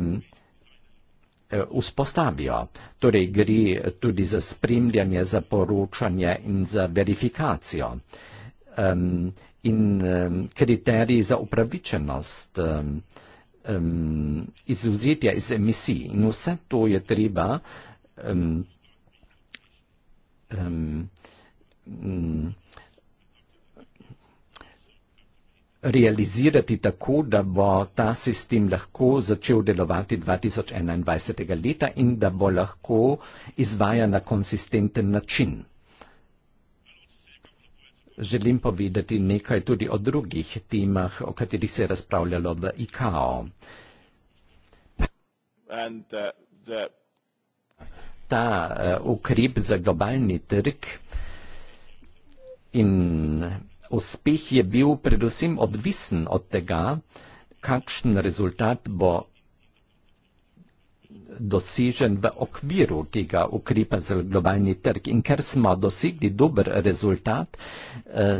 vzpostavijo. Torej gre tudi za spremljanje, za poročanje in za verifikacijo. Um, in um, kriteriji za upravičenost. Um, um, izuzetja iz emisij in vse to je treba um, um, realizirati tako, da bo ta sistem lahko začel delovati 2021. leta in da bo lahko izvajan na konsistenten način. Želim povedati nekaj tudi o drugih temah, o katerih se je razpravljalo v IKO. Uh, Ta uh, ukrep za globalni trg in uspeh je bil predvsem odvisen od tega, kakšen rezultat bo dosežen v okviru tega ukrepa za globalni trg in ker smo dosegli dober rezultat, eh,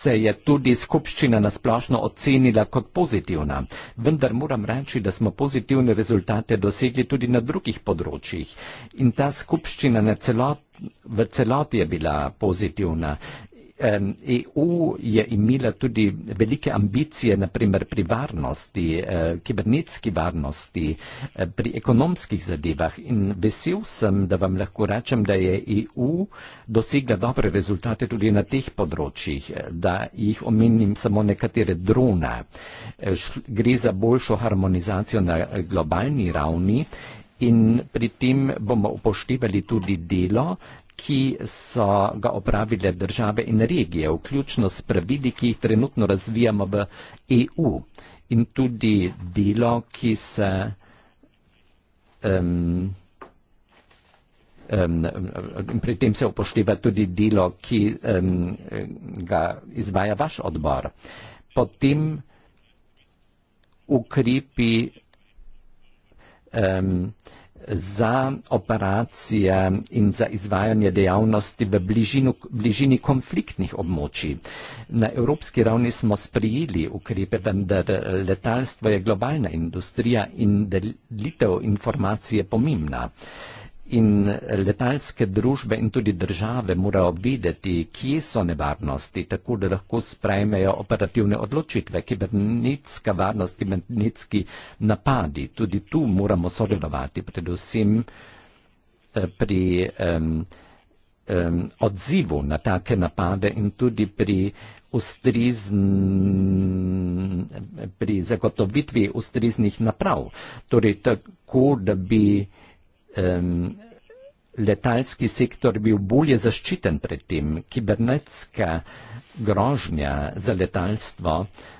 se je tudi skupščina nasplošno ocenila kot pozitivna. Vendar moram reči, da smo pozitivne rezultate dosegli tudi na drugih področjih in ta skupščina na celot, v celoti je bila pozitivna. EU e je imela tudi velike ambicije, naprimer pri varnosti, eh, kibernetski varnosti, eh, pri ekonomskih zadevah in vesel sem, da vam lahko rečem, da je EU dosegla dobre rezultate tudi na teh področjih, eh, da jih omenim samo nekatere drone. Gre za boljšo harmonizacijo na globalni ravni. In pri tem bomo upoštevali tudi delo ki so ga opravile države in regije, vključno s pravili, ki jih trenutno razvijamo v EU in tudi delo, ki se um, Um, pri tem se upošteva tudi delo, ki um, ga izvaja vaš odbor. Potem ukrepi um, za operacije in za izvajanje dejavnosti v bližinu, bližini konfliktnih območij. Na evropski ravni smo sprijeli ukrepe, vendar letalstvo je globalna industrija in delitev informacije pomembna. Uh, in letalske družbe in tudi države morajo vedeti, kje so nevarnosti, tako da lahko sprejmejo operativne odločitve, kibernetska varnost, kibernetski napadi. Tudi tu moramo sodelovati, predvsem eh, pri um, um, odzivu na take napade in tudi pri ustrizn, pri zagotovitvi ustriznih naprav. Torej, tako, da bi um, letalski sektor bil bolje zaščiten pred tem. Kibernetska grožnja za letalstvo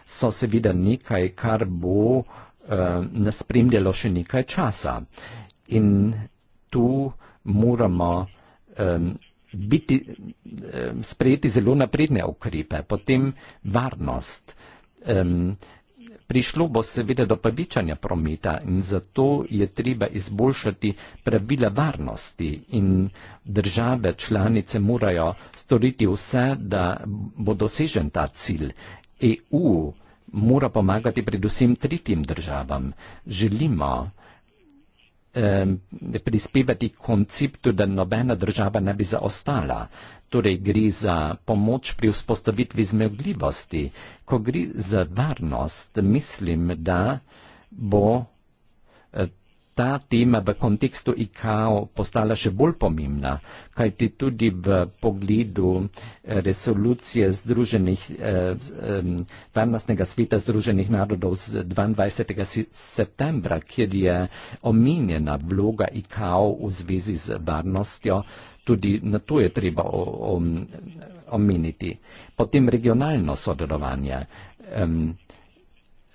so seveda nekaj, kar bo um, naspremljalo še nekaj časa. In tu moramo um, biti, um, sprejeti zelo napredne ukrepe, potem varnost. Um, Prišlo bo seveda do povečanja prometa in zato je treba izboljšati pravila varnosti in države članice morajo storiti vse, da bo dosežen ta cilj. EU mora pomagati predvsem tretjim državam. Želimo eh, prispevati konceptu, da nobena država ne bi zaostala torej gre za pomoč pri vzpostavitvi zmogljivosti, ko gre za varnost, mislim, da bo eh, ta tema v kontekstu IKAO postala še bolj pomembna, kajti tudi v pogledu eh, resolucije eh, Varnostnega sveta Združenih narodov z 22. septembra, kjer je omenjena vloga IKAO v zvezi z varnostjo, eh, tudi na to je treba omeniti. Potem regionalno sodelovanje. Um,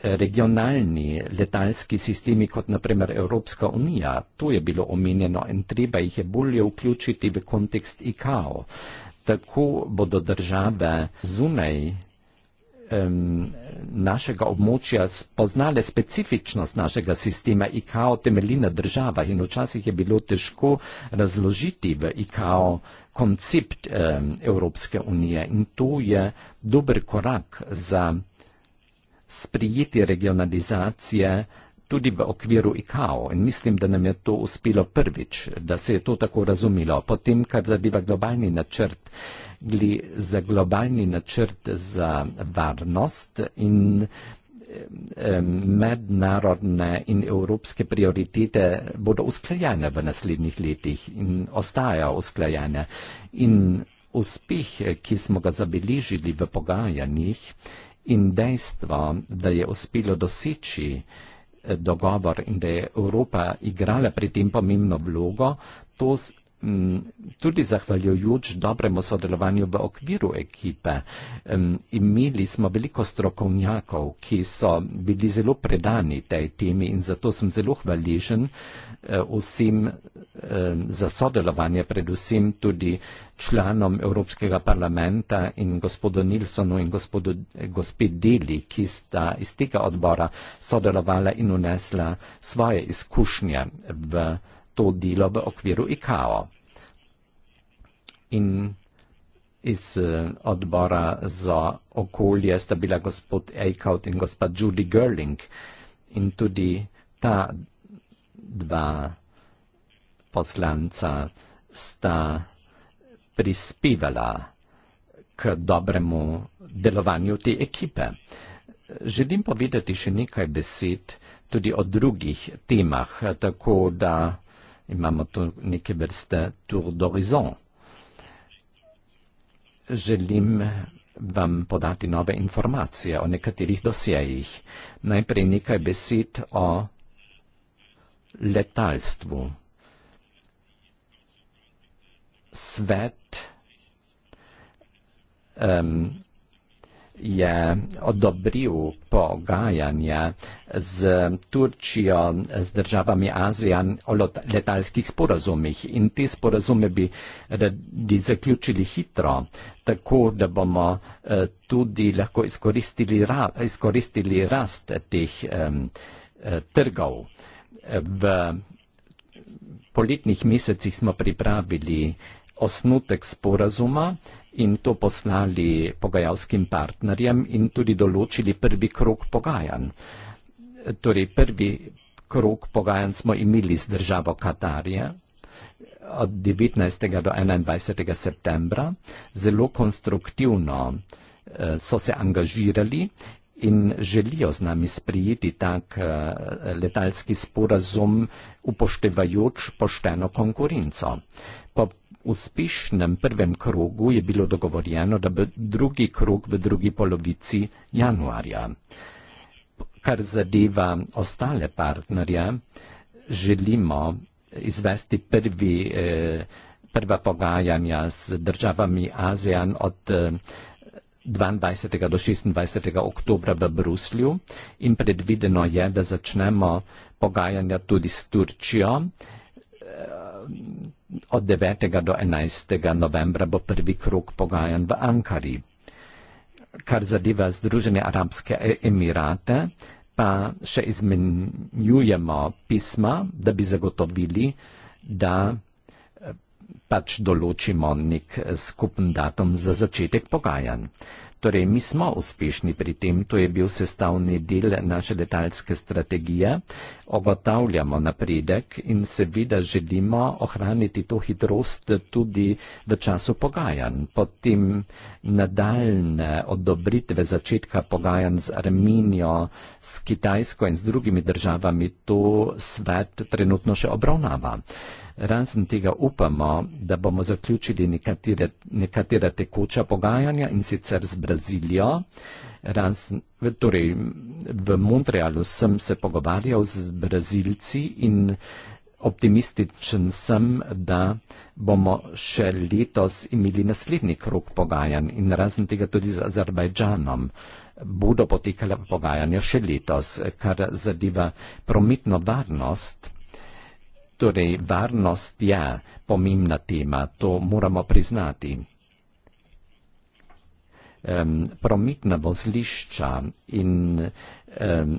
regionalni letalski sistemi, kot naprimer Evropska unija, to je bilo omenjeno in treba jih je bolje vključiti v kontekst ICAO. Tako bodo države zunaj um, našega območja spoznale specifičnost našega sistema IKO temelji na državah in včasih je bilo težko razložiti v IKO koncept um, Evropske unije in to je dober korak za sprijeti regionalizacije tudi v okviru IKO in mislim, da nam je to uspelo prvič, da se je to tako razumilo. Potem, kar zadeva globalni načrt, uh, gre za globalni načrt za varnost in mednarodne in evropske prioritete bodo usklajene v naslednjih letih in ostajajo usklajene. In uspeh, ki smo ga zabeležili v pogajanjih in dejstvo, da je uspelo doseči eh, dogovor in da je Evropa igrala pri tem pomembno vlogo, to Mm, tudi zahvaljujoč dobremu sodelovanju v okviru ekipe. Mm, imeli smo veliko strokovnjakov, ki so bili zelo predani tej temi in zato sem zelo hvaležen eh, vsem eh, za sodelovanje, predvsem tudi članom Evropskega parlamenta in gospodu Nilsonu in gospodu, eh, gospe Deli, ki sta iz tega odbora sodelovala in unesla svoje izkušnje v to delo v okviru IKAO in iz eh, odbora za okolje sta bila gospod Eichhout in gospod Judy Gerling. In tudi ta dva poslanca sta prispevala k dobremu delovanju te ekipe. Želim povedati še nekaj besed tudi o drugih temah, tako da imamo tu neke vrste tour d'horizon želim vam podati nove informacije o nekaterih dosjejih. Najprej nekaj besed o letalstvu. Svet um, je odobril pogajanje z Turčijo, z državami ASEAN o letalskih sporazumih in te sporazume bi radi zaključili hitro, tako da bomo eh, tudi lahko izkoristili, ra, izkoristili rast teh um, trgov. V poletnih mesecih smo pripravili osnutek sporazuma, in to poslali pogajalskim partnerjem in tudi določili prvi krok pogajanj. Torej, prvi krok pogajanj smo imeli z državo Katarje od 19. do 21. septembra. Zelo konstruktivno eh, so se angažirali in želijo z nami sprijeti tak eh, letalski sporazum upoštevajoč pošteno konkurenco. Po uspešnem prvem krogu je bilo dogovorjeno, da bo drugi krog v drugi polovici januarja. Kar zadeva ostale partnerje, želimo izvesti prvi, eh, prva pogajanja s državami ASEAN od 22. Eh, do 26. oktobra v Bruslju in predvideno je, da začnemo pogajanja tudi s Turčijo. Eh, od 9. do 11. novembra bo prvi krok pogajan v Ankari. Kar zadeva Združene arabske e- emirate, pa še izmenjujemo pisma, da bi zagotovili, da eh, pač določimo nek eh, skupen datum za začetek pogajanj. Torej, mi smo uspešni pri tem, to je bil sestavni del naše letalske strategije. Ogotavljamo napredek in seveda želimo ohraniti to hitrost tudi v času pogajanj. Potem nadaljne odobritve začetka pogajanj z Armenijo, s Kitajsko in z drugimi državami to svet trenutno še obravnava. Uh, Razen tega upamo, da bomo zaključili nekatere, nekatera tekoča pogajanja in sicer z Brazilijo. Razen, torej v Montrealu sem se pogovarjal z Brazilci in optimističen sem, da bomo še letos imeli naslednji krok pogajanj in razen tega tudi z Azerbajdžanom. Bodo potekala pogajanja še letos, kar zadeva prometno varnost. Torej, varnost je pomembna tema, to moramo priznati. Um, prometna vozlišča in um,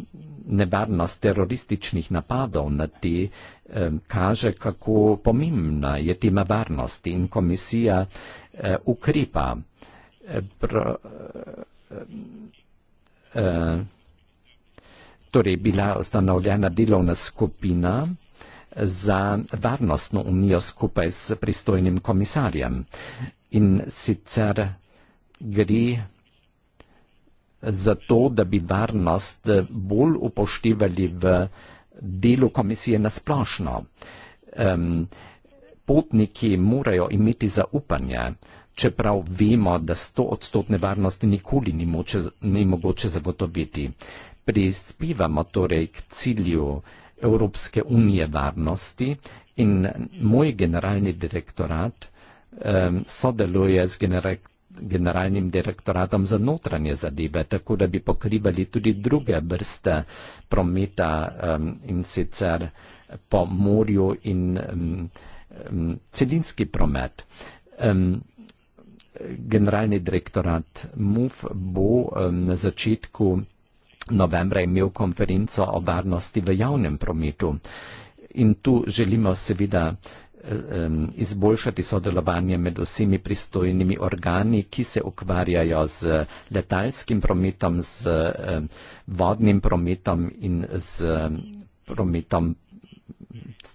nevarnost terorističnih napadov na te um, kaže, kako pomembna je tema varnosti in komisija uh, ukrepa. E, pro, uh, uh, torej, bila ustanovljena delovna skupina za varnostno unijo skupaj s pristojnim komisarjem. In sicer gre za to, da bi varnost bolj upoštevali v delu komisije na splošno. Um, potniki morajo imeti zaupanje, čeprav vemo, da sto odstotne varnosti nikoli ni, moče, ni mogoče zagotoviti. Prispevamo torej k cilju Evropske unije varnosti in moj generalni direktorat um, sodeluje z generalnim generalnim direktoratom za notranje zadeve, tako da bi pokrivali tudi druge vrste prometa um, in sicer po morju in um, um, celinski promet. Um, generalni direktorat MUF bo um, na začetku novembra imel konferenco o varnosti v javnem prometu. In tu želimo seveda eh, izboljšati sodelovanje med vsemi pristojnimi organi, ki se ukvarjajo z letalskim prometom, z vodnim prometom in z prometom,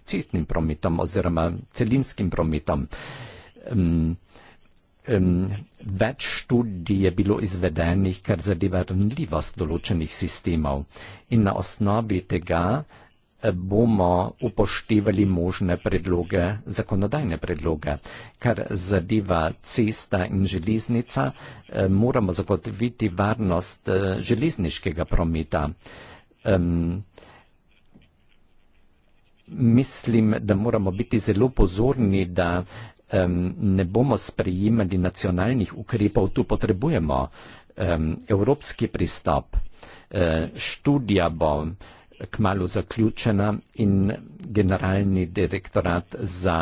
cestnim prometom oziroma celinskim prometom. Več študij je bilo izvedenih, kar zadeva rnljivost določenih sistemov in na osnovi tega eh, bomo upoštevali možne predloge, zakonodajne predloge. Kar zadeva cesta in železnica, eh, moramo zagotoviti varnost eh, železniškega prometa. Mislim, da moramo biti zelo pozorni, da um, ne bomo sprejemali nacionalnih ukrepov, tu potrebujemo um, evropski pristop. Uh, študija bo kmalo zaključena in generalni direktorat za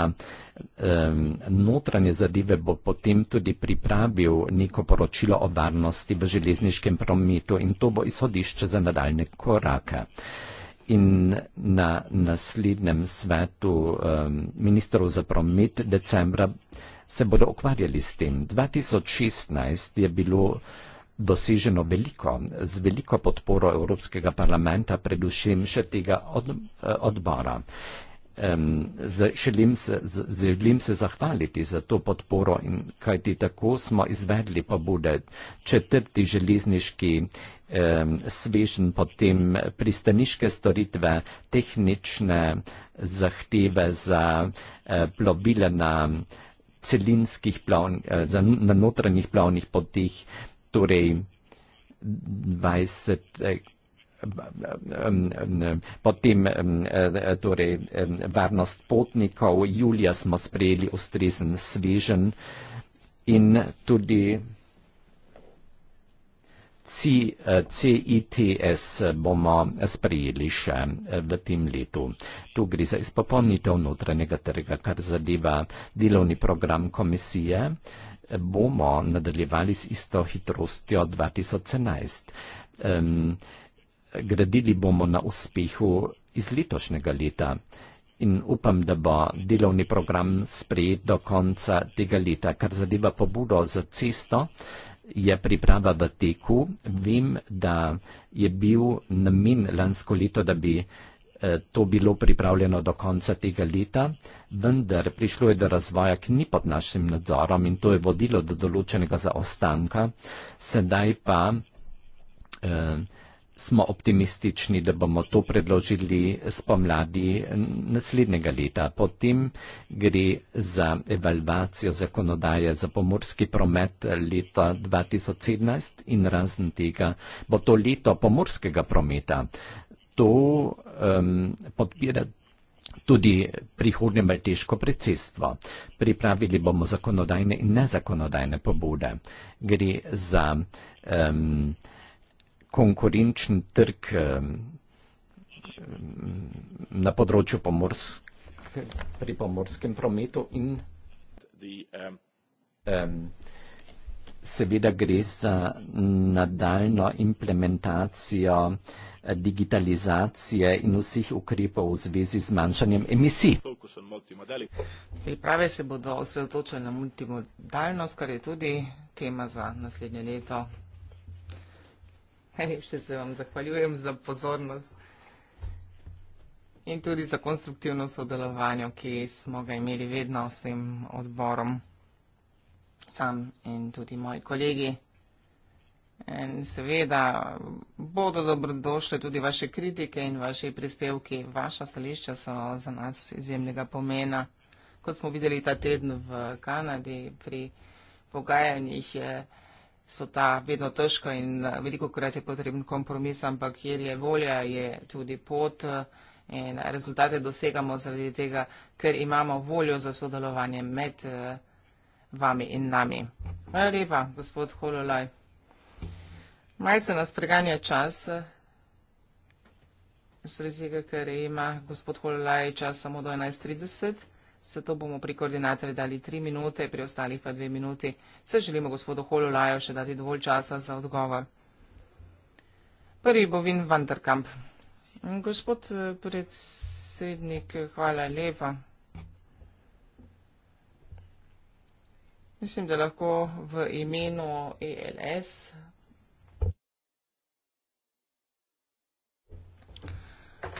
um, notranje zadeve bo potem tudi pripravil neko poročilo o varnosti v železniškem prometu in to bo izhodišče za nadaljne korake. Uh, in na naslednjem svetu um, ministrov za promet decembra se bodo okvarjali s tem. 2016 je bilo doseženo veliko, z veliko podporo Evropskega parlamenta, predvsem še tega od, eh, odbora. Um, z, želim, se, z, želim se zahvaliti za to podporo in kajti tako smo izvedli pobude četrti železniški svežen, potem pristaniške storitve, tehnične zahteve za eh, plovile na celinskih plavn, eh, na notranjih plavnih potih, torej 20, eh, potem torej varnost potnikov, julija smo sprejeli ustrezen svežen in tudi CITS eh, bomo sprejeli še eh, v tem letu. Tu gre za izpopolnitev notranjega trga, kar zadeva delovni program komisije. Bomo nadaljevali s isto hitrostjo 2011. Gradili bomo na uspehu iz letošnjega leta in upam, da bo delovni program sprejet do konca tega leta, kar zadeva pobudo za cesto je priprava v teku. Vem, da je bil namen lansko leto, da bi eh, to bilo pripravljeno do konca tega leta, vendar prišlo je do razvoja, ki ni pod našim nadzorom in to je vodilo do določenega zaostanka. Sedaj pa. Eh, smo optimistični, da bomo to predložili spomladi naslednjega leta. Potem gre za evalvacijo zakonodaje za pomorski promet leta 2017 in razen tega bo to leto pomorskega prometa. To um, podpira tudi prihodnje malteško predsedstvo. Pripravili bomo zakonodajne in nezakonodajne pobude. Gre za um, konkurenčen trg na področju pomorske, pri pomorskem prometu in seveda gre za nadaljnjo implementacijo eh, digitalizacije in vseh ukrepov v zvezi z zmanjšanjem emisij. Priprave se bodo osredotočile na multimodalnost, kar je tudi tema za naslednje leto. Najlepše se vam zahvaljujem za pozornost in tudi za konstruktivno sodelovanje, ki smo ga imeli vedno s tem odborom, sam in tudi moji kolegi. In seveda bodo dobrodošle tudi vaše kritike in vaše prispevke. Vaša stališča so za nas izjemnega pomena. Kot smo videli ta teden v Kanadi pri pogajanjih, je eh, so ta vedno težka in eh, veliko krat je potreben kompromis, ampak kjer je volja, je tudi pot eh, in rezultate dosegamo zaradi tega, ker imamo voljo za sodelovanje med eh, vami in nami. Hvala lepa, gospod Hololaj. Majce nas preganja čas, zaradi tega, ker ima gospod Hololaj čas samo do 11.30 zato bomo pri koordinatorju dali tri minute, pri ostalih pa dve minuti. Se želimo gospodu Hololaju še dati dovolj časa za odgovor. Prvi bo Vin Vanderkamp. Gospod eh, predsednik, hvala lepa. Mislim, da lahko v imenu ELS.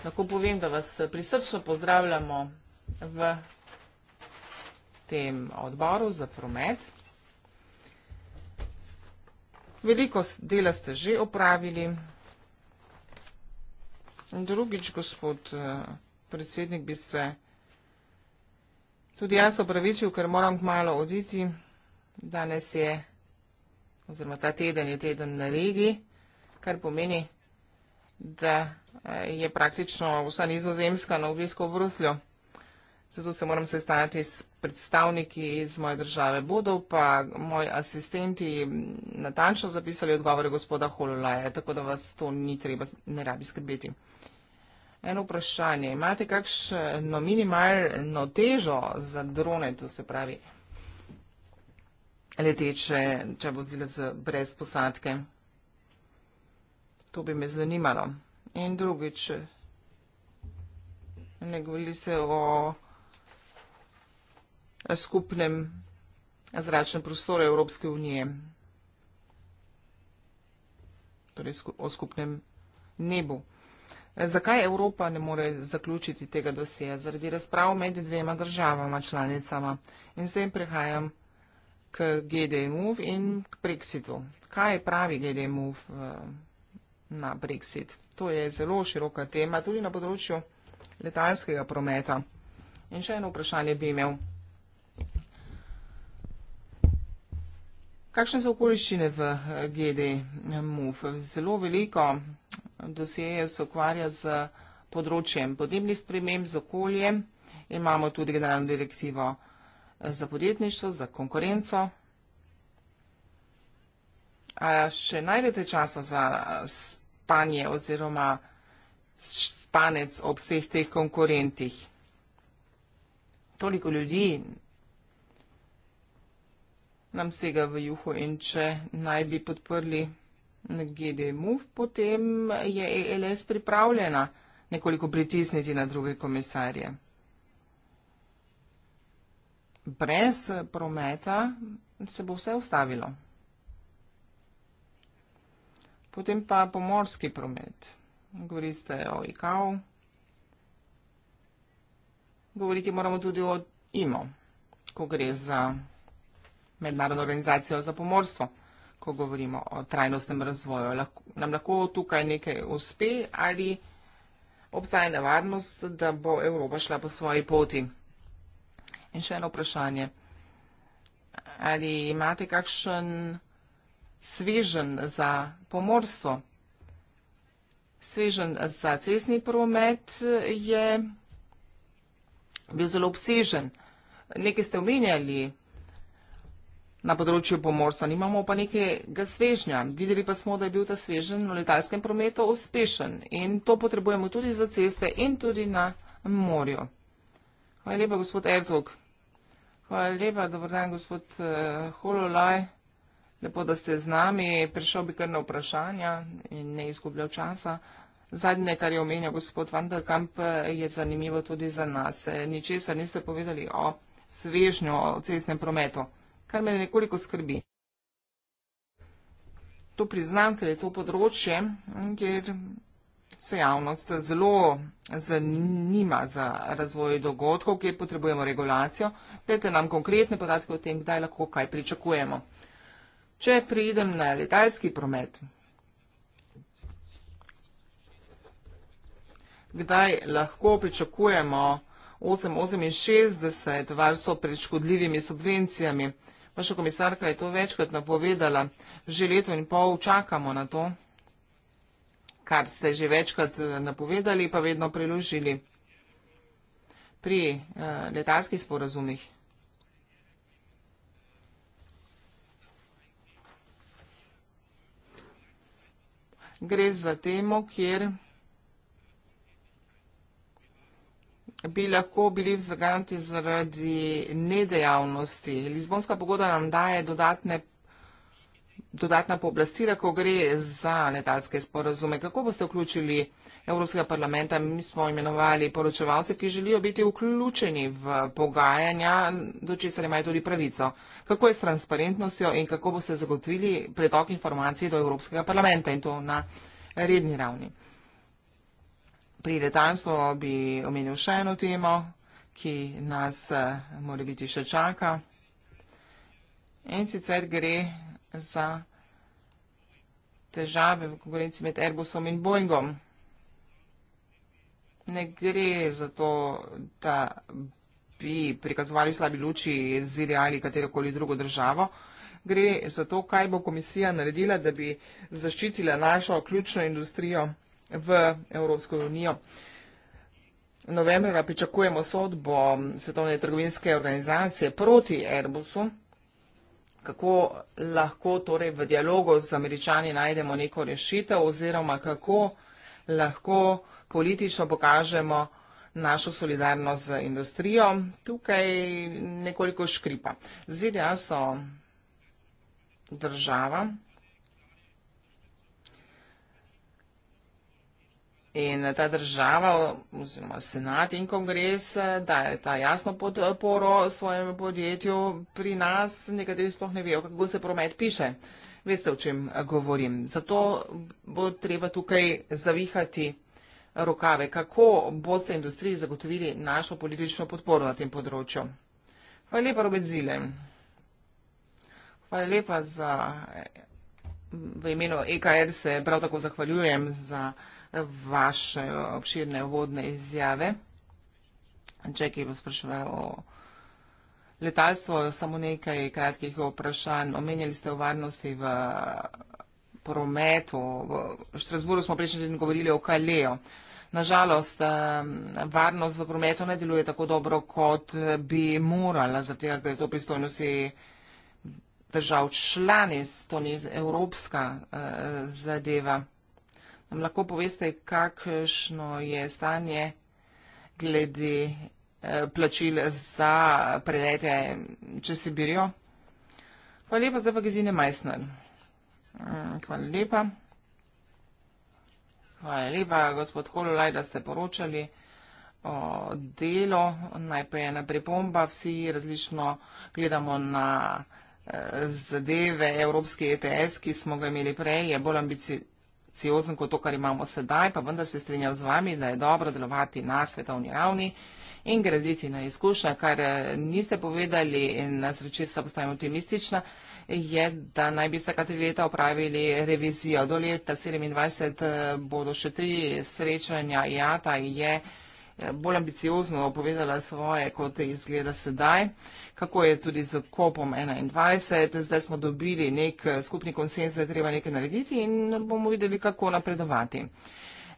Lahko povem, da vas eh, prisrčno pozdravljamo v tem odboru za promet. Veliko dela ste že opravili. Drugič, gospod eh, predsednik, bi se tudi jaz opravičil, ker moram malo oditi. Danes je, oziroma ta teden je teden na regi, kar pomeni, da eh, je praktično vsa nizozemska na obisku v Bruslju. Zato se moram sestati s predstavniki iz moje države bodo pa moji asistenti natančno zapisali odgovore gospoda Hololaja, tako da vas to ni treba, ne rabi skrbeti. Eno vprašanje, imate kakšno minimalno težo za drone, to se pravi leteče, če vozile brez posadke? To bi me zanimalo. In drugič, ne govorili se o skupnem zračnem prostoru Evropske unije, torej o skupnem nebu. Zakaj Evropa ne more zaključiti tega dosija? Zaradi razprav med dvema državama članicama. In zdaj prehajam k GDMU in k Brexitu. Kaj pravi GDMU eh, na Brexit? To je zelo široka tema, tudi na področju letalskega prometa. In še eno vprašanje bi imel. Kakšne so okoliščine v eh, GD MUF? Zelo veliko dosjeje se ukvarja z področjem podnebnih sprememb, z okoljem. Imamo tudi generalno direktivo eh, za podjetništvo, za konkurenco. A še najdete časa za eh, spanje oziroma spanec ob vseh teh konkurentih? Toliko ljudi nam sega v juho in če naj bi podprli GDMUV, potem je ELS pripravljena nekoliko pritisniti na druge komisarje. Brez prometa se bo vse ustavilo. Potem pa pomorski promet. Govorite o IKAV. Govoriti moramo tudi o IMO, ko gre za promet mednarodno organizacijo za pomorstvo, ko govorimo o trajnostnem razvoju. Lahko, nam lahko tukaj nekaj uspe ali obstaja nevarnost, da bo Evropa šla po svoji poti? In še eno vprašanje. Ali imate kakšen svežen za pomorstvo? Svežen za cestni promet je bil zelo obsežen. Nekaj ste omenjali. Na področju pomorstva nimamo pa nekega svežnja. Videli pa smo, da je bil ta svežen v letalskem prometu uspešen in to potrebujemo tudi za ceste in tudi na morju. Hvala lepa, gospod Ertug. Hvala lepa, dobro dan, gospod uh, Hololaj. Lepo, da ste z nami. Prišel bi kar na vprašanja in ne izgubljal časa. Zadnje, kar je omenjal gospod Vandekamp, eh, je zanimivo tudi za nas. Eh, ničesar niste povedali o svežnju, o cestnem prometu kar me nekoliko skrbi. To priznam, ker je to področje, kjer se javnost zelo zanima za razvoj dogodkov, kjer potrebujemo regulacijo. Dajte nam konkretne podatke o tem, kdaj lahko kaj pričakujemo. Če pridem na letalski promet, kdaj lahko pričakujemo 8,68 varstvo pred škodljivimi subvencijami? Vaša komisarka je to večkrat napovedala, že leto in pol čakamo na to, kar ste že večkrat eh, napovedali, pa vedno priložili pri uh, letalskih sporazumih. Gre za temo, kjer bi lahko bili v zaganti zaradi nedejavnosti. Lizbonska pogoda nam daje dodatne, dodatna pooblastila, ko gre za letalske sporazume. Kako boste vključili Evropskega parlamenta? Mi smo imenovali poročevalce, ki želijo biti vključeni v pogajanja, do česar imajo tudi pravico. Kako je s transparentnostjo in kako boste zagotovili pretok informacij do Evropskega parlamenta in to na redni ravni? Pri letalstvu bi omenil še eno temo, ki nas eh, mora biti še čaka. In sicer gre za težave v konkurenci med Airbusom in Boeingom. Ne gre za to, da bi prikazovali slabi luči ZDA ali katerokoli drugo državo. Gre za to, kaj bo komisija naredila, da bi zaščitila našo ključno industrijo v Evropsko unijo. Novembra pričakujemo sodbo Svetovne trgovinske organizacije proti Airbusu, kako lahko torej v dialogu z američani najdemo neko rešitev oziroma kako lahko politično pokažemo našo solidarnost z industrijo. Tukaj nekoliko škripa. ZDA so država, In ta država oziroma senat in kongres eh, daje ta jasno podporo svojem podjetju. Pri nas nekateri sploh ne vejo, kako se promet piše. Veste, o čem govorim. Zato bo treba tukaj zavihati rokave. Kako boste industriji zagotovili našo politično podporo na tem področju? Hvala lepa, Robert Zile. Hvala lepa za, v imenu EKR se prav tako zahvaljujem za vaše obširne vodne izjave. Jackie bo spraševal o letalstvu, samo nekaj kratkih vprašanj. Omenjali ste o varnosti v prometu. V Štrasburu smo prejšnji teden govorili o Kalejo. Nažalost, varnost v prometu ne deluje tako dobro, kot bi morala, zato ker je to pristojnosti držav članic, to ni evropska eh, zadeva. Nam lahko poveste, kakšno je stanje glede eh, plačil za prelete čez Sibirijo? Hvala lepa, zdaj pa Gizine Majsner. Mm, hvala lepa. Hvala lepa, gospod Hololaj, da ste poročali o delo. Najprej ena pripomba, vsi različno gledamo na eh, zadeve Evropski ETS, ki smo ga imeli prej, je bolj ambicij ambiciozen kot to, kar imamo sedaj, pa vendar se strinjam z vami, da je dobro delovati na svetovni ravni in graditi na izkušnja, kar eh, niste povedali in nas reči, da postajam optimistična, je, da naj bi vsaka tri leta opravili revizijo. Do leta 2027 eh, bodo še tri srečanja, ja, ta je bolj ambiciozno povedala svoje, kot izgleda sedaj, kako je tudi z kopom 21. Zdaj smo dobili nek eh, skupni konsens, da je treba nekaj narediti in bomo videli, kako napredovati.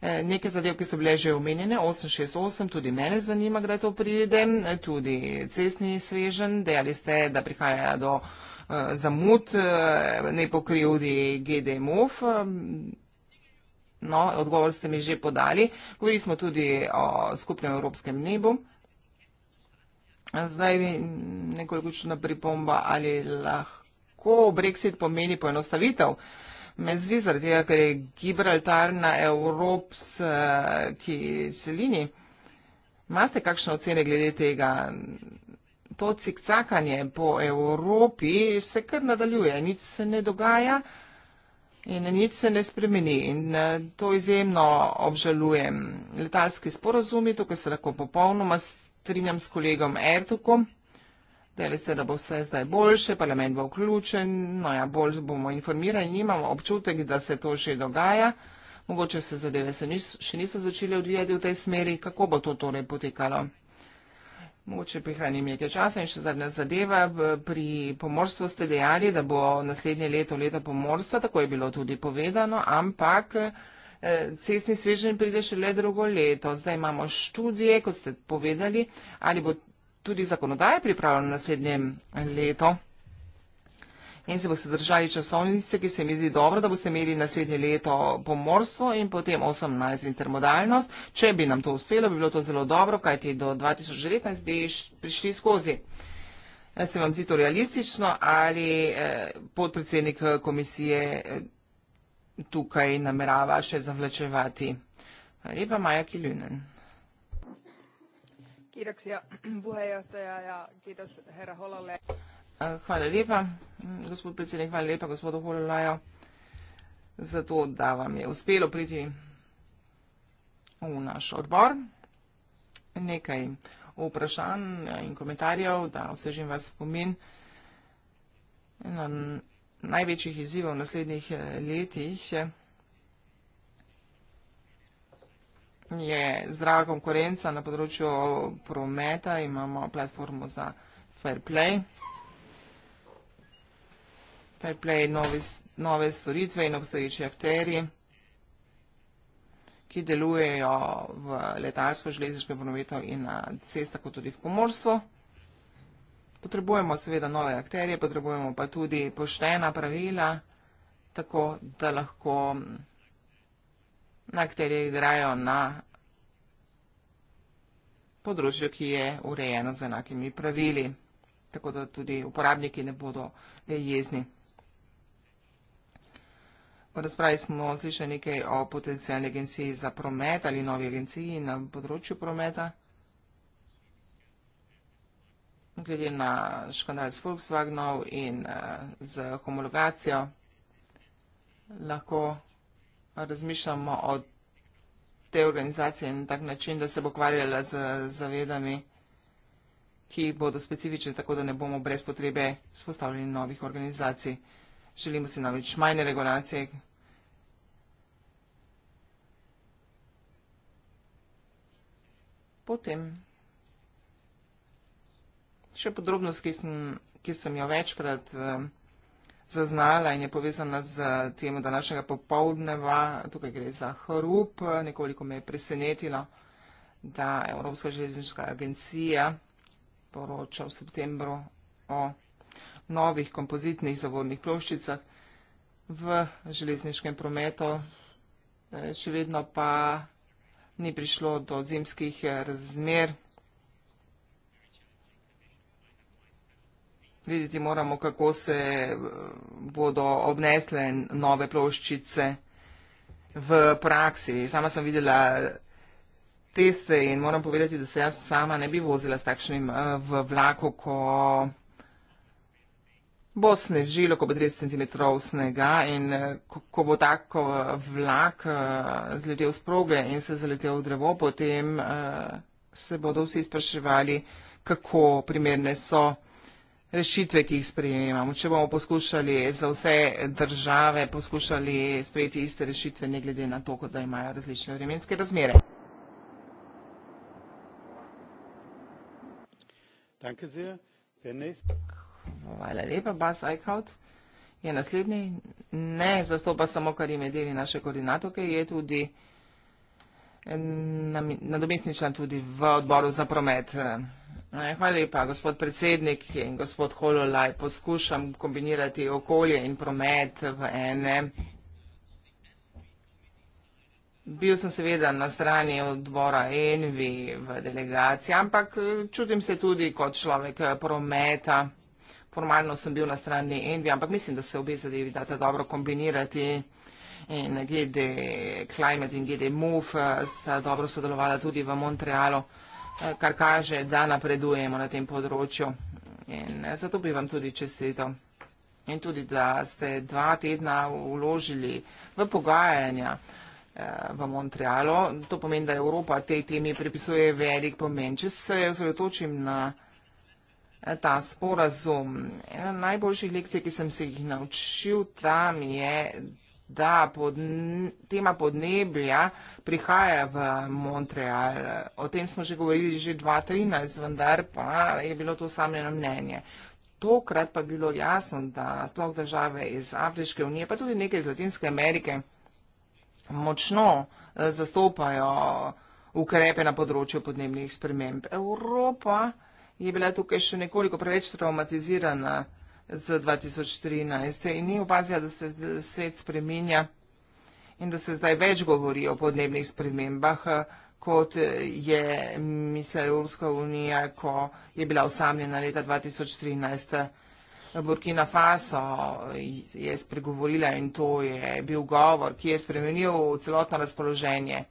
Eh, neke zadev, ki so bile že omenjene, 868, tudi mene zanima, kdaj to pride, tudi cestni svežen, dejali ste, da prihaja do uh, zamud, uh, ne pokrivdi GDMOV. Uh, No, odgovor ste mi že podali. Govorili smo tudi o skupnem evropskem nebu. Zdaj je nekolikočna pripomba, ali lahko Brexit pomeni poenostavitev. Me zdi zaradi tega, ker je Gibraltar na evropski celini. Maste kakšne ocene glede tega? To cikcakanje po Evropi se kar nadaljuje, nič se ne dogaja. In nič se ne spremeni. In eh, to izjemno obžalujem. Letalski sporozumi, tukaj se lahko popolnoma strinjam s kolegom Ertukom. Dele se, da bo vse zdaj boljše, parlament bo vključen, no ja, bolj bomo informirani, imamo občutek, da se to že dogaja. Mogoče se zadeve se niso, še niso začele odvijati v tej smeri. Kako bo to torej potekalo? Mogoče prihrani nekaj časa in še zadnja zadeva. Pri pomorstvu ste dejali, da bo naslednje leto leto pomorstva, tako je bilo tudi povedano, ampak eh, cestni svežen pride še le drugo leto. Zdaj imamo študije, kot ste povedali, ali bo tudi zakonodaja pripravljena naslednje leto in se boste držali časovnice, ki se mi zdi dobro, da boste imeli naslednje leto pomorstvo in potem 18 intermodalnost. Če bi nam to uspelo, bi bilo to zelo dobro, kajti do 2019 bi prišli skozi. Eh, se vam zdi to realistično ali eh, podpredsednik eh, komisije tukaj namerava še zavlačevati? Lepa Maja Kiljunen. Kiitoksia <clears throat> puheenjohtaja ja kiitos herra Hololle. Eh, hvala lepa, gospod predsednik, hvala lepa, gospodu Hololajo, za to, da vam je uspelo priti v naš odbor. Nekaj vprašanj in komentarjev, da osvežim vas spomin na največjih izzivov v naslednjih eh, letih je zdrava konkurenca na področju prometa, imamo platformo za fair play. Fairplay nove, nove storitve in obstoječi akteri, ki delujejo v letalstvo, železniškem prometu in na cestah, kot tudi v pomorstvu. Potrebujemo seveda nove akterje, potrebujemo pa tudi poštena pravila, tako da lahko akterje igrajo na področju, ki je urejeno z enakimi pravili, tako da tudi uporabniki ne bodo jezni. V razpravi smo slišali nekaj o potencijalni agenciji za promet ali novi agenciji na področju prometa. Glede na škandal s Volkswagenov in eh, z homologacijo, lahko razmišljamo o te organizacije na tak način, da se bo kvarjala z zavedami, ki bodo specifične, tako da ne bomo brez potrebe spostavljeni novih organizacij. Želimo si namreč manj regulacije. Potem še podrobnost, ki sem, ki sem jo večkrat eh, zaznala in je povezana z temo današnjega popoldneva. Tukaj gre za hrup. Nekoliko me je presenetilo, da Evropska železniška agencija poroča v septembru o novih kompozitnih zavornih ploščicah v železniškem prometu, e, še vedno pa ni prišlo do zimskih razmer. Videti moramo, kako se e, bodo obnesle nove ploščice v praksi. Sama sem videla teste in moram povedati, da se jaz sama ne bi vozila s takšnim e, v vlaku, ko bo snežilo, ko bo 30 cm snega in eh, ko, ko bo tako eh, vlak eh, zletel z proge in se zletel v drevo, potem se bodo vsi spraševali, kako primerne so rešitve, ki jih sprejemamo. Če bomo poskušali za vse države poskušali sprejeti iste rešitve, ne glede na to, da imajo različne vremenske razmere. Danke sehr. Der nächste. Hvala lepa, Bas Eichhout. Je naslednji? Ne, zastopa samo kar ime deli naše koordinatorke, je tudi eh, nadomestnična tudi v odboru za promet. Eh, hvala lepa, gospod predsednik in gospod Hololaj. Poskušam kombinirati okolje in promet v ene. Bil sem seveda na strani odbora Envi v delegaciji, ampak eh, čutim se tudi kot človek prometa formalno sem bil na strani Envi, ampak mislim, da se obe zadevi data dobro kombinirati. In GD Climate in GD Move eh, sta dobro sodelovala tudi v Montrealu, eh, kar kaže, da napredujemo na tem področju. In eh, zato bi vam tudi čestito. In tudi, da ste dva tedna uložili v pogajanja v Montrealu. To pomeni, da Evropa tej temi pripisuje velik pomen. Če se osredotočim na ta sporazum. Ena najboljših lekcij, ki sem se jih naučil tam, je, da pod, tema podneblja prihaja v Montreal. O tem smo že govorili že 2013, vendar pa je bilo to samljeno mnenje. Tokrat pa je bilo jasno, da sploh države iz Afriške unije, pa tudi nekaj iz Latinske Amerike, močno eh, zastopajo ukrepe na področju podnebnih sprememb. Evropa je bila tukaj še nekoliko preveč traumatizirana z 2013 in ni opazila, da se svet spreminja in da se zdaj več govori o podnebnih spremembah, kot je misel Evropska unija, ko je bila osamljena leta 2013. Burkina Faso je spregovorila in to je bil govor, ki je spremenil celotno razpoloženje.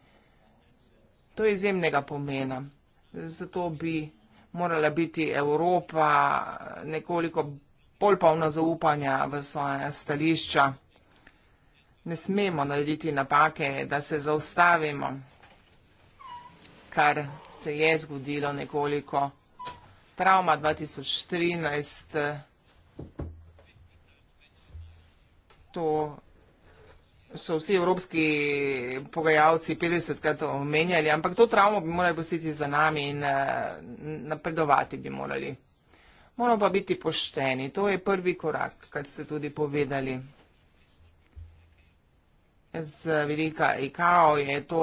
To je izjemnega pomena. Zato bi morala biti Evropa nekoliko bolj polna zaupanja v svoje stališča. Ne smemo narediti napake, da se zaustavimo, kar se je zgodilo nekoliko. Travma 2013. To so vsi evropski pogajalci 50krat omenjali, ampak to travmo bi morali pustiti za nami in uh, napredovati bi morali. Moramo pa biti pošteni, to je prvi korak, kar ste tudi povedali. Z vidika IKO je to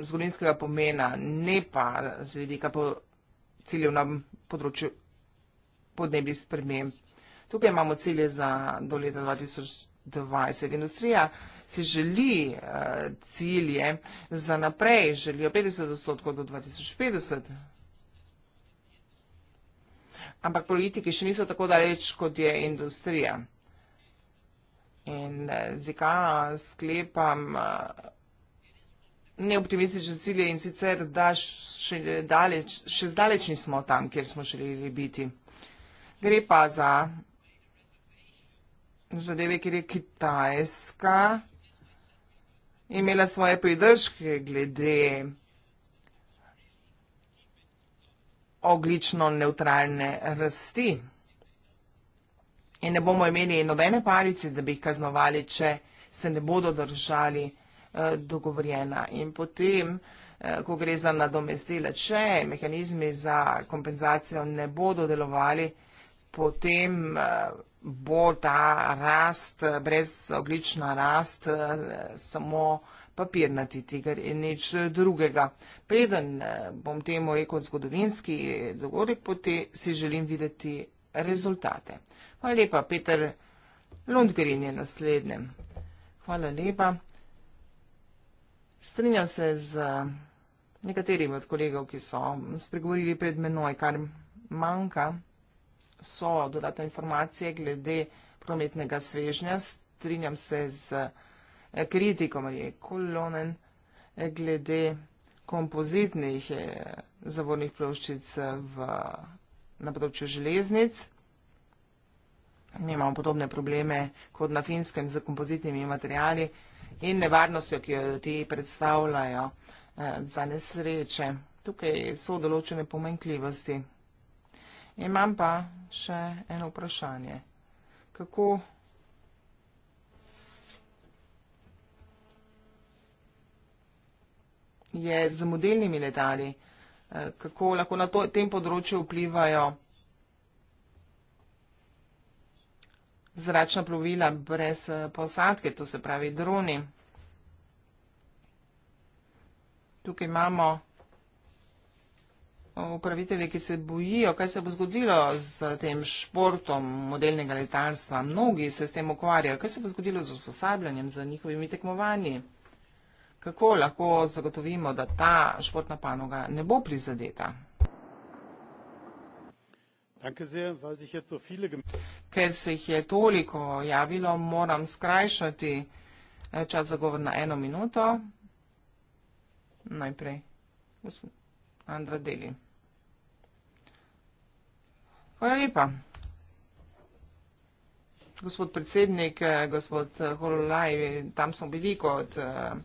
zgodovinskega pomena, ne pa z vidika po ciljev na področju podnebnih sprememb. Tukaj imamo cilje za do leta 2020. Industrija si želi uh, cilje za naprej, želijo 50 odstotkov do 2050. Ampak politiki še niso tako daleč, kot je industrija. In eh, zika sklepam eh, neoptimistične cilje in sicer, da še, daleč, še zdaleč nismo tam, kjer smo želeli biti. Gre pa za zadeve, kjer je Kitajska imela svoje pridržke glede oglično neutralne rasti. In ne bomo imeli nobene palice, da bi jih kaznovali, če se ne bodo držali eh, dogovorjena. In potem, eh, ko gre za nadomestila, če mehanizmi za kompenzacijo ne bodo delovali, potem. Eh, bo ta rast, brezoglična rast, samo papirnati tiger in nič drugega. Preden eh, bom temu rekel zgodovinski dogodek, potem si želim videti rezultate. Hvala lepa, Peter Lundgren je naslednjem. Hvala lepa. Strinjam se z nekaterimi od kolegov, ki so spregovorili pred menoj, kar manjka so dodatne informacije glede prometnega svežnja. Strinjam se z eh, kritikom ali kolonen eh, glede kompozitnih eh, zavornih ploščic v, na področju železnic. Mi imamo podobne probleme kot na finskem z kompozitnimi materijali in nevarnostjo, ki jo ti predstavljajo za nesreče. Tukaj so določene pomenkljivosti. Imam pa še eno vprašanje. Kako je z modelnimi letali, eh, kako lahko na to, tem področju vplivajo zračna plovila brez eh, posadke, to se pravi droni. Tukaj imamo upravitelji, ki se bojijo, kaj se bo zgodilo s tem športom modelnega letalstva. Mnogi se s tem ukvarjajo. Kaj se bo zgodilo z usposabljanjem, z njihovimi tekmovanji? Kako lahko zagotovimo, da ta športna panoga ne bo prizadeta? Ker se jih je toliko javilo, moram skrajšati eh, čas zagovor na eno minuto. Najprej. Gospod. Andra Deli. Hvala lepa. Gospod predsednik, eh, gospod eh, Hololaj, tam smo bili kot uh,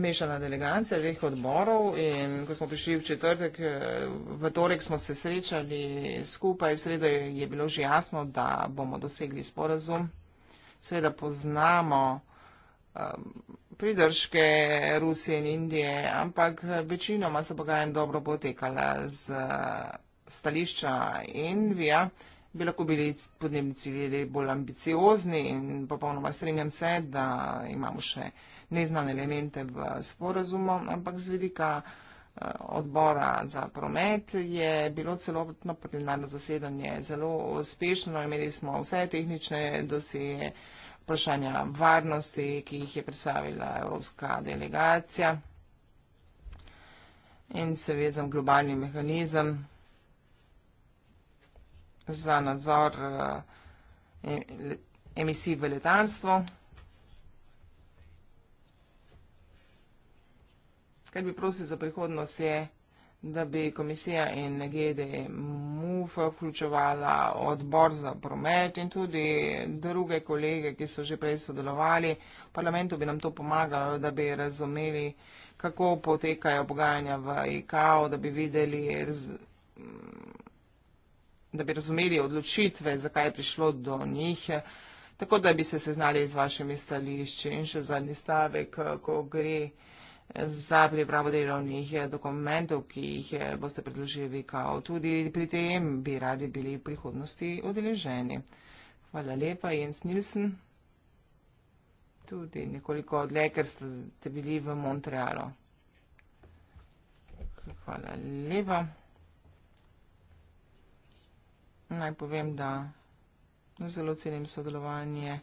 mešana delegacija dveh odborov in ko smo prišli v četrtek, v torek smo se srečali skupaj, v sredo je bilo že jasno, da bomo dosegli sporazum. Sveda poznamo um, pridržke Rusije in Indije, ampak večinoma se pogajanj dobro potekala z eh, stališča Envija, bi lahko bili podnebni cilji bolj ambiciozni in popolnoma strinjam se, da imamo še neznane elemente v sporazumu, ampak z vidika eh, odbora za promet je bilo celotno plenarno zasedanje zelo uspešno, imeli smo vse tehnične dosije, vprašanja varnosti, ki jih je predstavila evropska delegacija in seveda globalni mehanizem za nadzor eh, emisij v letalstvu. Kaj bi prosil za prihodnost je da bi komisija in GDE MUF vključevala odbor za promet in tudi druge kolege, ki so že prej sodelovali. V parlamentu bi nam to pomagalo, da bi razumeli, kako potekajo pogajanja v IKO, da bi videli, da bi razumeli odločitve, zakaj je prišlo do njih. Tako da bi se seznali z vašimi stališči. In še zadnji stavek, ko gre za pripravo delovnih eh, dokumentov, ki jih eh, boste predložili VKO. Tudi pri tem bi radi bili v prihodnosti odeleženi. Hvala lepa, Jens Nilsen. Tudi nekoliko odle, ker ste bili v Montrealu. Hvala lepa. Naj povem, da zelo cenim sodelovanje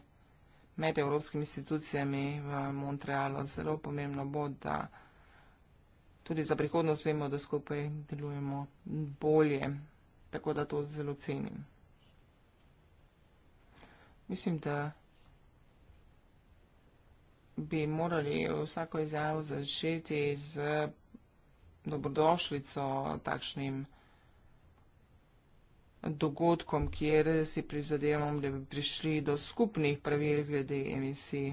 med evropskimi institucijami v Montrealu. Zelo pomembno bo, da tudi za prihodnost vemo, da skupaj delujemo bolje, tako da to zelo cenim. Mislim, da bi morali vsako izjavo zažeti z dobrodošlico takšnim vsem dogodkom, kjer si prizadevamo, da bi prišli do skupnih pravil glede emisij.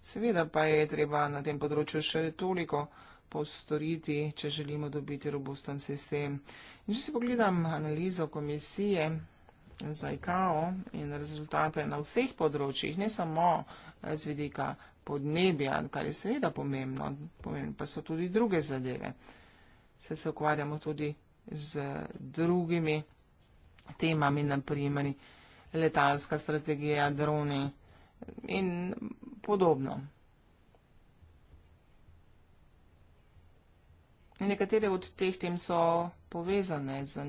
Seveda pa je treba na tem področju še toliko postoriti, če želimo dobiti robusten sistem. In če si pogledam analizo komisije za IKO in rezultate na vseh področjih, ne samo z vidika podnebja, kar je seveda pomembno, pomembno pa so tudi druge zadeve. Se se ukvarjamo tudi z drugimi temami, naprimer letalska strategija, droni in podobno. Nekatere od teh tem so povezane z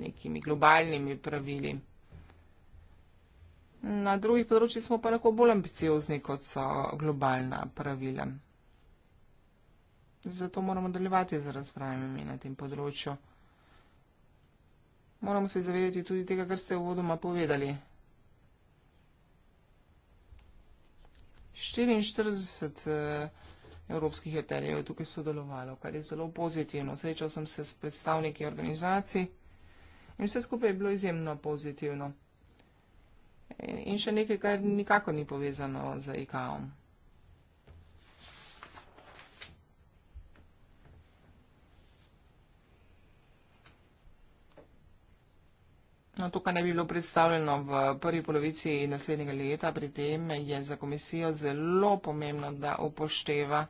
nekimi globalnimi pravili. Na drugih področjih smo pa lahko bolj ambiciozni, kot so globalna pravila. Zato moramo delovati z razpravami na tem področju moramo se zavedati tudi tega, kar ste v vodoma povedali. 44 eh, evropskih eterjev je tukaj sodelovalo, kar je zelo pozitivno. Srečal sem se s predstavniki organizacij in vse skupaj je bilo izjemno pozitivno. In še nekaj, kar nikako ni povezano z IKO-om. No, to, kar naj bi bilo predstavljeno v prvi polovici naslednjega leta, pri tem je za komisijo zelo pomembno, da upošteva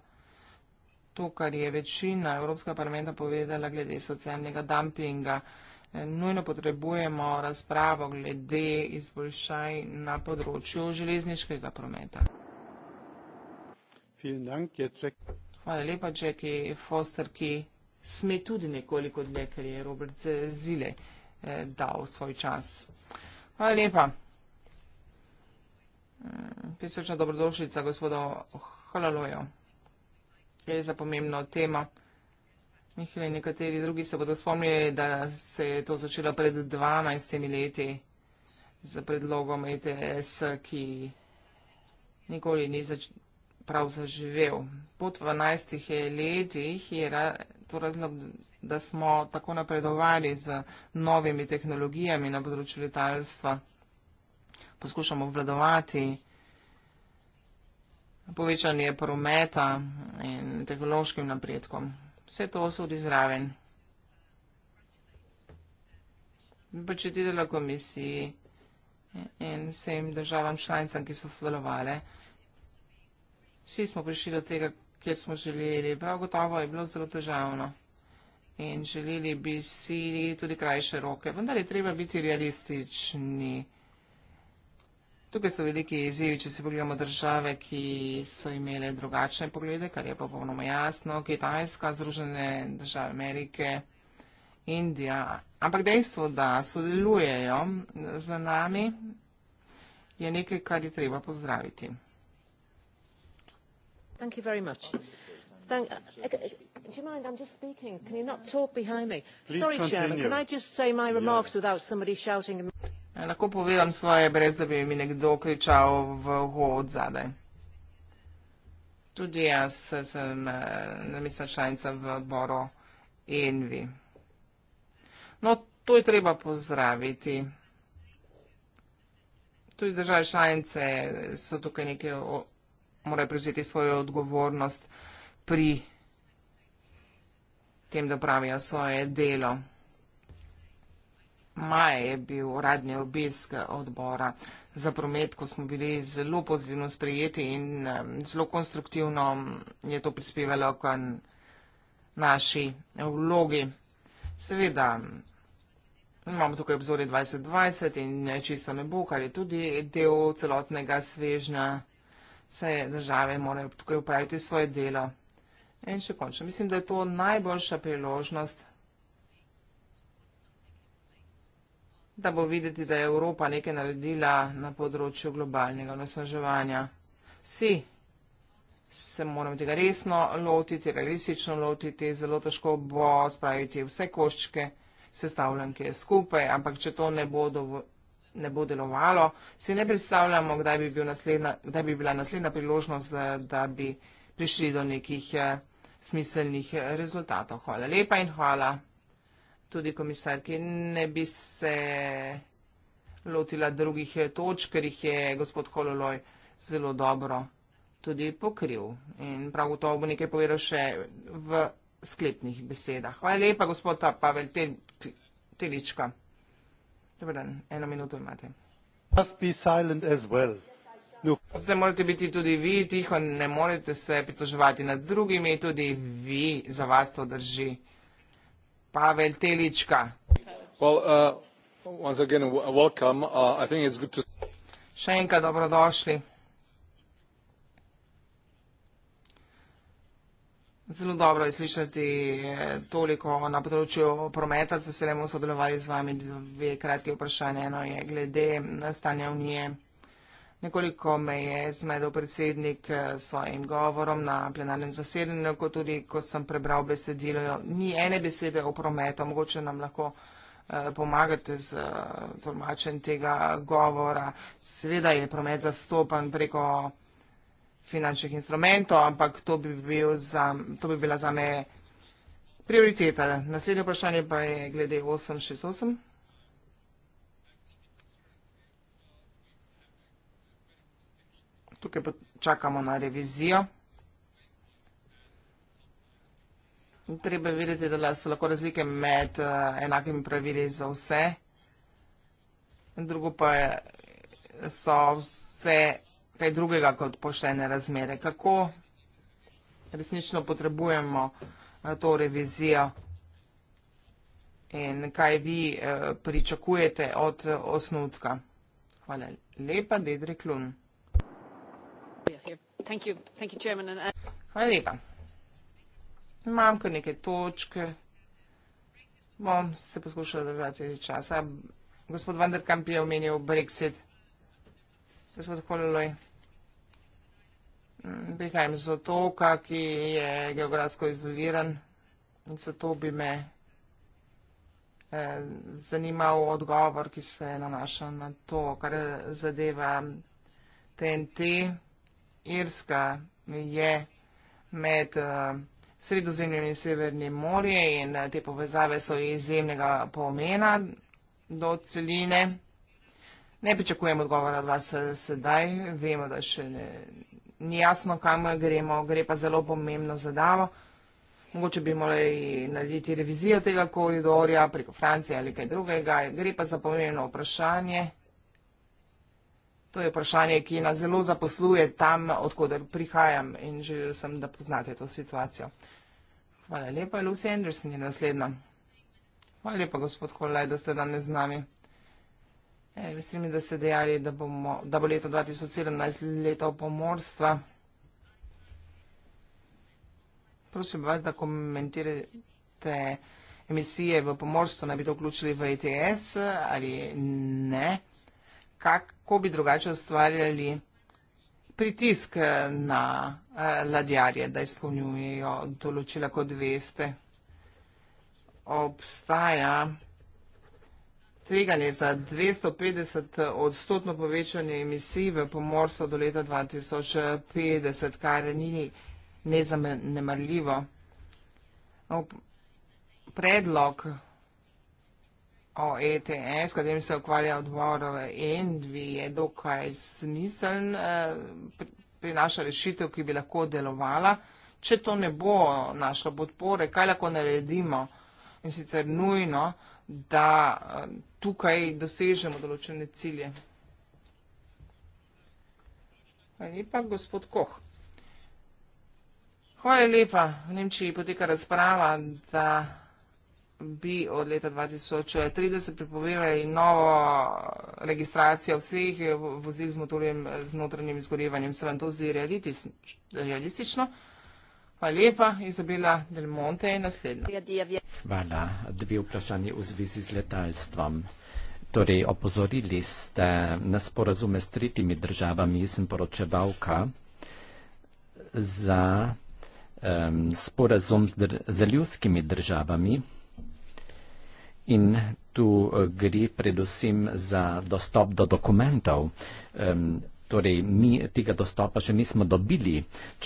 to, kar je večina Evropska parlamenta povedala glede socialnega dumpinga. Nujno potrebujemo razpravo glede izboljšaj na področju železniškega prometa. Hvala lepa, Jackie Foster, ki sme tudi nekoliko dlje, ker je Robert eh, Zile. Eh, dal svoj čas. Hvala lepa. Mm, Pisočna dobrodošljica gospodo Hlalojo. Je za pomembno temo. Mihle, nekateri drugi se bodo spomnili, da se je to začelo pred 12 leti z predlogom ETS, ki nikoli ni začel prav zaživel. Pot v enajstih letih je to razlog, da smo tako napredovali z novimi tehnologijami na področju letalstva. Poskušamo vladovati povečanje prometa in tehnološkim napredkom. Vse to so odizraven. Početitelj komisiji in vsem državam članicam, ki so sodelovali vsi smo prišli do tega, kjer smo želeli. Prav gotovo je bilo zelo težavno in želeli bi si tudi krajše roke. Vendar je treba biti realistični. Tukaj so veliki izzivi, če se pogledamo države, ki so imele drugačne poglede, kar je popolnoma jasno, Kitajska, Združene države Amerike, Indija. Ampak dejstvo, da sodelujejo z nami, je nekaj, kar je treba pozdraviti. Uh, uh, uh, do you mind? I'm just speaking. Can you not talk behind me? Please Sorry, continue. Chairman, can I just say my remarks yes. without somebody shouting? Eh, lahko povedam svoje, brez da bi mi nekdo kričal v uho od zadaj. Tudi jaz sem eh, namestna članica v odboru Envi. No, to je treba pozdraviti. Tudi države članice so tukaj nekaj morajo prevzeti svojo odgovornost pri tem, da pravijo svoje delo. Maja je bil uradni obisk odbora za promet, ko smo bili zelo pozitivno sprejeti in zelo konstruktivno je to prispevalo k naši vlogi. Seveda imamo tukaj obzorje 2020 in čisto nebo, kar je tudi del celotnega svežna vse države morajo tukaj upraviti svoje delo. In še končno, mislim, da je to najboljša priložnost, da bo videti, da je Evropa nekaj naredila na področju globalnega nasaževanja. Vsi se moramo tega resno lotiti, realistično lotiti, zelo težko bo spraviti vse koščke sestavljanke skupaj, ampak če to ne bo dovolj, ne bo delovalo. Si ne predstavljamo, kdaj bi, bil kdaj bi bila naslednja priložnost, da, eh, da bi prišli do nekih eh, smiselnih eh, rezultatov. Hvala lepa in hvala tudi komisarki. Ne bi se lotila drugih točk, ker jih je gospod Hololoj zelo dobro tudi pokril. In prav gotovo bo nekaj povedal še v sklepnih besedah. Hvala lepa, gospod Pavel Telička. Te Dobar dan, eno minuto imate. Must be silent as well. Zdaj morate biti tudi vi tiho, ne morete se pritoževati nad drugimi, tudi vi za vas to drži. Pavel Telička. Well, uh, once again, welcome. Uh, I think it's good to... Še enkrat dobrodošli. Zelo dobro je slišati eh, toliko na področju prometa. Z veseljem bomo sodelovali z vami dve kratke vprašanja. Eno je glede eh, stanja unije. Nekoliko me je zmedel predsednik eh, s svojim govorom na plenarnem zasedanju, kot tudi, ko sem prebral besedilo. Ni ene besede o prometu, mogoče nam lahko pomagate z tolmačen tega govora. Sveda je promet zastopan preko finančnih instrumentov, ampak to bi, bil za, to bi bila za me prioriteta. Naslednje vprašanje pa je glede 868. Tukaj pa čakamo na revizijo. Treba videti, da so lahko razlike med eh, enakimi pravili za vse. Drugo pa je, so vse kaj drugega kot poštene razmere. Kako resnično potrebujemo eh, to revizijo in kaj vi eh, pričakujete od eh, osnutka? Hvala lepa, Dedrik Lun. Uh, Hvala lepa. Imam kar neke točke. Bom se poskušala držati časa. Gospod Vanderkamp je omenil Brexit. Gospod Kololoj. Hvala lepa. Prihajam z otoka, ki je geografsko izoliran in zato bi me eh, zanimal odgovor, ki se nanaša na to, kar zadeva TNT. Irska je med eh, sredozemljem in severnim morjem in eh, te povezave so izjemnega pomena do celine. Ne pričakujem odgovora od vas sedaj, vemo, da še ne ni jasno, kam gremo, gre pa zelo pomembno zadavo. Mogoče bi morali narediti revizijo tega koridorja preko Francije ali kaj drugega. Gre pa za pomembno vprašanje. To je vprašanje, ki nas zelo zaposluje tam, odkuder prihajam in želel sem, da poznate to situacijo. Hvala lepa, Lucy Anderson je naslednja. Hvala lepa, gospod Kolaj, da ste danes z nami. E, mislim, da ste dejali, da, bomo, da bo leto 2017 leto pomorstva. Prosim vas, da komentirate emisije v pomorstvu, naj bi to vključili v ETS ali ne. Kako bi drugače ustvarjali pritisk na uh, ladjarje, da izpolnjujejo določila, kot veste, obstaja tveganje za 250 odstotno povečanje emisij v pomorstvo do leta 2050, kar ni nezanemarljivo. Predlog o ETS, katerim se ukvarja odbor v ENDVI, je dokaj smiseln, eh, prinaša rešitev, ki bi lahko delovala. Če to ne bo našlo podpore, kaj lahko naredimo? In sicer nujno, da eh, tukaj dosežemo določene cilje. Hvala lepa, gospod Koh. Hvala lepa. V Nemčiji poteka razprava, da bi od leta 2030 pripovedali novo registracijo vseh vozil z motorjem z notranjim izgorevanjem. Se vam to zdi realistično? Hvala lepa, Izabela Del Monte je naslednja. Hvala. Dve vprašanje v zvezi z letalstvom. Torej, opozorili ste na sporazume s tretjimi državami, jaz sem poročevalka za um, sporazum z, dr z ljudskimi državami in tu uh, gre predvsem za dostop do dokumentov. Um, Torej, mi tega dostopa še nismo dobili,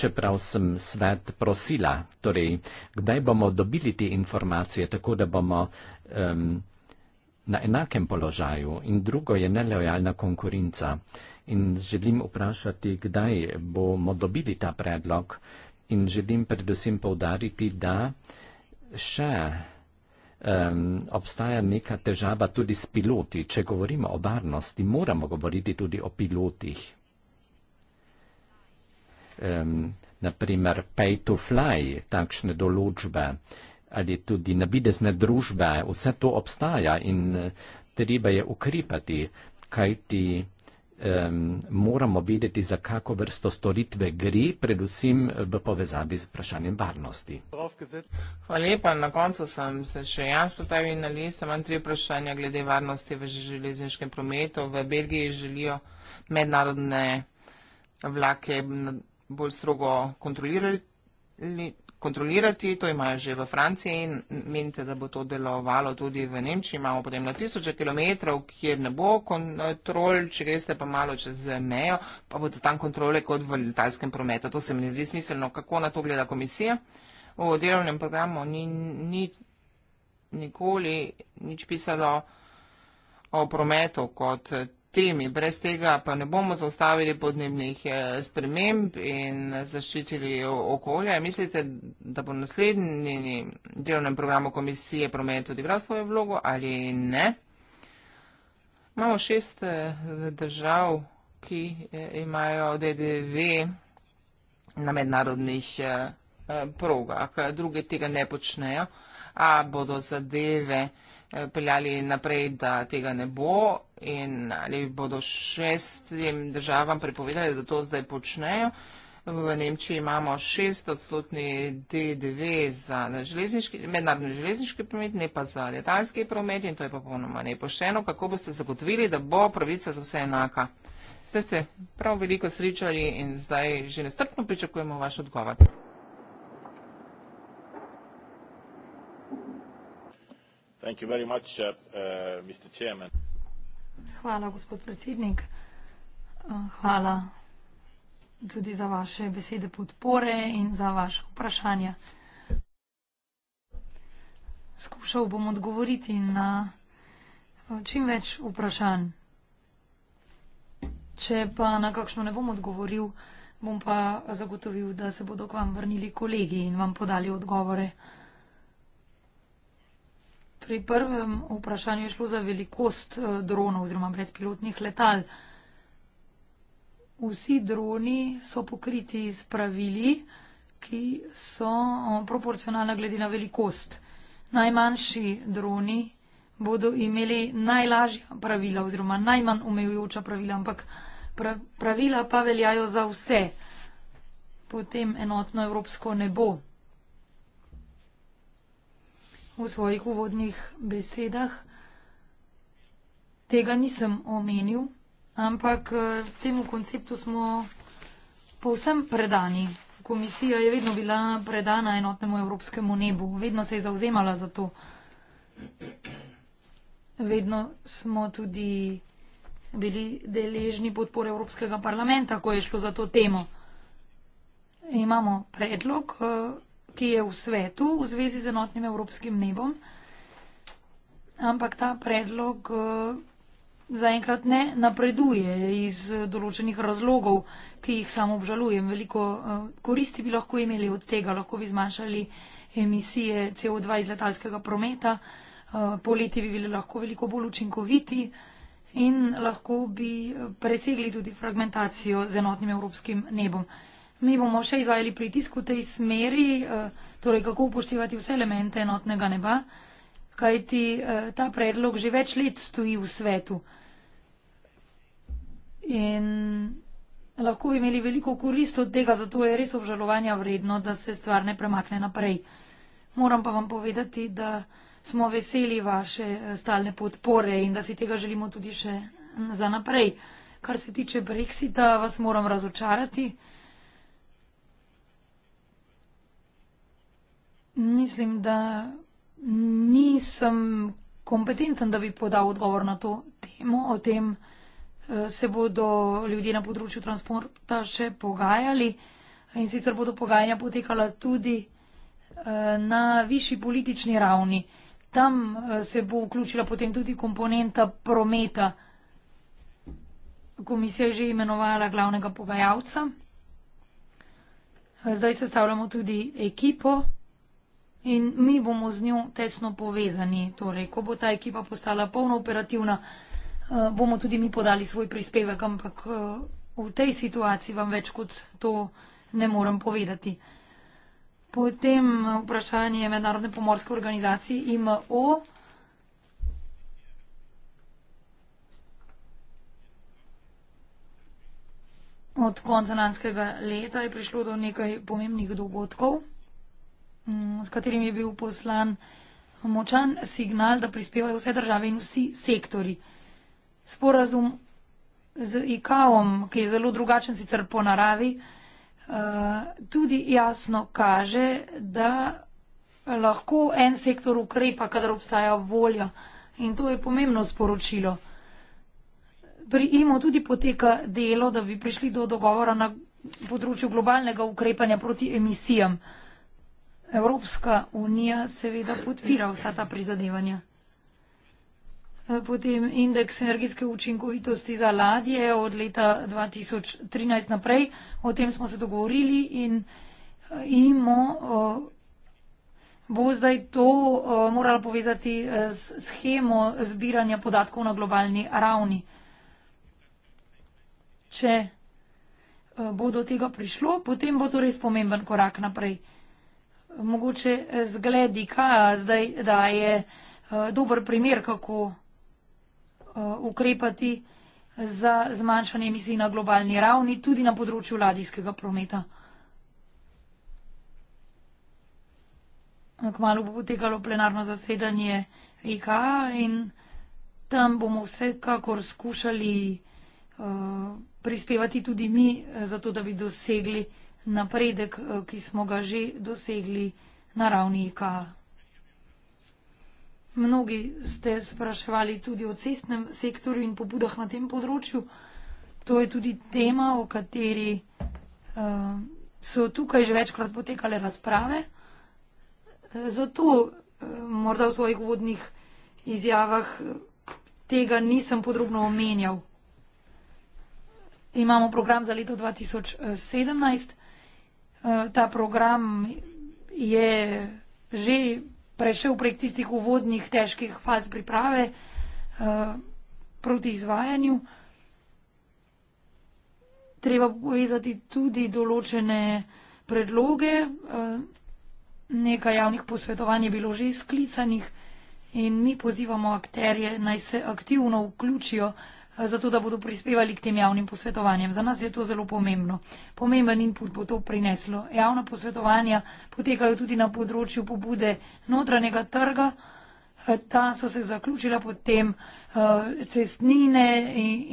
čeprav sem svet prosila. Torej, kdaj bomo dobili te informacije, tako da bomo um, na enakem položaju in drugo je nelojalna konkurenca. In želim vprašati, kdaj bomo dobili ta predlog in želim predvsem povdariti, da še um, obstaja neka težava tudi s piloti. Če govorimo o varnosti, moramo govoriti tudi o pilotih. Um, naprimer, pay to fly, takšne določbe ali tudi nabidezne družbe, vse to obstaja in eh, treba je ukrepati, kajti um, moramo vedeti, za kako vrsto storitve gre, predvsem v povezavi z vprašanjem varnosti. Hvala lepa. Na koncu sem se še jaz postavil na liste. Imam tri vprašanja glede varnosti v železniškem prometu. V Belgiji želijo mednarodne vlake bolj strogo kontrolirati kontrolirati, to imajo že v Franciji in menite, da bo to delovalo tudi v Nemčiji. Imamo potem na tisoče kilometrov, kjer ne bo kontrol, če greste pa malo čez mejo, pa bodo tam kontrole kot v letalskem prometu. To se mi ne zdi smiselno, kako na to gleda komisija. V delovnem programu ni, ni nikoli nič pisalo o prometu kot temi. Brez tega pa ne bomo zaustavili podnebnih eh, sprememb in zaščitili okolja. Mislite, da bo naslednji delovnem programu komisije promet odigral svojo vlogo ali ne? Imamo šest eh, držav, ki eh, imajo DDV na mednarodnih progah, druge tega ne počnejo, a bodo zadeve peljali naprej, da tega ne bo in ali bodo šestim državam prepovedali, da to zdaj počnejo. V Nemčiji imamo 600-odstotni DDV za mednarodni železniški promet, ne pa za letalski promet in to je popolnoma nepošteno. Kako boste zagotovili, da bo pravica za vse enaka? Zdaj ste prav veliko srečali in zdaj že nestrpno pričakujemo vaš odgovor. Thank you very much, uh, uh, Mr. Chairman. Hvala, gospod predsednik. Uh, hvala tudi za vaše besede podpore in za vaše vprašanje. Skušal bom odgovoriti na uh, čim več vprašanj. Če pa na kakšno ne bom odgovoril, bom pa zagotovil, da se bodo k vam vrnili kolegi in vam podali odgovore. Pri prvem vprašanju je šlo za velikost eh, dronov oziroma brezpilotnih letal. Vsi droni so pokriti z pravili, ki so eh, proporcionalna glede na velikost. Najmanjši droni bodo imeli najlažja pravila oziroma najmanj omejujoča pravila, ampak pravila pa veljajo za vse. Potem enotno evropsko ne bo v svojih uvodnih besedah. Tega nisem omenil, ampak eh, temu konceptu smo povsem predani. Komisija je vedno bila predana enotnemu evropskemu nebu, vedno se je zauzemala za to. Vedno smo tudi bili deležni podpore Evropskega parlamenta, ko je šlo za to temo. Imamo predlog, eh, ki je v svetu v zvezi z enotnim evropskim nebom, ampak ta predlog eh, zaenkrat ne napreduje iz določenih razlogov, ki jih samo obžalujem. Veliko eh, koristi bi lahko imeli od tega, lahko bi zmanjšali emisije CO2 iz letalskega prometa, eh, poleti bi bili lahko veliko bolj učinkoviti in lahko bi presegli tudi fragmentacijo z enotnim evropskim nebom. Mi bomo še izvajali pritisk v tej smeri, eh, torej kako upoštevati vse elemente enotnega neba, kajti eh, ta predlog že več let stoji v svetu. In lahko bi imeli veliko korist od tega, zato je res obžalovanja vredno, da se stvar ne premakne naprej. Moram pa vam povedati, da smo veseli vaše eh, stalne podpore in da si tega želimo tudi še za naprej. Kar se tiče Brexita, vas moram razočarati. Mislim, da nisem kompetenten, da bi podal odgovor na to temo. O tem eh, se bodo ljudje na področju transporta še pogajali in sicer bodo pogajanja potekala tudi eh, na višji politični ravni. Tam eh, se bo vključila potem tudi komponenta prometa. Komisija je že imenovala glavnega pogajalca. Zdaj sestavljamo tudi ekipo in mi bomo z njo tesno povezani. Torej, ko bo ta ekipa postala polno operativna, eh, bomo tudi mi podali svoj prispevek, ampak eh, v tej situaciji vam več kot to ne morem povedati. Potem eh, vprašanje Mednarodne pomorske organizacije IMO. Od konca lanskega leta je prišlo do nekaj pomembnih dogodkov. Mm, s katerim je bil poslan močan signal, da prispevajo vse države in vsi sektori. Sporazum z IKAOM, ki je zelo drugačen sicer po naravi, eh, tudi jasno kaže, da lahko en sektor ukrepa, kadar obstaja volja. In to je pomembno sporočilo. Pri IMO tudi poteka delo, da bi prišli do dogovora na področju globalnega ukrepanja proti emisijam. Evropska unija seveda podpira vsa ta prizadevanja. Eh, potem indeks energetske učinkovitosti za ladje od leta 2013 naprej. O tem smo se dogovorili in eh, IMO eh, bo zdaj to moralo povezati s schemo zbiranja podatkov na globalni ravni. Če bo do tega prišlo, potem bo to res pomemben korak naprej mogoče zgled IKA zdaj daje eh, dober primer, kako eh, ukrepati za zmanjšanje emisij na globalni ravni, tudi na področju ladijskega prometa. Kmalo bo potekalo plenarno zasedanje IKA e in tam bomo vsekakor skušali uh, prispevati tudi mi, zato da bi dosegli uh, napredek, eh, ki smo ga že dosegli na ravni IKA. Mnogi ste spraševali tudi o cestnem sektorju in pobudah na tem področju. To je tudi tema, o kateri uh, so tukaj že večkrat potekale razprave. Eh, zato uh, morda v svojih vodnih izjavah tega nisem podrobno omenjal. Imamo program za leto 2017. Eh, ta program je že prešel prek tistih uvodnih težkih faz priprave eh, proti izvajanju. Treba povezati tudi določene predloge. Eh, nekaj javnih posvetovanj je bilo že sklicanih in mi pozivamo akterje, naj se aktivno vključijo zato da bodo prispevali k tem javnim posvetovanjem. Za nas je to zelo pomembno. Pomemben input bo to prineslo. Javna posvetovanja potekajo tudi na področju pobude notranjega trga. Eh, ta so se zaključila potem eh, cestnine,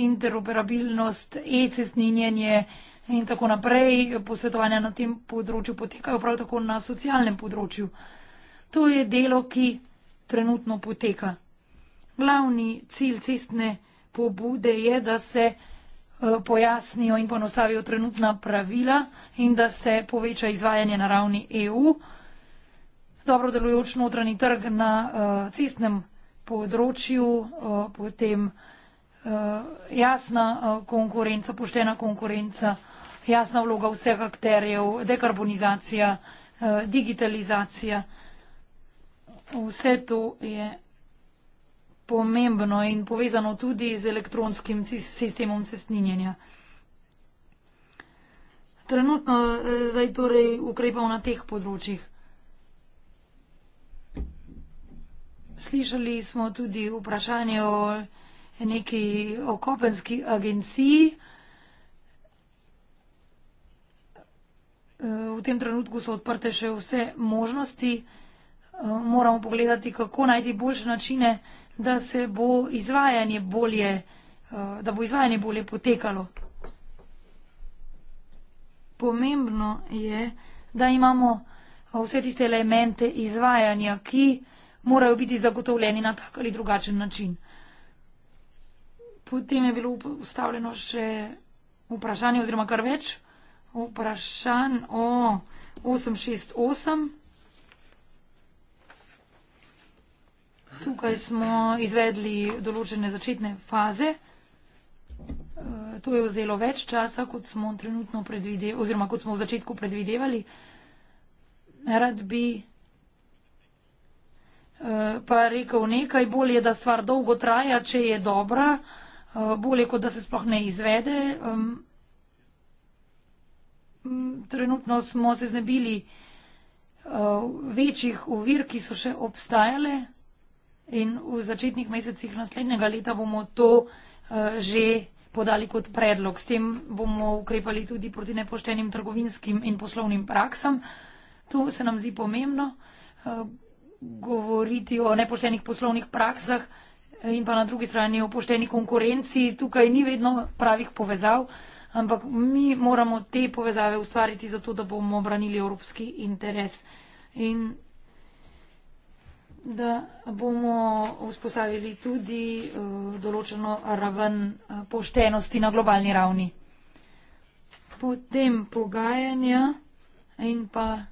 interoperabilnost, e-cestninjenje in tako naprej. Posvetovanja na tem področju potekajo prav tako na socialnem področju. To je delo, ki trenutno poteka. Glavni cilj cestne pobude je, da se eh, pojasnijo in ponostavijo trenutna pravila in da se poveča izvajanje na ravni EU. Dobro delujoč notranji trg na eh, cestnem področju, eh, potem jasna konkurenca, poštena konkurenca, jasna vloga vseh akterjev, dekarbonizacija, digitalizacija. Vse to je pomembno in povezano tudi z elektronskim sistemom cestninjenja. Trenutno eh, zdaj torej ukrepamo na teh področjih. Slišali smo tudi vprašanje o neki okopenski agenciji. Eh, v tem trenutku so odprte še vse možnosti. Eh, moramo pogledati, kako najti boljše načine da se bo izvajanje bolje, eh, da bo izvajanje bolje potekalo. Pomembno je, da imamo eh, vse tiste elemente izvajanja, ki morajo biti zagotovljeni na tak ali drugačen način. Potem je bilo ustavljeno še vprašanje oziroma kar več vprašanj o 868. Tukaj smo izvedli določene začetne faze. E, to je vzelo več časa, kot smo, oziroma kot smo v začetku predvidevali. Rad bi e, pa rekel nekaj, bolje, da stvar dolgo traja, če je dobra, e, bolje, kot da se sploh ne izvede. Trenutno smo se znebili večjih uvir, ki so še obstajale in v začetnih mesecih naslednjega leta bomo to eh, že podali kot predlog. S tem bomo ukrepali tudi proti nepoštenim trgovinskim in poslovnim praksam. To se nam zdi pomembno, eh, govoriti o nepoštenih poslovnih praksah eh, in pa na drugi strani o pošteni konkurenci. Tukaj ni vedno pravih povezav, ampak mi moramo te povezave ustvariti zato, da bomo obranili evropski interes. In da bomo vzpostavili tudi eh, določeno raven eh, poštenosti na globalni ravni. Potem pogajanja in pa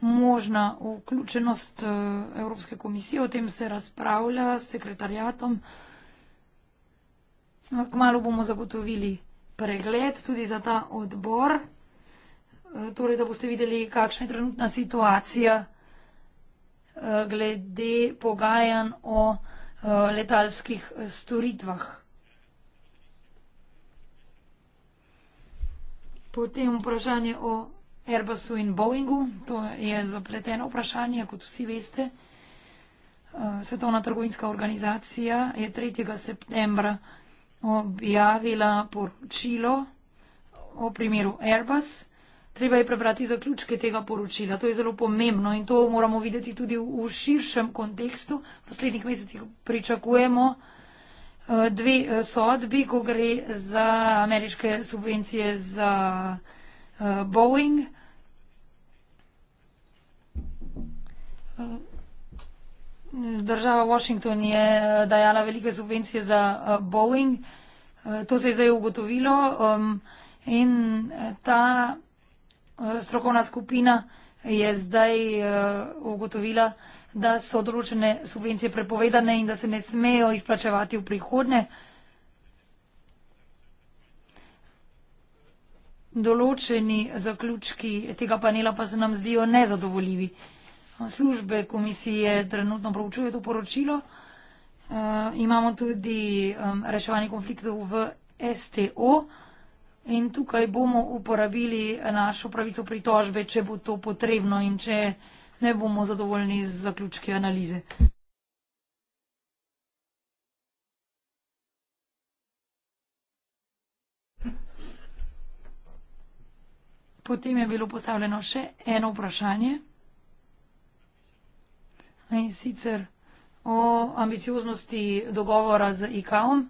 možna vključenost eh, Evropske komisije, o tem se razpravlja s sekretarjatom. No, Kmalo bomo zagotovili pregled tudi za ta odbor, torej da boste videli, kakšna je trenutna situacija glede pogajanj o eh, letalskih eh, storitvah. Potem vprašanje o Airbusu in Boeingu. To je zapleteno vprašanje, kot vsi veste. Eh, Svetovna trgovinska organizacija je 3. septembra objavila poročilo o primeru Airbusu. Treba je prebrati zaključke tega poročila, to je zelo pomembno in to moramo videti tudi v širšem kontekstu. V naslednjih mesecih pričakujemo eh, dve eh, sodbi, ko gre za ameriške subvencije za eh, Boeing. Država Washington je dajala velike subvencije za Boeing. To se je zdaj ugotovilo ehm, in ta strokovna skupina je zdaj eh, ugotovila, da so določene subvencije prepovedane in da se ne smejo izplačevati v prihodnje. Določeni zaključki tega panela pa se nam zdijo nezadovoljivi. Službe komisije trenutno proučuje to poročilo. Eh, imamo tudi reševanje konfliktov v STO. In tukaj bomo uporabili našo pravico pritožbe, če bo to potrebno in če ne bomo zadovoljni z zaključki analize. Potem je bilo postavljeno še eno vprašanje. In sicer o ambicioznosti dogovora z ICAO-om.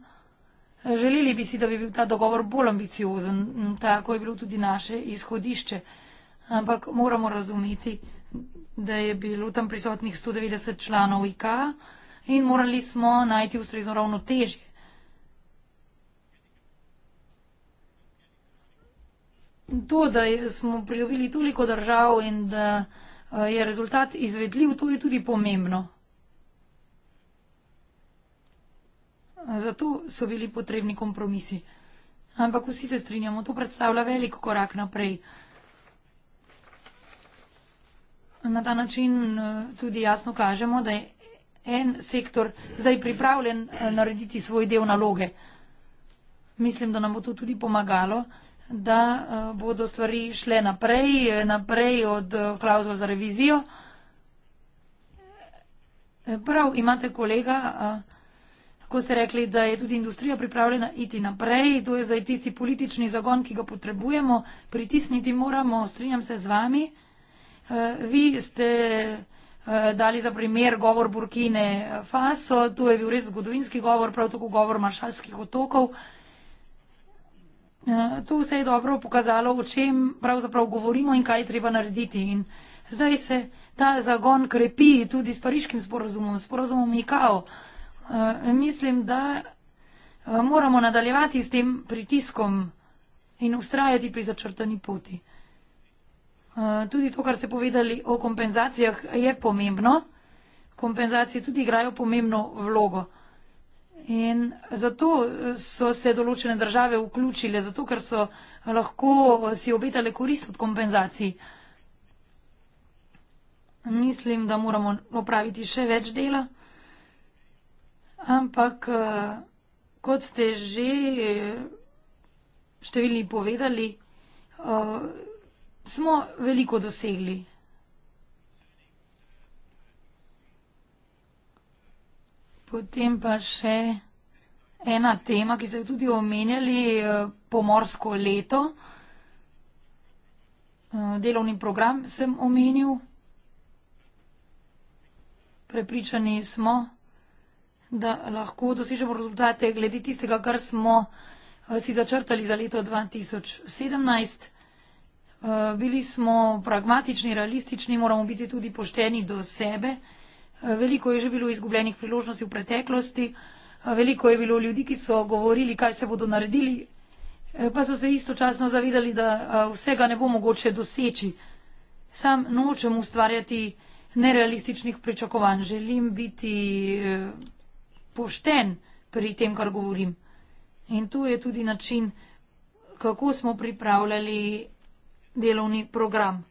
Želeli bi si, da bi bil ta dogovor bolj ambiciozen, tako je bilo tudi naše izhodišče. Ampak moramo razumeti, da je bilo tam prisotnih 190 članov IK in morali smo najti ustrezno ravnotežje. To, da smo pridobili toliko držav in da eh, je rezultat izvedljiv, to je tudi pomembno. Zato so bili potrebni kompromisi. Ampak vsi se strinjamo, to predstavlja velik korak naprej. Na ta način eh, tudi jasno kažemo, da je en sektor zdaj pripravljen eh, narediti svoj del naloge. Mislim, da nam bo to tudi pomagalo, da eh, bodo stvari šle naprej, naprej od klauzul za revizijo. Prav, imate kolega ko ste rekli, da je tudi industrija pripravljena iti naprej. To je zdaj tisti politični zagon, ki ga potrebujemo. Pritisniti moramo, strinjam se z vami. Eh, vi ste eh, dali za primer govor Burkine Faso, to je bil res zgodovinski govor, prav tako govor maršalskih otokov. Eh, to vse je dobro pokazalo, o čem pravzaprav govorimo in kaj je treba narediti. In zdaj se ta zagon krepi tudi s pariškim sporozumom, sporozumom IKAO. Eh, mislim, da eh, moramo nadaljevati s tem pritiskom in ustrajati pri začrtani poti. Eh, tudi to, kar ste povedali o kompenzacijah, je pomembno. Kompenzacije tudi igrajo pomembno vlogo. In zato so se določene države vključile, zato ker so lahko si obetale korist od kompenzacij. Mislim, da moramo opraviti še več dela. Ampak, eh, kot ste že številni povedali, eh, smo veliko dosegli. Potem pa še ena tema, ki ste tudi omenjali, eh, pomorsko leto. Delovni program sem omenil. Prepričani smo da lahko dosežemo rezultate glede tistega, kar smo eh, si začrtali za leto 2017. Eh, bili smo pragmatični, realistični, moramo biti tudi pošteni do sebe. Eh, veliko je že bilo izgubljenih priložnosti v preteklosti, veliko je bilo ljudi, ki so govorili, kaj se bodo naredili, pa so se istočasno zavedali, da vsega ne bo mogoče doseči. Sam nočem ustvarjati nerealističnih pričakovanj, želim biti pošten pri tem, kar govorim. In to je tudi način, kako smo pripravljali delovni program.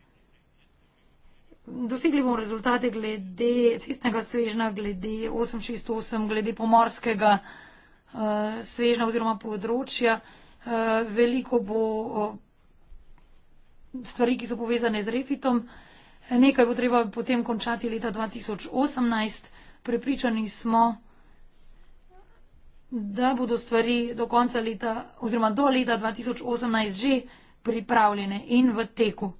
Dosegli bomo rezultate glede cestnega svežna, glede 868, glede pomorskega uh, svežna oziroma področja. Uh, veliko bo uh, stvari, ki so povezane z refitom. Nekaj bo treba potem končati leta 2018. Prepričani smo, da bodo stvari do konca leta oziroma do leta 2018 že pripravljene in v teku.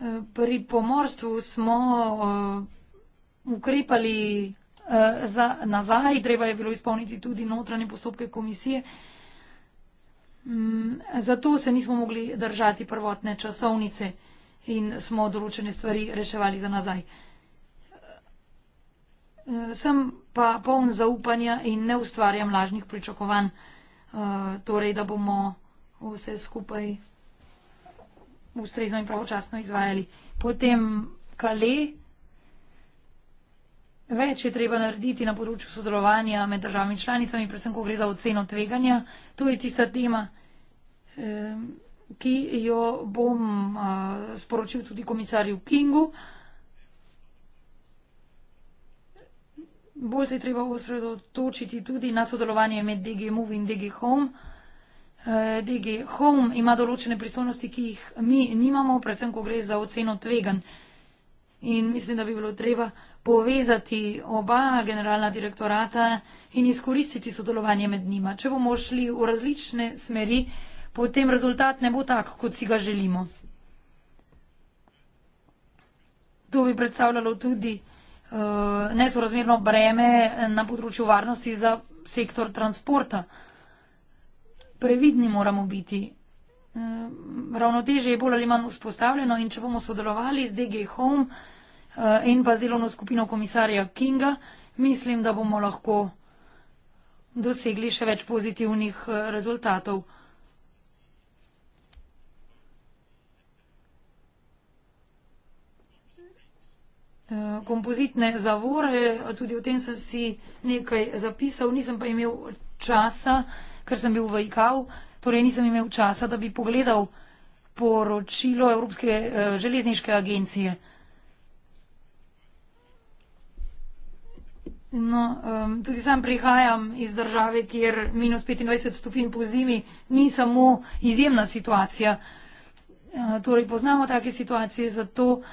Eh, pri pomorstvu smo uh, ukrepali uh, za, nazaj, treba je bilo izpolniti tudi notranje postopke komisije. Um, zato se nismo mogli držati prvotne časovnice in smo določene stvari reševali za nazaj. Uh, sem pa poln zaupanja in ne ustvarjam lažnih pričakovanj, eh, torej da bomo vse skupaj ustrezno in pravočasno izvajali. Potem kale. Več je treba narediti na področju sodelovanja med državami članicami, predvsem, ko gre za oceno tveganja. To je tista tema, eh, ki jo bom eh, sporočil tudi komisarju Kingu. bolj se je treba osredotočiti tudi na sodelovanje med DG Move in DG Home. Eh, DG Home ima določene pristojnosti, ki jih mi nimamo, predvsem, ko gre za oceno tvegan. In mislim, da bi bilo treba povezati oba generalna direktorata in izkoristiti sodelovanje med njima. Če bomo šli v različne smeri, potem rezultat ne bo tak, kot si ga želimo. To bi predstavljalo tudi Eh, nesorazmerno breme na področju varnosti za sektor transporta. Previdni moramo biti. Eh, Ravnoteže je bolj ali manj vzpostavljeno in če bomo sodelovali z DG Home eh, in pa z delovno skupino komisarja Kinga, mislim, da bomo lahko dosegli še več pozitivnih rezultatov. Eh, kompozitne zavore, tudi o tem sem si nekaj zapisal, nisem pa imel časa, ker sem bil v IKAV, torej nisem imel časa, da bi pogledal poročilo Evropske eh, železniške agencije. No, um, tudi sam prihajam iz države, kjer minus 25 stopinj po zimi ni samo izjemna situacija. Uh, torej, poznamo take situacije, zato uh,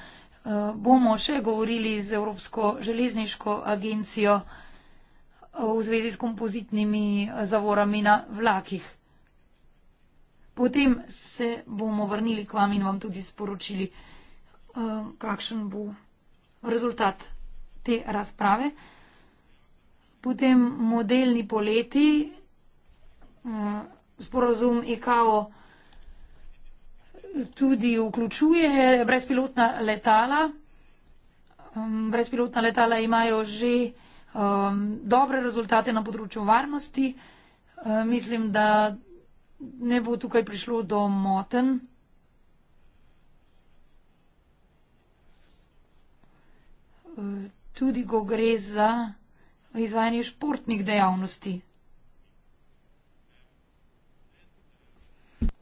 bomo še govorili z Evropsko železniško agencijo v zvezi s kompozitnimi zavorami na vlakih. Potem se bomo vrnili k vam in vam tudi sporočili, eh, kakšen bo rezultat te razprave. Potem modelni poleti, eh, sporozum ICAO tudi vključuje brezpilotna letala. Um, brezpilotna letala imajo že um, dobre rezultate na področju varnosti. Um, mislim, da ne bo tukaj prišlo do moten. Uh, tudi, ko gre za izvajanje športnih dejavnosti.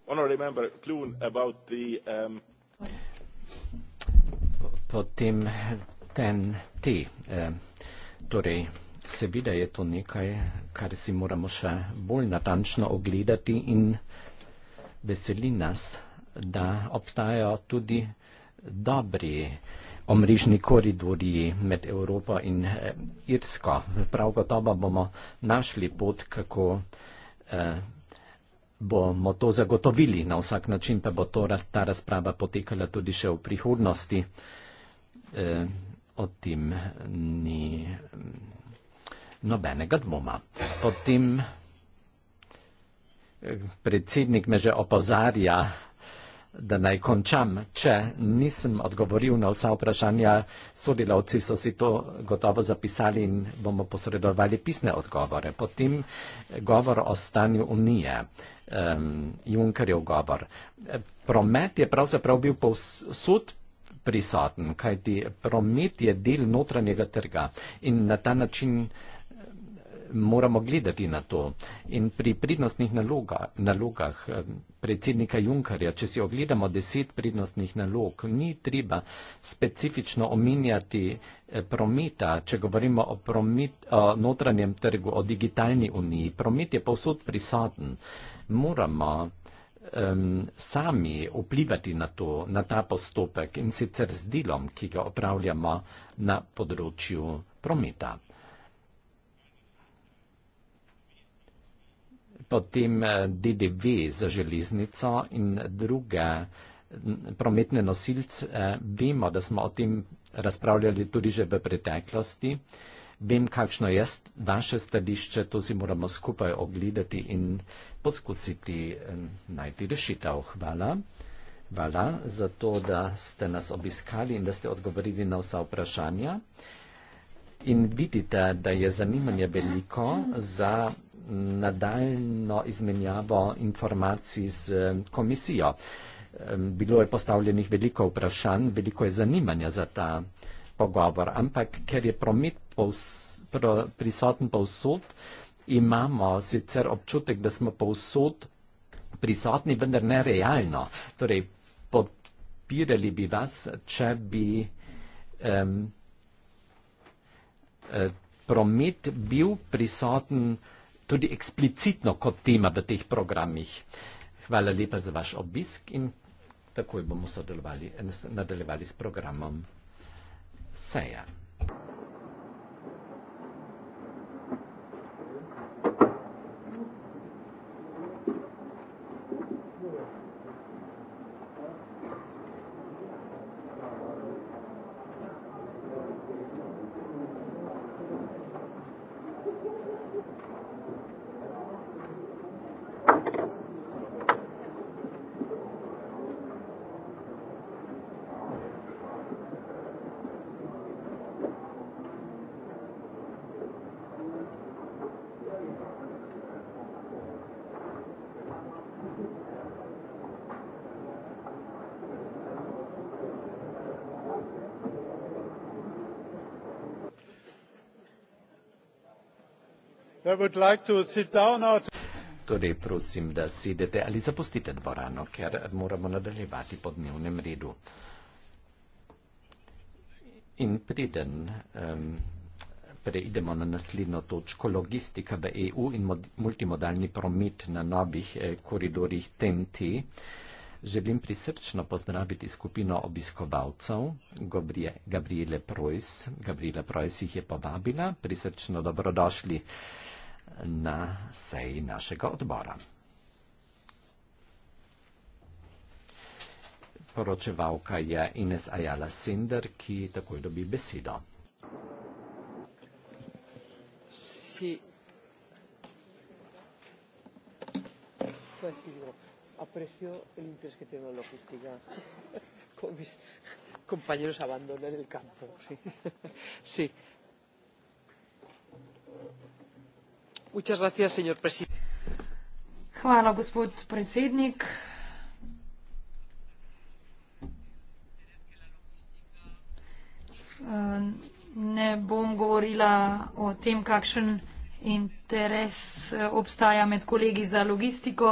honourable member Clune about the um potem ten T. Eh, torej, seveda je to nekaj, kar si moramo še bolj natančno ogledati in veseli nas, da obstajajo tudi dobri omrežni koridori med Evropo in eh, Irsko. Prav gotovo bomo našli pot, kako eh, bomo to zagotovili. Na vsak način pa bo raz, ta razprava potekala tudi še v prihodnosti. E, o tem ni mm, nobenega dvoma. Potem eh, predsednik me že opozarja, da naj končam. Če nisem odgovoril na vsa vprašanja, sodelavci so si to gotovo zapisali in bomo posredovali pisne odgovore. Potem govor o stanju unije um, Junkerjev govor. Promet je pravzaprav bil povsod prisoten, kajti promet je del notranjega trga in na ta način moramo gledati na to. In pri prednostnih naloga, nalogah eh, predsednika Junkarja, če si ogledamo deset prednostnih nalog, ni treba specifično omenjati eh, prometa, če govorimo o, promet, o notranjem trgu, o digitalni uniji. Promet je povsod prisoten. Moramo sami vplivati na, to, na ta postopek in sicer z delom, ki ga opravljamo na področju prometa. potem eh, DDV za železnico in druge prometne nosilce. Eh, vemo, da smo o tem razpravljali tudi že v preteklosti. Vem, kakšno je vaše stališče, to si moramo skupaj ogledati in poskusiti eh, najti rešitev. Hvala. Hvala za to, da ste nas obiskali in da ste odgovorili na vsa vprašanja in vidite, da je zanimanje veliko za nadaljno izmenjavo informacij z eh, komisijo. Bilo je postavljenih veliko vprašanj, veliko je zanimanja za ta pogovor, ampak ker je promet prisoten povsod, imamo sicer občutek, da smo povsod prisotni, vendar ne realno. Torej, podpirali bi vas, če bi um, Eh, promet bil prisoten tudi eksplicitno kot tema v teh programih. Hvala lepa za vaš obisk in takoj bomo eh, nadaljevali s programom Seja. Torej prosim, da sedete ali zapustite dvorano, ker moramo nadaljevati po dnevnem redu. In preden um, preidemo na naslednjo točko, logistika v EU in multimodalni promet na novih eh, koridorjih TNT. Eh, želim prisrčno pozdraviti skupino obiskovalcev Gabriele Preuss. Gabriele Preuss jih je povabila. Prisrčno dobrodošli na seji našega odbora. Poročevalka je Ines Ajala Sinder, ki takoj dobi besedo. Si. Sve si Evropa aprecio el interés que tengo en logística. Con mis compañeros abandonan el campo. Sí. sí. Muchas gracias, señor presidente. Hvala, gospod predsednik. Eh, ne bom govorila o tem, kakšen interes eh, obstaja med kolegi za logistiko.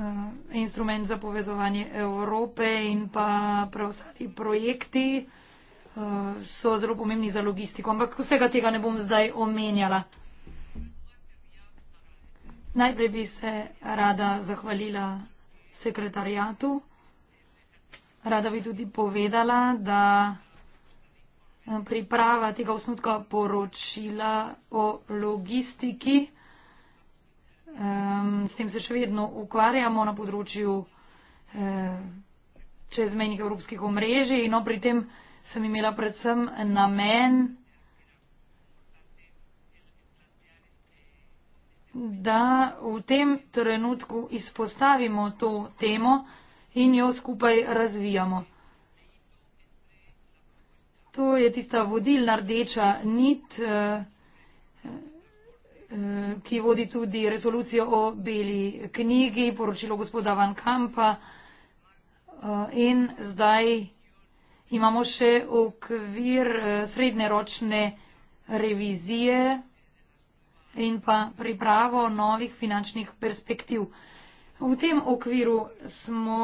Eh, instrument za povezovanje Evrope in pa preostali projekti eh, so zelo pomembni za logistiko, ampak vsega tega ne bom zdaj omenjala. Najprej bi se rada zahvalila sekretarjatu. Rada bi tudi povedala, da eh, priprava tega osnutka poročila o logistiki Um, s tem se še vedno ukvarjamo na področju um, čezmejnih evropskih omrežij. No, pri tem sem imela predvsem namen, da v tem trenutku izpostavimo to temo in jo skupaj razvijamo. To je tista vodilna rdeča nit. Uh, Eh, ki vodi tudi rezolucijo o beli knjigi, poročilo gospoda Van Kampa eh, in zdaj imamo še okvir eh, srednjeročne revizije in pa pripravo novih finančnih perspektiv. V tem okviru smo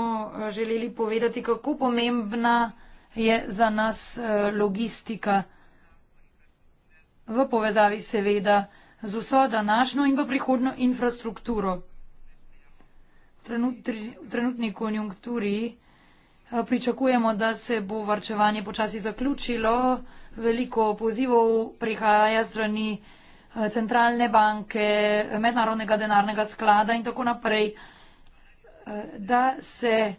želeli povedati, kako pomembna je za nas logistika v povezavi seveda z vso današnjo in pa prihodno infrastrukturo. V trenutni konjunkturi eh, pričakujemo, da se bo varčevanje počasi zaključilo. Veliko pozivov prihaja strani eh, centralne banke, mednarodnega denarnega sklada in tako naprej, eh, da se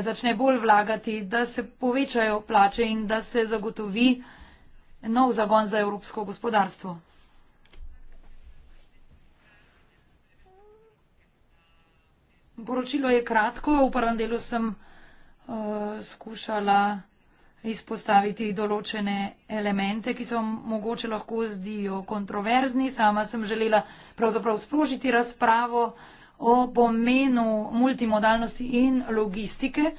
začne bolj vlagati, da se povečajo plače in da se zagotovi nov zagon za evropsko gospodarstvo. Poročilo je kratko, v prvem delu sem uh, skušala izpostaviti določene elemente, ki so mogoče lahko zdijo kontroverzni. Sama sem želela pravzaprav sprožiti razpravo o pomenu multimodalnosti in logistike.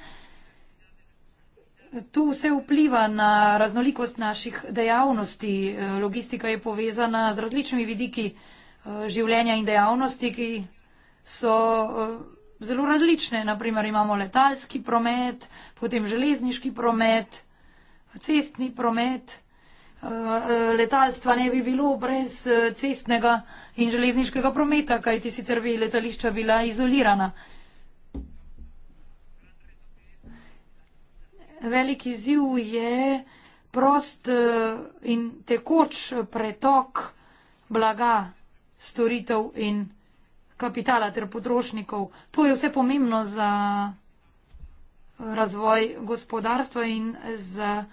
Tu vse vpliva na raznolikost naših dejavnosti. Eh, logistika je povezana z različnimi vidiki eh, življenja in dejavnosti, ki so zelo različne. Naprimer imamo letalski promet, potem železniški promet, cestni promet. Eh, eh, letalstva ne bi bilo brez eh, cestnega in železniškega prometa, kajti sicer bi letališča bila izolirana. Veliki ziv je prost in tekoč pretok blaga, storitev in kapitala ter potrošnikov. To je vse pomembno za razvoj gospodarstva in za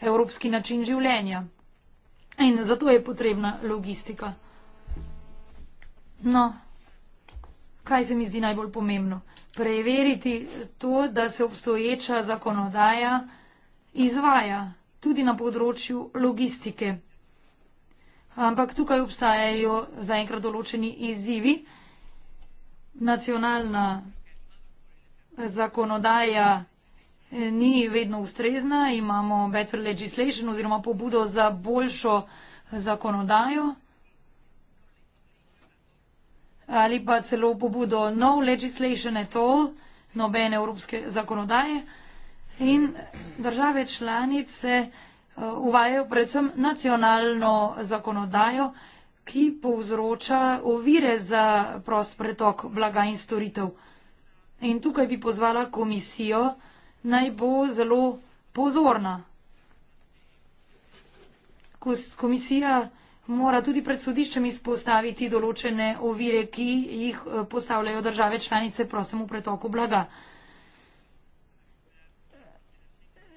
evropski način življenja. In zato je potrebna logistika. No, kaj se mi zdi najbolj pomembno? Preveriti to, da se obstoječa zakonodaja izvaja tudi na področju logistike. Ampak tukaj obstajajo zaenkrat določeni izzivi nacionalna zakonodaja eh, ni vedno ustrezna, imamo better legislation oziroma pobudo za boljšo zakonodajo ali pa celo pobudo no legislation at all, nobene evropske zakonodaje in države članice eh, uvajajo predvsem nacionalno zakonodajo, ki povzroča ovire za prost pretok blaga in storitev. In tukaj bi pozvala komisijo, naj bo zelo pozorna. Komisija mora tudi pred sodiščem izpostaviti določene ovire, ki jih eh, postavljajo države članice prostemu pretoku blaga.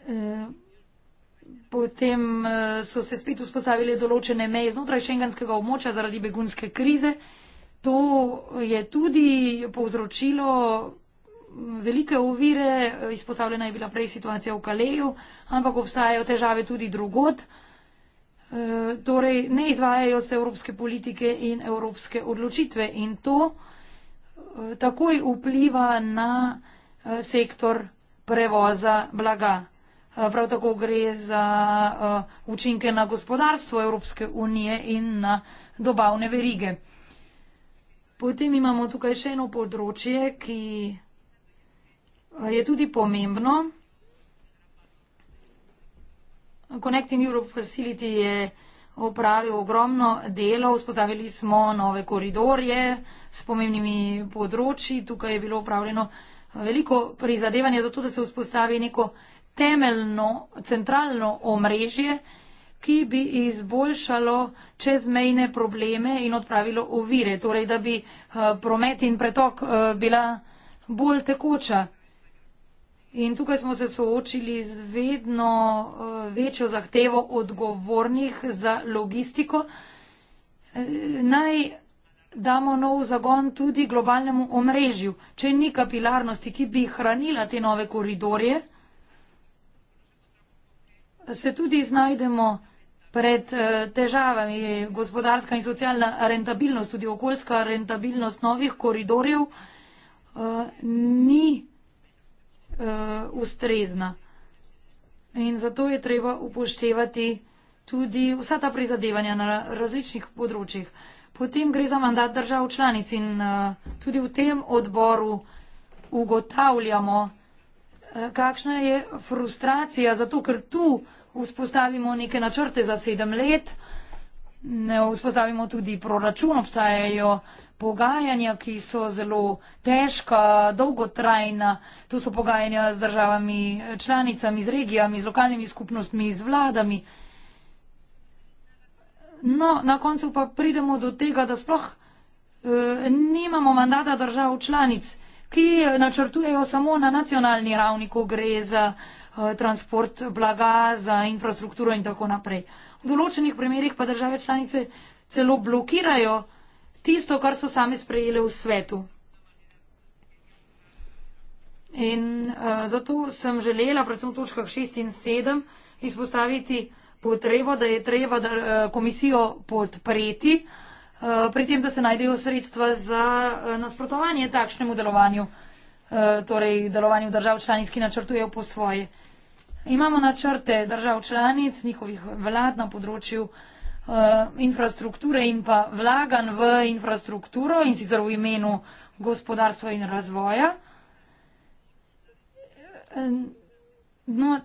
E potem eh, so se spet vzpostavile določene meje znotraj šengenskega območja zaradi begunske krize. To je tudi povzročilo velike uvire, izpostavljena je bila prej situacija v Kaleju, ampak obstajajo težave tudi drugot. Eh, torej, ne izvajajo se evropske politike in evropske odločitve in to eh, takoj vpliva na sektor prevoza blaga. Eh, prav tako gre za eh, učinke na gospodarstvo Evropske unije in na dobavne verige. Potem imamo tukaj še eno področje, ki eh, je tudi pomembno. Connecting Europe Facility je opravil ogromno delo, vzpostavili smo nove koridorje s pomembnimi področji. Tukaj je bilo upravljeno veliko prizadevanja za to, da se vzpostavi neko temeljno, centralno omrežje, ki bi izboljšalo čezmejne probleme in odpravilo ovire, torej da bi eh, promet in pretok eh, bila bolj tekoča. In tukaj smo se soočili z vedno eh, večjo zahtevo odgovornih za logistiko. Naj damo nov zagon tudi globalnemu omrežju. Če ni kapilarnosti, ki bi hranila te nove koridorje, se tudi znajdemo pred eh, težavami. Gospodarska in socialna rentabilnost, tudi okoljska rentabilnost novih koridorjev eh, ni eh, ustrezna. In zato je treba upoštevati tudi vsa ta prizadevanja na različnih področjih. Potem gre za mandat držav članic in tudi v tem odboru ugotavljamo, kakšna je frustracija, zato ker tu vzpostavimo neke načrte za sedem let, ne vzpostavimo tudi proračun, obstajajo pogajanja, ki so zelo težka, dolgotrajna. To so pogajanja z državami, članicami, z regijami, z lokalnimi skupnostmi, z vladami. No, na koncu pa pridemo do tega, da sploh e, nimamo mandata držav članic, ki načrtujejo samo na nacionalni ravni, ko gre za Eh, transport blaga, za infrastrukturo in tako naprej. V določenih primerjih pa države članice celo blokirajo tisto, kar so same sprejele v svetu. In uh, zato sem želela, predvsem v točkah 6 in 7, izpostaviti potrebo, da je treba da, uh, komisijo podpreti, uh, pri tem, da se najdejo sredstva za uh, nasprotovanje takšnemu delovanju, uh, torej delovanju držav članic, ki načrtujejo po svoje. Uh, Imamo načrte držav članic, njihovih vlad na področju uh, infrastrukture in pa vlagan v infrastrukturo in sicer v imenu gospodarstva in razvoja. Eh, no,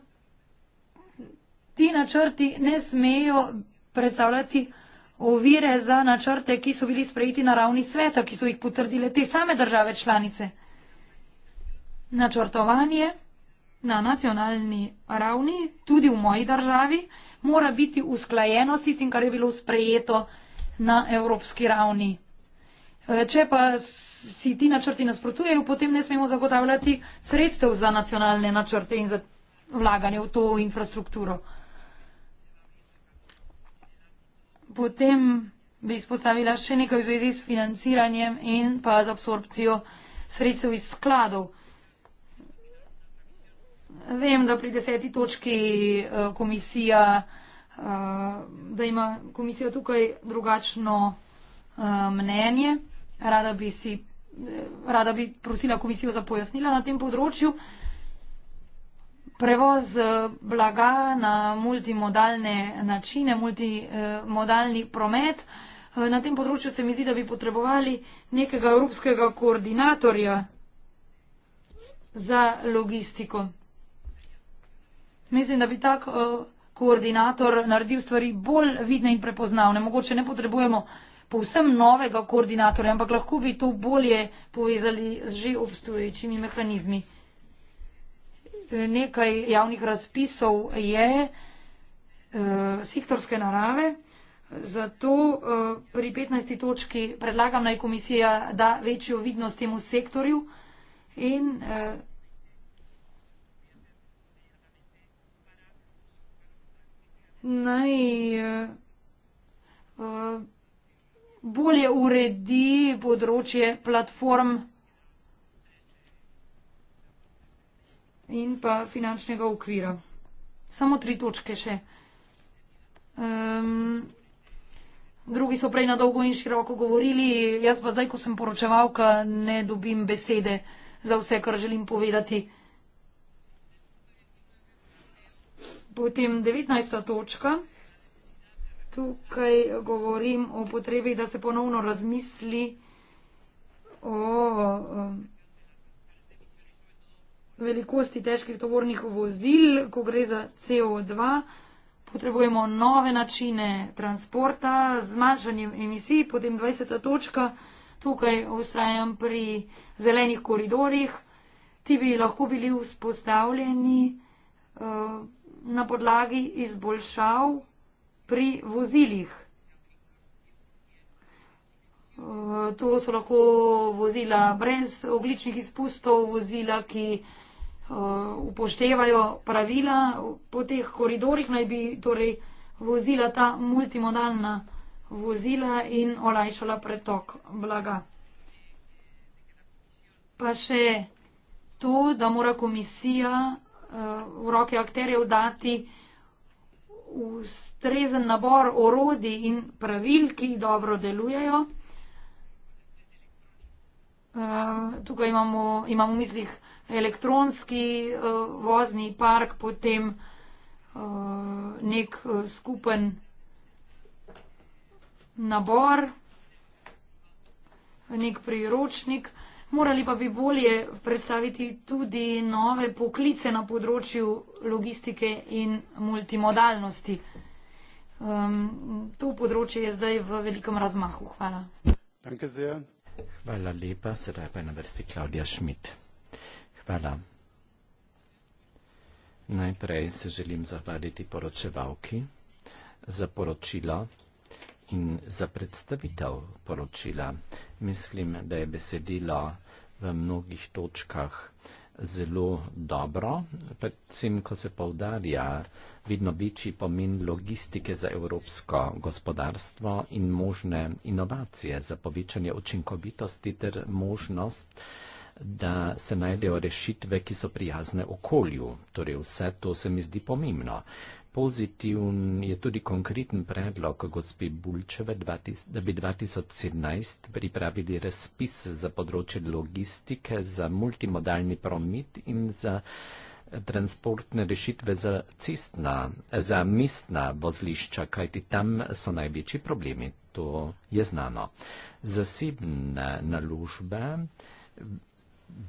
ti načrti ne smejo predstavljati ovire za načrte, ki so bili sprejeti na ravni sveta, ki so jih potrdile te same države članice. Načrtovanje na nacionalni ravni, tudi v moji državi, mora biti usklajeno s tistim, kar je bilo sprejeto na evropski ravni. E, če pa si ti načrti nasprotujejo, potem ne smemo zagotavljati sredstev za nacionalne načrte in za vlaganje v to infrastrukturo. Potem bi izpostavila še nekaj v zvezi s financiranjem in pa z absorpcijo sredstev iz skladov. Vem, da pri deseti točki eh, komisija, eh, da ima komisija tukaj drugačno eh, mnenje. Rada bi, si, rada bi prosila komisijo za pojasnila na tem področju. Prevoz blaga na multimodalne načine, multimodalni promet. Na tem področju se mi zdi, da bi potrebovali nekega evropskega koordinatorja za logistiko. Mislim, da bi tak uh, koordinator naredil stvari bolj vidne in prepoznavne. Mogoče ne potrebujemo povsem novega koordinatorja, ampak lahko bi to bolje povezali z že obstoječimi mehanizmi. Eh, nekaj javnih razpisov je uh, sektorske narave. Zato pri 15. točki predlagam naj komisija da večjo vidnost temu sektorju in на и eh, eh, bolje uredi področje platform in pa finančnega okvira. Samo tri točke še. Um, drugi so prej na dolgo in široko govorili, jaz pa zdaj, ko sem poročevalka, ne dobim besede za vse, kar želim povedati. Potem 19. točka. Tukaj govorim o potrebi, da se ponovno razmisli o um, velikosti težkih tovornih vozil, ko gre za CO2. Potrebujemo nove načine transporta, zmanjšanje emisij. Potem 20. točka. Tukaj ustrajam pri zelenih koridorjih. Ti bi lahko bili vzpostavljeni. Uh, na podlagi izboljšav pri vozilih. To so lahko vozila brez ogličnih izpustov, vozila, ki eh, upoštevajo pravila. Po teh koridorih naj bi torej vozila ta multimodalna vozila in olajšala pretok blaga. Pa še to, da mora komisija v roke akterjev dati ustrezen nabor orodij in pravil, ki dobro delujejo. Eh, tukaj imamo, imamo v mislih elektronski eh, vozni park, potem eh, nek skupen nabor, nek priročnik. Morali pa bi bolje predstaviti tudi nove poklice na področju logistike in multimodalnosti. Um, to področje je zdaj v velikem razmahu. Hvala. Hvala lepa. Sedaj pa je na vrsti Klaudija Šmit. Hvala. Najprej se želim zahvaliti poročevalki za poročilo, in za predstavitev poročila. Mislim, da je besedilo v mnogih točkah zelo dobro, predvsem, ko se povdarja vidno večji pomen logistike za evropsko gospodarstvo in možne inovacije za povečanje učinkovitosti ter možnost, da se najdejo rešitve, ki so prijazne okolju. Torej vse to se mi zdi pomembno pozitiven je tudi konkreten predlog gospe Bulčeve, da bi 2017 pripravili razpis za področje logistike, za multimodalni promet in za transportne rešitve za cestna, za mestna vozlišča, kajti tam so največji problemi, to je znano. Zasebne naložbe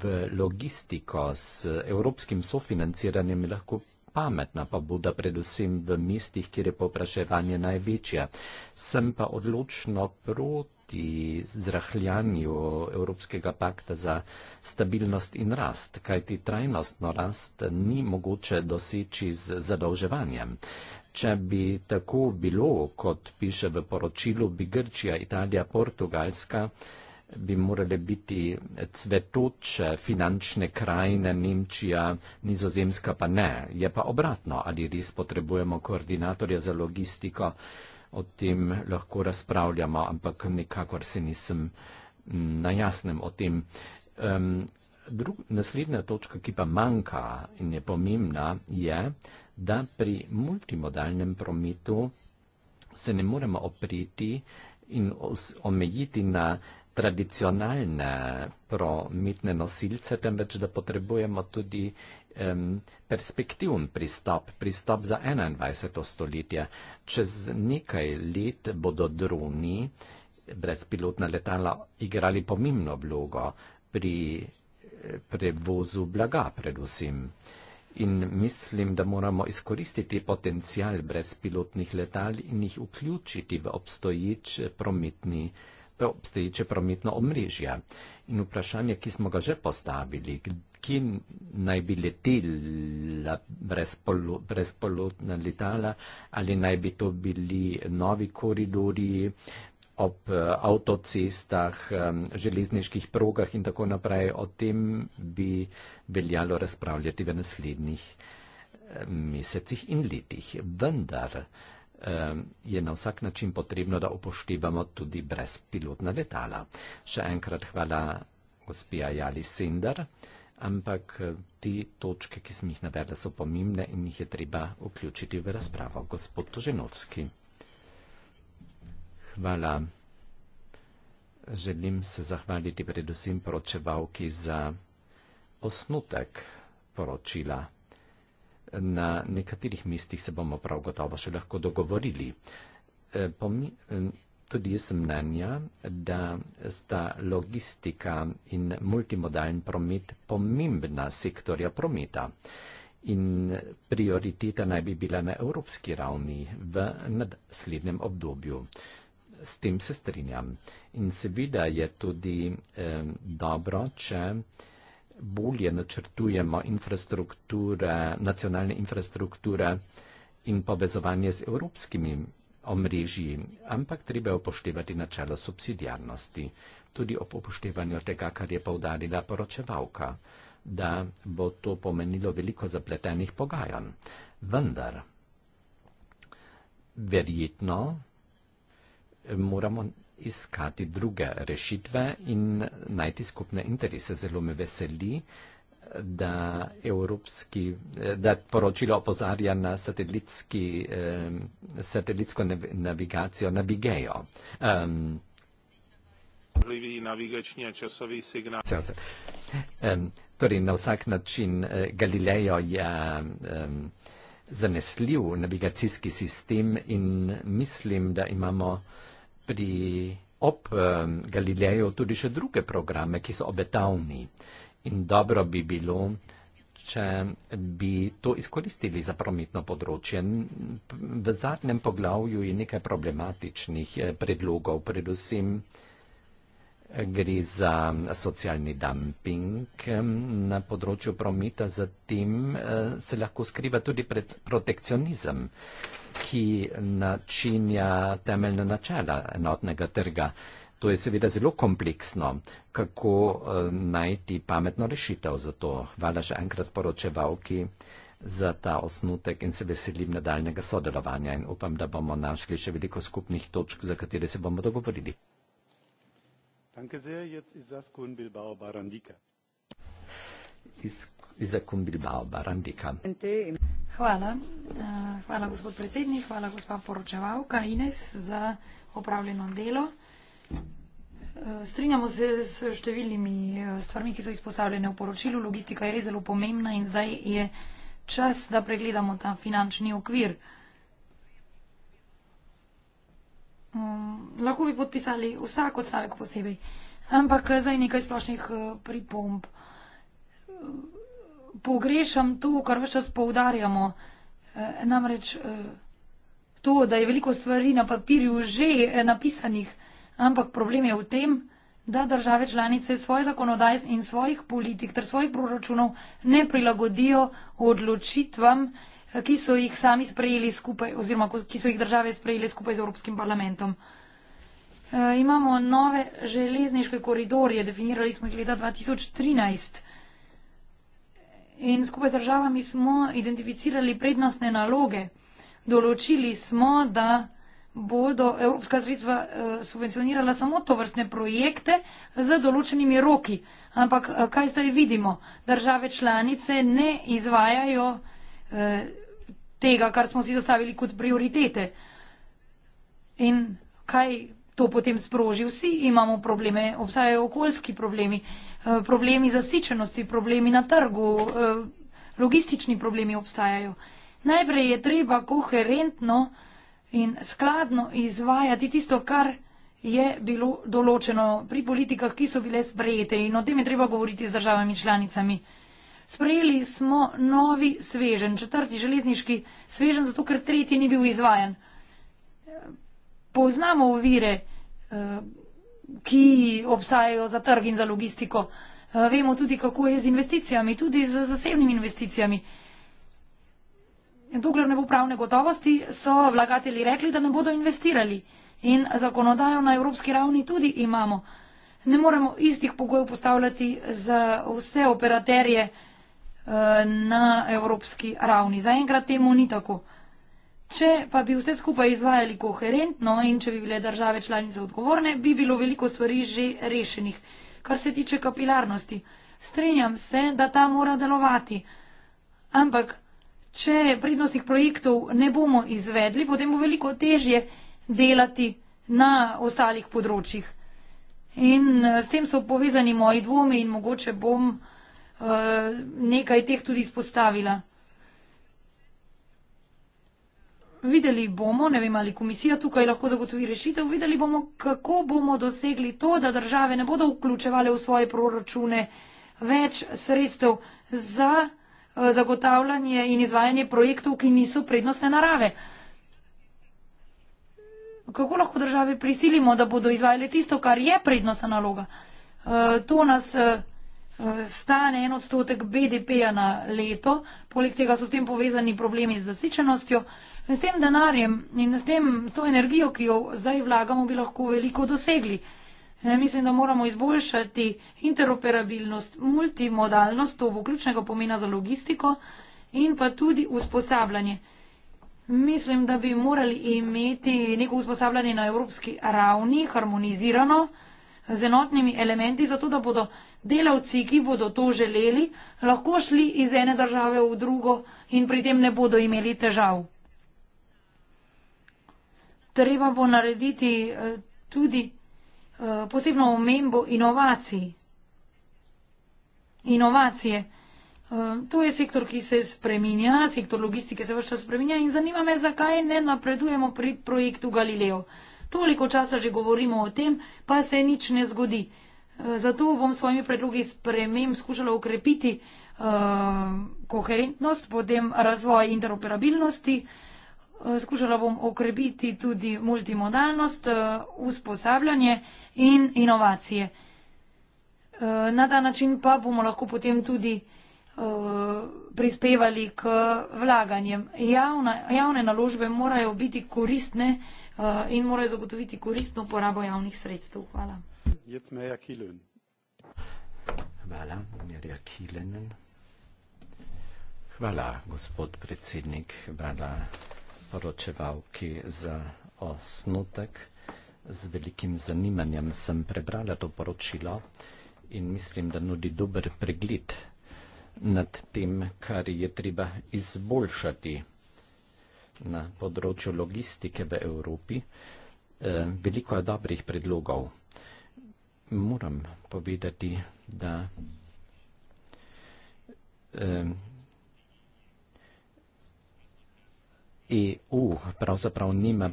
v logistiko s evropskim sofinanciranjem lahko pametna pobuda, predvsem v mestih, kjer je popraševanje največje. Sem pa odločno proti zrahljanju Evropskega pakta za stabilnost in rast, kajti trajnostno rast ni mogoče doseči z zadolževanjem. Če bi tako bilo, kot piše v poročilu, bi Grčija, Italija, Portugalska, bi morale biti cvetoče finančne krajine Nemčija, nizozemska pa ne. Je pa obratno, ali res potrebujemo koordinatorja za logistiko, o tem lahko razpravljamo, ampak nekakor se nisem mm, na jasnem o tem. Um, drug, naslednja točka, ki pa manjka in je pomembna, je, da pri multimodalnem prometu se ne moremo opreti in omejiti na tradicionalne pro mitne nosilce, temveč da potrebujemo tudi um, perspektivn pristop, pristop za 21. stoletje. Čez nekaj let bodo droni, brezpilotna letala, igrali pomembno vlogo pri eh, prevozu blaga predvsem. In mislim, da moramo izkoristiti potencial brezpilotnih letal in jih vključiti v obstoječ prometni sistem obstoječe prometno omrežje. In vprašanje, ki smo ga že postavili, kje naj bi letela brezpolotna letala, ali naj bi to bili novi koridori ob eh, avtocestah, eh, železniških progah in tako naprej, o tem bi veljalo razpravljati v naslednjih eh, mesecih in letih. Vendar, je na vsak način potrebno, da upoštevamo tudi brezpilotna letala. Še enkrat hvala gospi Ajali Sindar, ampak eh, te točke, ki sem jih navedla, so pomembne in jih je treba vključiti v razpravo. Gospod Toženovski. Hvala. Želim se zahvaliti predvsem poročevalki za osnutek poročila na nekaterih mestih se bomo prav gotovo še lahko dogovorili. Eh, Pomi, eh, tudi jaz mnenja, da sta logistika in multimodalen promet pomembna sektorja prometa. In prioriteta naj bi bila na evropski ravni v naslednjem obdobju. S tem se strinjam. In seveda je tudi eh, dobro, če eh, bolje načrtujemo infrastrukture, nacionalne infrastrukture in povezovanje z evropskimi omrežji, ampak treba upoštevati načelo subsidijarnosti, tudi ob upoštevanju tega, kar je povdarila poročevalka, da bo to pomenilo veliko zapletenih pogajanj. Vendar, verjetno, moramo iskati druge rešitve in najti skupne interese. Zelo me veseli, da, evropski, da poročilo opozarja na satelitski, eh, satelitsko navigacijo na Bigejo. Um, navigačni časovni signal. Um, torej, na vsak način eh, Galilejo je um, zanesljiv navigacijski sistem in mislim, da imamo eh, pri, ob um, Galileju tudi še druge programe, ki so obetavni. In dobro bi bilo, če bi to izkoristili za prometno področje. V zadnjem poglavju je nekaj problematičnih eh, predlogov, predvsem gre za socialni dumping na področju prometa, zatem eh, se lahko skriva tudi pred protekcionizem, ki načinja temeljna načela enotnega trga. To je seveda zelo kompleksno, kako eh, najti pametno rešitev za to. Hvala še enkrat poročevalki za ta osnutek in se veselim nadaljnega sodelovanja in upam, da bomo našli še veliko skupnih točk, za katere se bomo dogovorili. Danke sehr. Jetzt ist Saskun Bilbao Barandika. Izakun Bilbao Barandika. Hvala. Eh, hvala, gospod predsednik, hvala, gospa poročevalka Ines, za opravljeno delo. Eh, strinjamo se s številnimi eh, stvarmi, ki so izpostavljene v poročilu. Logistika je res zelo pomembna in zdaj je čas, da pregledamo ta finančni okvir. Um, lahko bi podpisali vsak odstavek posebej, ampak eh, zdaj nekaj splošnih uh, pripomb. Uh, pogrešam to, kar več čas poudarjamo, uh, namreč uh, to, da je veliko stvari na papirju že uh, napisanih, ampak problem je v tem, da države članice svoje zakonodaje in svojih politik ter svojih proračunov ne prilagodijo odločitvam, uh, ki so jih sami sprejeli skupaj oziroma ki so jih države sprejeli skupaj z Evropskim parlamentom. E, imamo nove železniške koridorje, definirali smo jih leta 2013 in skupaj z državami smo identificirali prednostne naloge. Določili smo, da bodo Evropska sredstva uh, subvencionirala samo to vrstne projekte z določenimi roki. Ampak uh, kaj zdaj vidimo? Države članice ne izvajajo uh, tega, kar smo si zastavili kot prioritete. In kaj to potem sproži? Vsi imamo probleme, obstajajo okoljski problemi, eh, problemi zasičenosti, problemi na trgu, eh, logistični problemi obstajajo. Najprej je treba koherentno in skladno izvajati tisto, kar je bilo določeno pri politikah, ki so bile sprejete in o tem je treba govoriti z državami članicami. Sprejeli smo novi svežen, četrti železniški svežen, zato ker tretji ni bil izvajan. Poznamo ovire, eh, ki obstajajo za trg in za logistiko. Eh, vemo tudi, kako je z investicijami, tudi z zasebnimi investicijami. Dokler ne bo pravne gotovosti, so vlagatelji rekli, da ne bodo investirali. In zakonodajo na evropski ravni tudi imamo. Ne moremo istih pogojev postavljati za vse operaterje, na evropski ravni. Zaenkrat temu ni tako. Če pa bi vse skupaj izvajali koherentno in če bi bile države članice odgovorne, bi bilo veliko stvari že rešenih. Kar se tiče kapilarnosti, strinjam se, da ta mora delovati. Ampak, če prednostnih projektov ne bomo izvedli, potem bo veliko težje delati na ostalih področjih. In eh, s tem so povezani moji dvomi in mogoče bom. Eh, nekaj teh tudi izpostavila. Videli bomo, ne vem ali komisija tukaj lahko zagotovi rešitev, videli bomo, kako bomo dosegli to, da države ne bodo vključevale v svoje proračune več sredstev za eh, zagotavljanje in izvajanje projektov, ki niso prednostne narave. Kako lahko države prisilimo, da bodo izvajale tisto, kar je prednostna naloga? Eh, to nas stane en odstotek BDP-ja na leto, poleg tega so s tem povezani problemi z zasičenostjo. In s tem denarjem in s, tem, s to energijo, ki jo zdaj vlagamo, bi lahko veliko dosegli. E, mislim, da moramo izboljšati interoperabilnost, multimodalnost, to bo ključnega pomena za logistiko in pa tudi usposabljanje. Mislim, da bi morali imeti neko usposabljanje na evropski ravni, harmonizirano, z enotnimi elementi, zato da bodo delavci, ki bodo to želeli, lahko šli iz ene države v drugo in pri tem ne bodo imeli težav. Treba bo narediti eh, tudi eh, posebno omembo inovacij. Inovacije. Eh, to je sektor, ki se spreminja, sektor logistike se vse spreminja in zanima me, zakaj ne napredujemo pri projektu Galileo. Toliko časa že govorimo o tem, pa se nič ne zgodi. Zato bom s svojimi predlogi sprememb skušala ukrepiti eh, koherentnost, potem razvoj interoperabilnosti, eh, skušala bom ukrepiti tudi multimodalnost, eh, usposabljanje in inovacije. Na ta način pa bomo lahko potem tudi prispevali k vlaganjem. Javna, javne naložbe morajo biti koristne in morajo zagotoviti koristno porabo javnih sredstev. Hvala. Jetzt Maria Kielen. Hvala, Mirja Kilenen. Hvala, gospod predsednik, hvala poročevalki za osnutek. Z velikim zanimanjem sem prebrala to poročilo in mislim, da nudi dober pregled nad tem, kar je treba izboljšati na področju logistike v Evropi. Eh, veliko je dobrih predlogov moram povedati, da EU e pravzaprav nima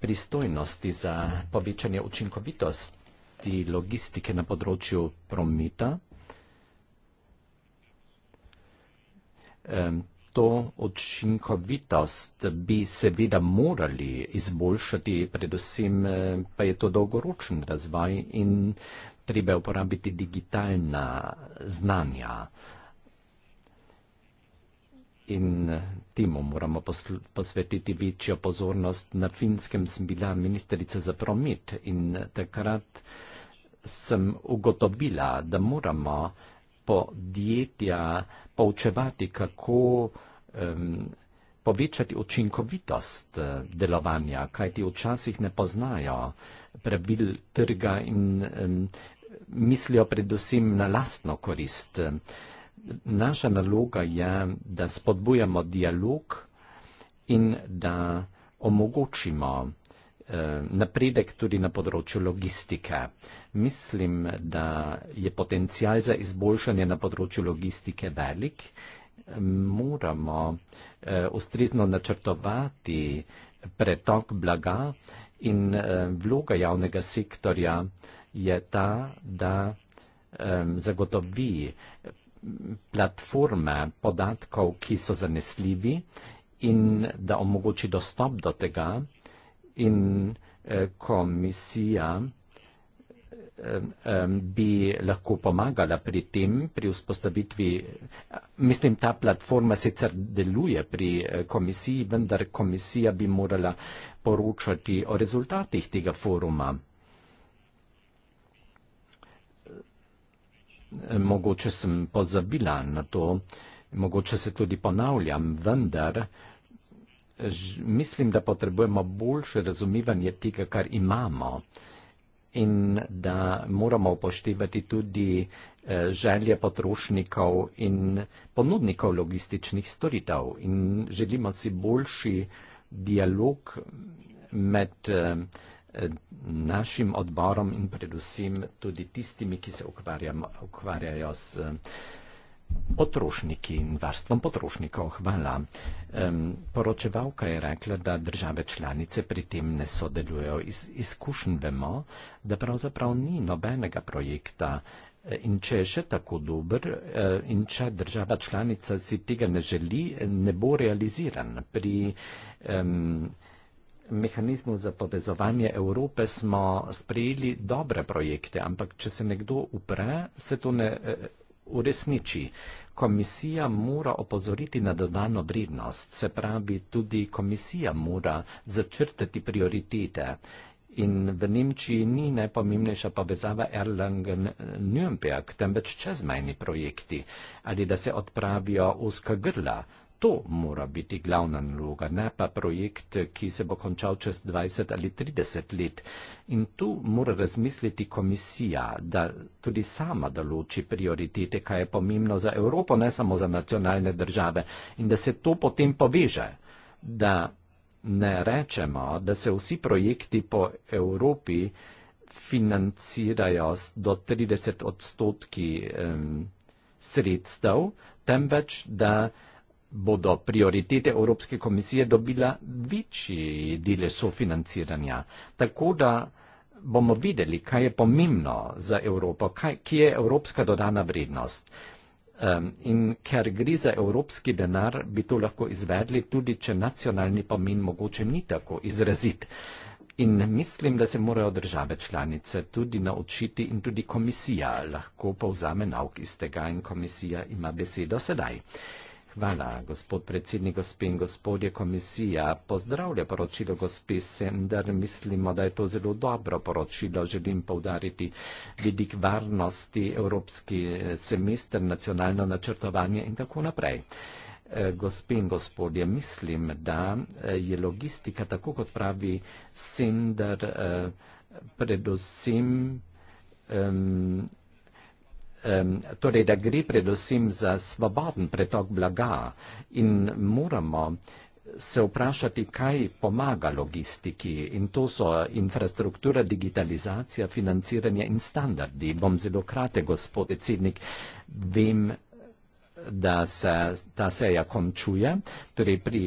pristojnosti za povečanje učinkovitosti logistike na področju prometa to učinkovitost bi seveda morali izboljšati, predvsem eh, pa je to dolgoročen razvoj in treba je uporabiti digitalna znanja. In temu moramo posvetiti večjo pozornost. Na finskem sem bila ministrica za promet in takrat sem ugotovila, da moramo podjetja poučevati, kako um, povečati učinkovitost eh, delovanja, kaj ti včasih ne poznajo pravil trga in um, mislijo predvsem na lastno korist. Naša naloga je, da spodbujamo dialog in da omogočimo Eh, napredek tudi na področju logistike. Mislim, da je potencial za izboljšanje na področju logistike velik. Moramo eh, ustrezno načrtovati pretok blaga in eh, vloga javnega sektorja je ta, da zagotovi platforme podatkov, ki so zanesljivi in da omogoči dostop do tega, in eh, komisija eh, eh, bi lahko pomagala pri tem, pri vzpostavitvi, eh, mislim, ta platforma sicer deluje pri komisiji, vendar komisija bi morala poročati o rezultatih tega foruma. Mogoče sem pozabila na to, mogoče se tudi ponavljam, vendar eh, mislim, da potrebujemo boljše razumevanje tega, kar imamo in da moramo upoštevati tudi eh, želje potrošnikov in ponudnikov logističnih storitev in želimo si boljši dialog med eh, našim odborom in predvsem tudi tistimi, ki se ukvarjajo s potrošniki in varstvom potrošnikov. Hvala. Um, poročevalka je rekla, da države članice pri tem ne sodelujo. Iz izkušenj vemo, da pravzaprav ni nobenega projekta. In če je še tako dober eh, in če država članica si tega ne želi, ne bo realiziran. Pri um, mehanizmu za povezovanje Evrope smo sprejeli dobre projekte, ampak če se nekdo upre, se to ne. Uh, V resnici komisija mora opozoriti na dodano vrednost, se pravi tudi komisija mora začrtati prioritete. In v Nemčiji ni najpomembnejša povezava Erlangen-Nürnberg, temveč čezmejni projekti ali da se odpravijo uska grla to mora biti glavna naloga, ne pa projekt, ki se bo končal čez 20 ali 30 let. In tu mora razmisliti komisija, da tudi sama določi prioritete, kaj je pomembno za Evropo, ne samo za nacionalne države. In da se to potem poveže, da ne rečemo, da se vsi projekti po Evropi financirajo do 30 odstotki um, sredstev, temveč da bodo prioritete Evropske komisije dobila večji dele sofinanciranja. Tako da bomo videli, kaj je pomembno za Evropo, kaj, kje je Evropska dodana vrednost. Um, in ker gre za evropski denar, bi to lahko izvedli, tudi če nacionalni pomen mogoče ni tako izrazit. In mislim, da se morajo države članice tudi naučiti in tudi komisija lahko povzame nauk iz tega in komisija ima besedo sedaj. Hvala, gospod predsednik, gospe in gospodje komisija. Pozdravlja poročilo gospe Sender. Mislimo, da je to zelo dobro poročilo. Želim povdariti vidik varnosti, evropski eh, semester, nacionalno načrtovanje in tako naprej. Eh, gospe in gospodje, mislim, da eh, je logistika, tako kot pravi Sender, predvsem. Um, torej, da gre predvsem za svoboden pretok blaga in moramo se vprašati, kaj pomaga logistiki in to so infrastruktura, digitalizacija, financiranje in standardi. Bom zelo krate, gospod predsednik, vem, da se ta seja končuje. Torej pri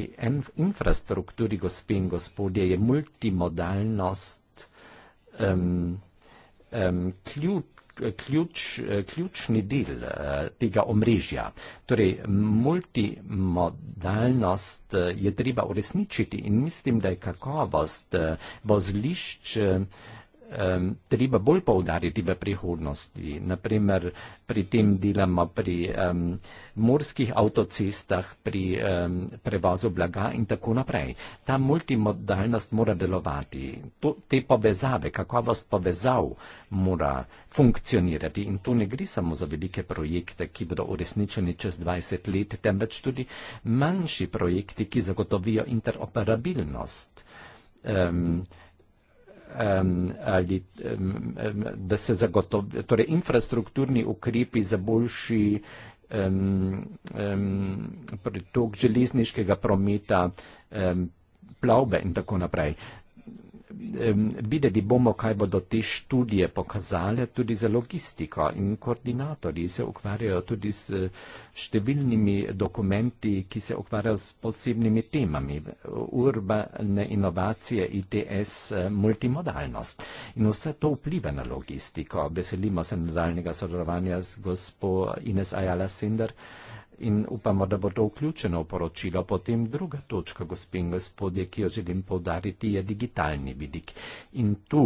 infrastrukturi, gospe in gospodje, je multimodalnost um, um, ključ ključ, ključni del eh, tega omrežja. Torej, multimodalnost eh, je treba uresničiti in mislim, da je kakovost eh, vozlišč um, treba bolj povdariti v prihodnosti. Naprimer, pri tem delamo pri um, morskih avtocestah, pri um, prevozu blaga in tako naprej. Ta multimodalnost mora delovati, to, te povezave, kakovost povezav mora funkcionirati in to ne gre samo za velike projekte, ki bodo uresničeni čez 20 let, temveč tudi manjši projekti, ki zagotovijo interoperabilnost. Um, Um, ali, um, da se zagotovijo torej infrastrukturni ukrepi za boljši um, um, pritok železniškega prometa, um, plavbe in tako naprej videli bomo, kaj bodo te študije pokazale tudi za logistiko in koordinatorji se ukvarjajo tudi s številnimi dokumenti, ki se ukvarjajo s posebnimi temami. Urbane inovacije, ITS, multimodalnost. In vse to vpliva na logistiko. Veselimo se nadaljnega sodelovanja z gospo Ines Ajala Sinder. In upamo, da bo to vključeno v poročilo. Potem druga točka, gospe in gospodje, ki jo želim povdariti, je digitalni vidik. In tu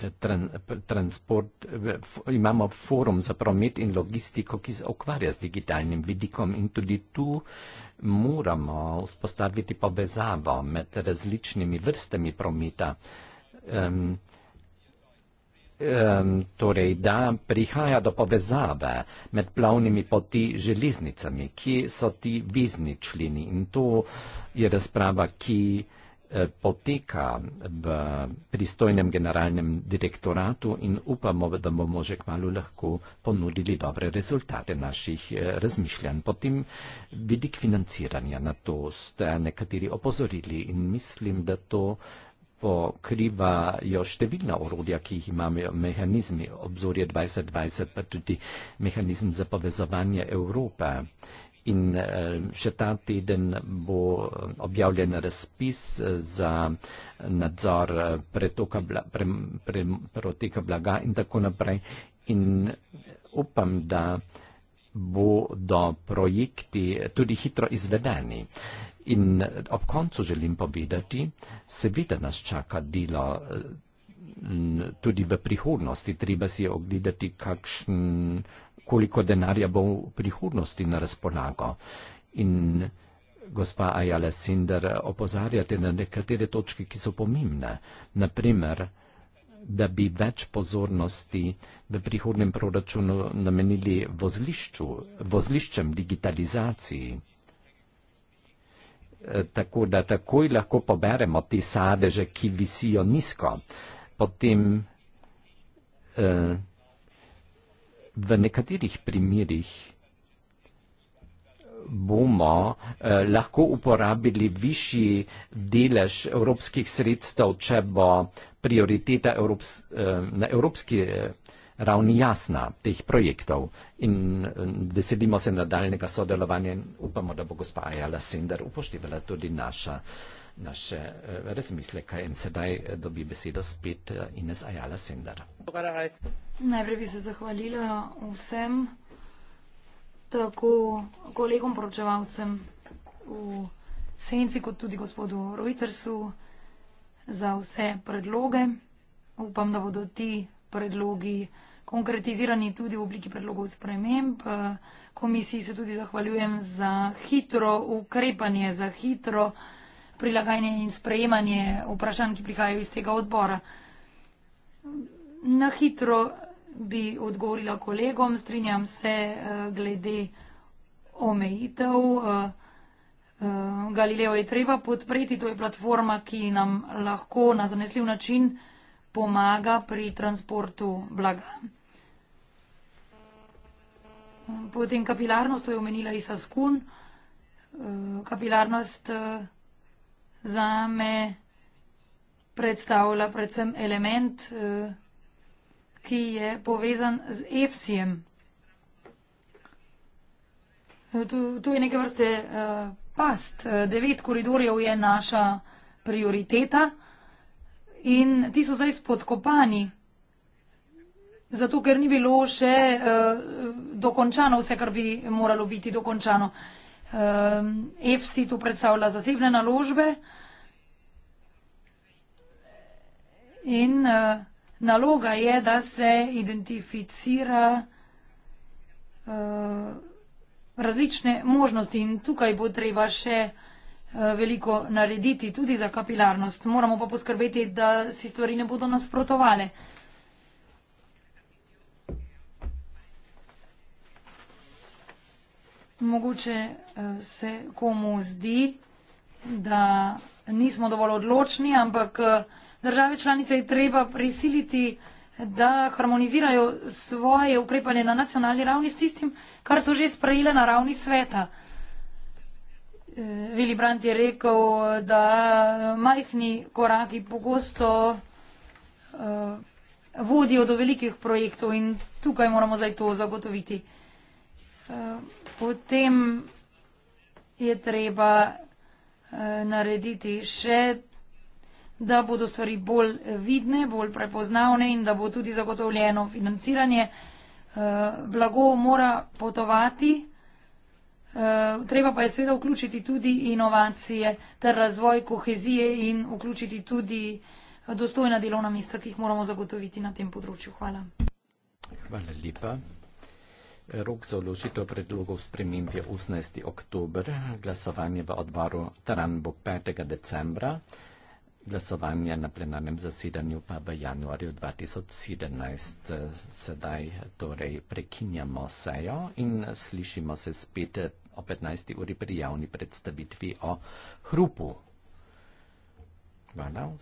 eh, tran, transport, eh, f, imamo forum za promet in logistiko, ki se ukvarja z digitalnim vidikom in tudi tu moramo vzpostaviti povezavo med različnimi vrstami prometa. Um, Um, torej, da prihaja do povezave med plavnimi poti železnicami, ki so ti vizni člini. In to je razprava, ki eh, poteka v pristojnem generalnem direktoratu in upamo, da bomo že kmalo lahko ponudili dobre rezultate naših eh, razmišljanj. Potem vidik financiranja na to ste nekateri opozorili in mislim, da to pokrivajo številna orodja, ki jih imamo, mehanizmi, obzorje 2020, pa tudi mehanizem za povezovanje Evrope. In eh, še ta teden bo objavljen razpis eh, za nadzor eh, pretoka bla, pre, pre, proteka blaga in tako naprej. In upam, da bodo projekti tudi hitro izvedeni. In ob koncu želim povedati, seveda nas čaka delo eh, tudi v prihodnosti. Treba si ogledati, kakšn, koliko denarja bo v prihodnosti na razpolago. In gospa Ajala Sinder, opozarjate na nekatere točke, ki so pomembne. Naprimer, da bi več pozornosti v prihodnem proračunu namenili vozlišču, vozliščem digitalizaciji. Eh, tako da takoj lahko poberemo te sadeže, ki visijo nizko. Potem eh, v nekaterih primerjih bomo eh, lahko uporabili višji delež evropskih sredstev, če bo prioriteta Evrops, eh, na evropski. Eh, ravn jasna teh projektov in eh, veselimo se nadaljnega sodelovanja in upamo, da bo gospa Ajala Sender upoštevala tudi naša, naše eh, razmisleke in sedaj eh, dobi besedo spet Ines Ajala Sender. Najprej bi se zahvalila vsem tako kolegom poročevalcem v senci kot tudi gospodu Reutersu za vse predloge. Upam, da bodo ti predlogi uh, konkretizirani tudi v obliki predlogov sprememb. Komisiji se tudi zahvaljujem za hitro ukrepanje, za hitro prilagajanje in sprejemanje vprašanj, ki prihajajo iz tega odbora. Na hitro bi odgovorila kolegom, strinjam se eh, glede omejitev. Eh, eh, Galileo je treba podpreti, to je platforma, ki nam lahko na zanesljiv način pomaga pri transportu blaga. Potem kapilarnost, to je omenila Isa Skun. E, kapilarnost e, za me predstavlja predvsem element, e, ki je povezan z EFSI-jem. To, to je neke vrste past. Devet koridorjev je naša prioriteta in ti so zdaj spodkopani. Zato, ker ni bilo še uh, dokončano vse, kar bi moralo biti dokončano. EFSI um, tu predstavlja zasebne naložbe in uh, naloga je, da se identificira uh, različne možnosti in tukaj bo treba še veliko narediti tudi za kapilarnost. Moramo pa poskrbeti, da si stvari ne bodo nasprotovale. mogoče eh, se komu zdi, da nismo dovolj odločni, ampak eh, države članice je treba prisiliti, da harmonizirajo svoje ukrepanje na nacionalni ravni s tistim, kar so že sprejele na ravni sveta. Vili eh, Brandt je rekel, da majhni koraki pogosto vodijo do velikih projektov in tukaj moramo zdaj to zagotoviti potem je treba e, narediti še, da bodo stvari bolj vidne, bolj prepoznavne in da bo tudi zagotovljeno financiranje. E, blago mora potovati. Uh, treba pa je seveda vključiti tudi inovacije ter razvoj kohezije in vključiti tudi dostojna delovna mesta, ki jih moramo zagotoviti na tem področju. Hvala. Hvala lepa. Rok za odločitev predlogov sprememb je 18. oktober. Glasovanje v odboru Taran bo 5. decembra. Glasovanje na plenarnem zasedanju pa v januarju 2017. Sedaj torej prekinjamo sejo in slišimo se spet o 15. uri pri javni predstavitvi o hrupu. Hvala.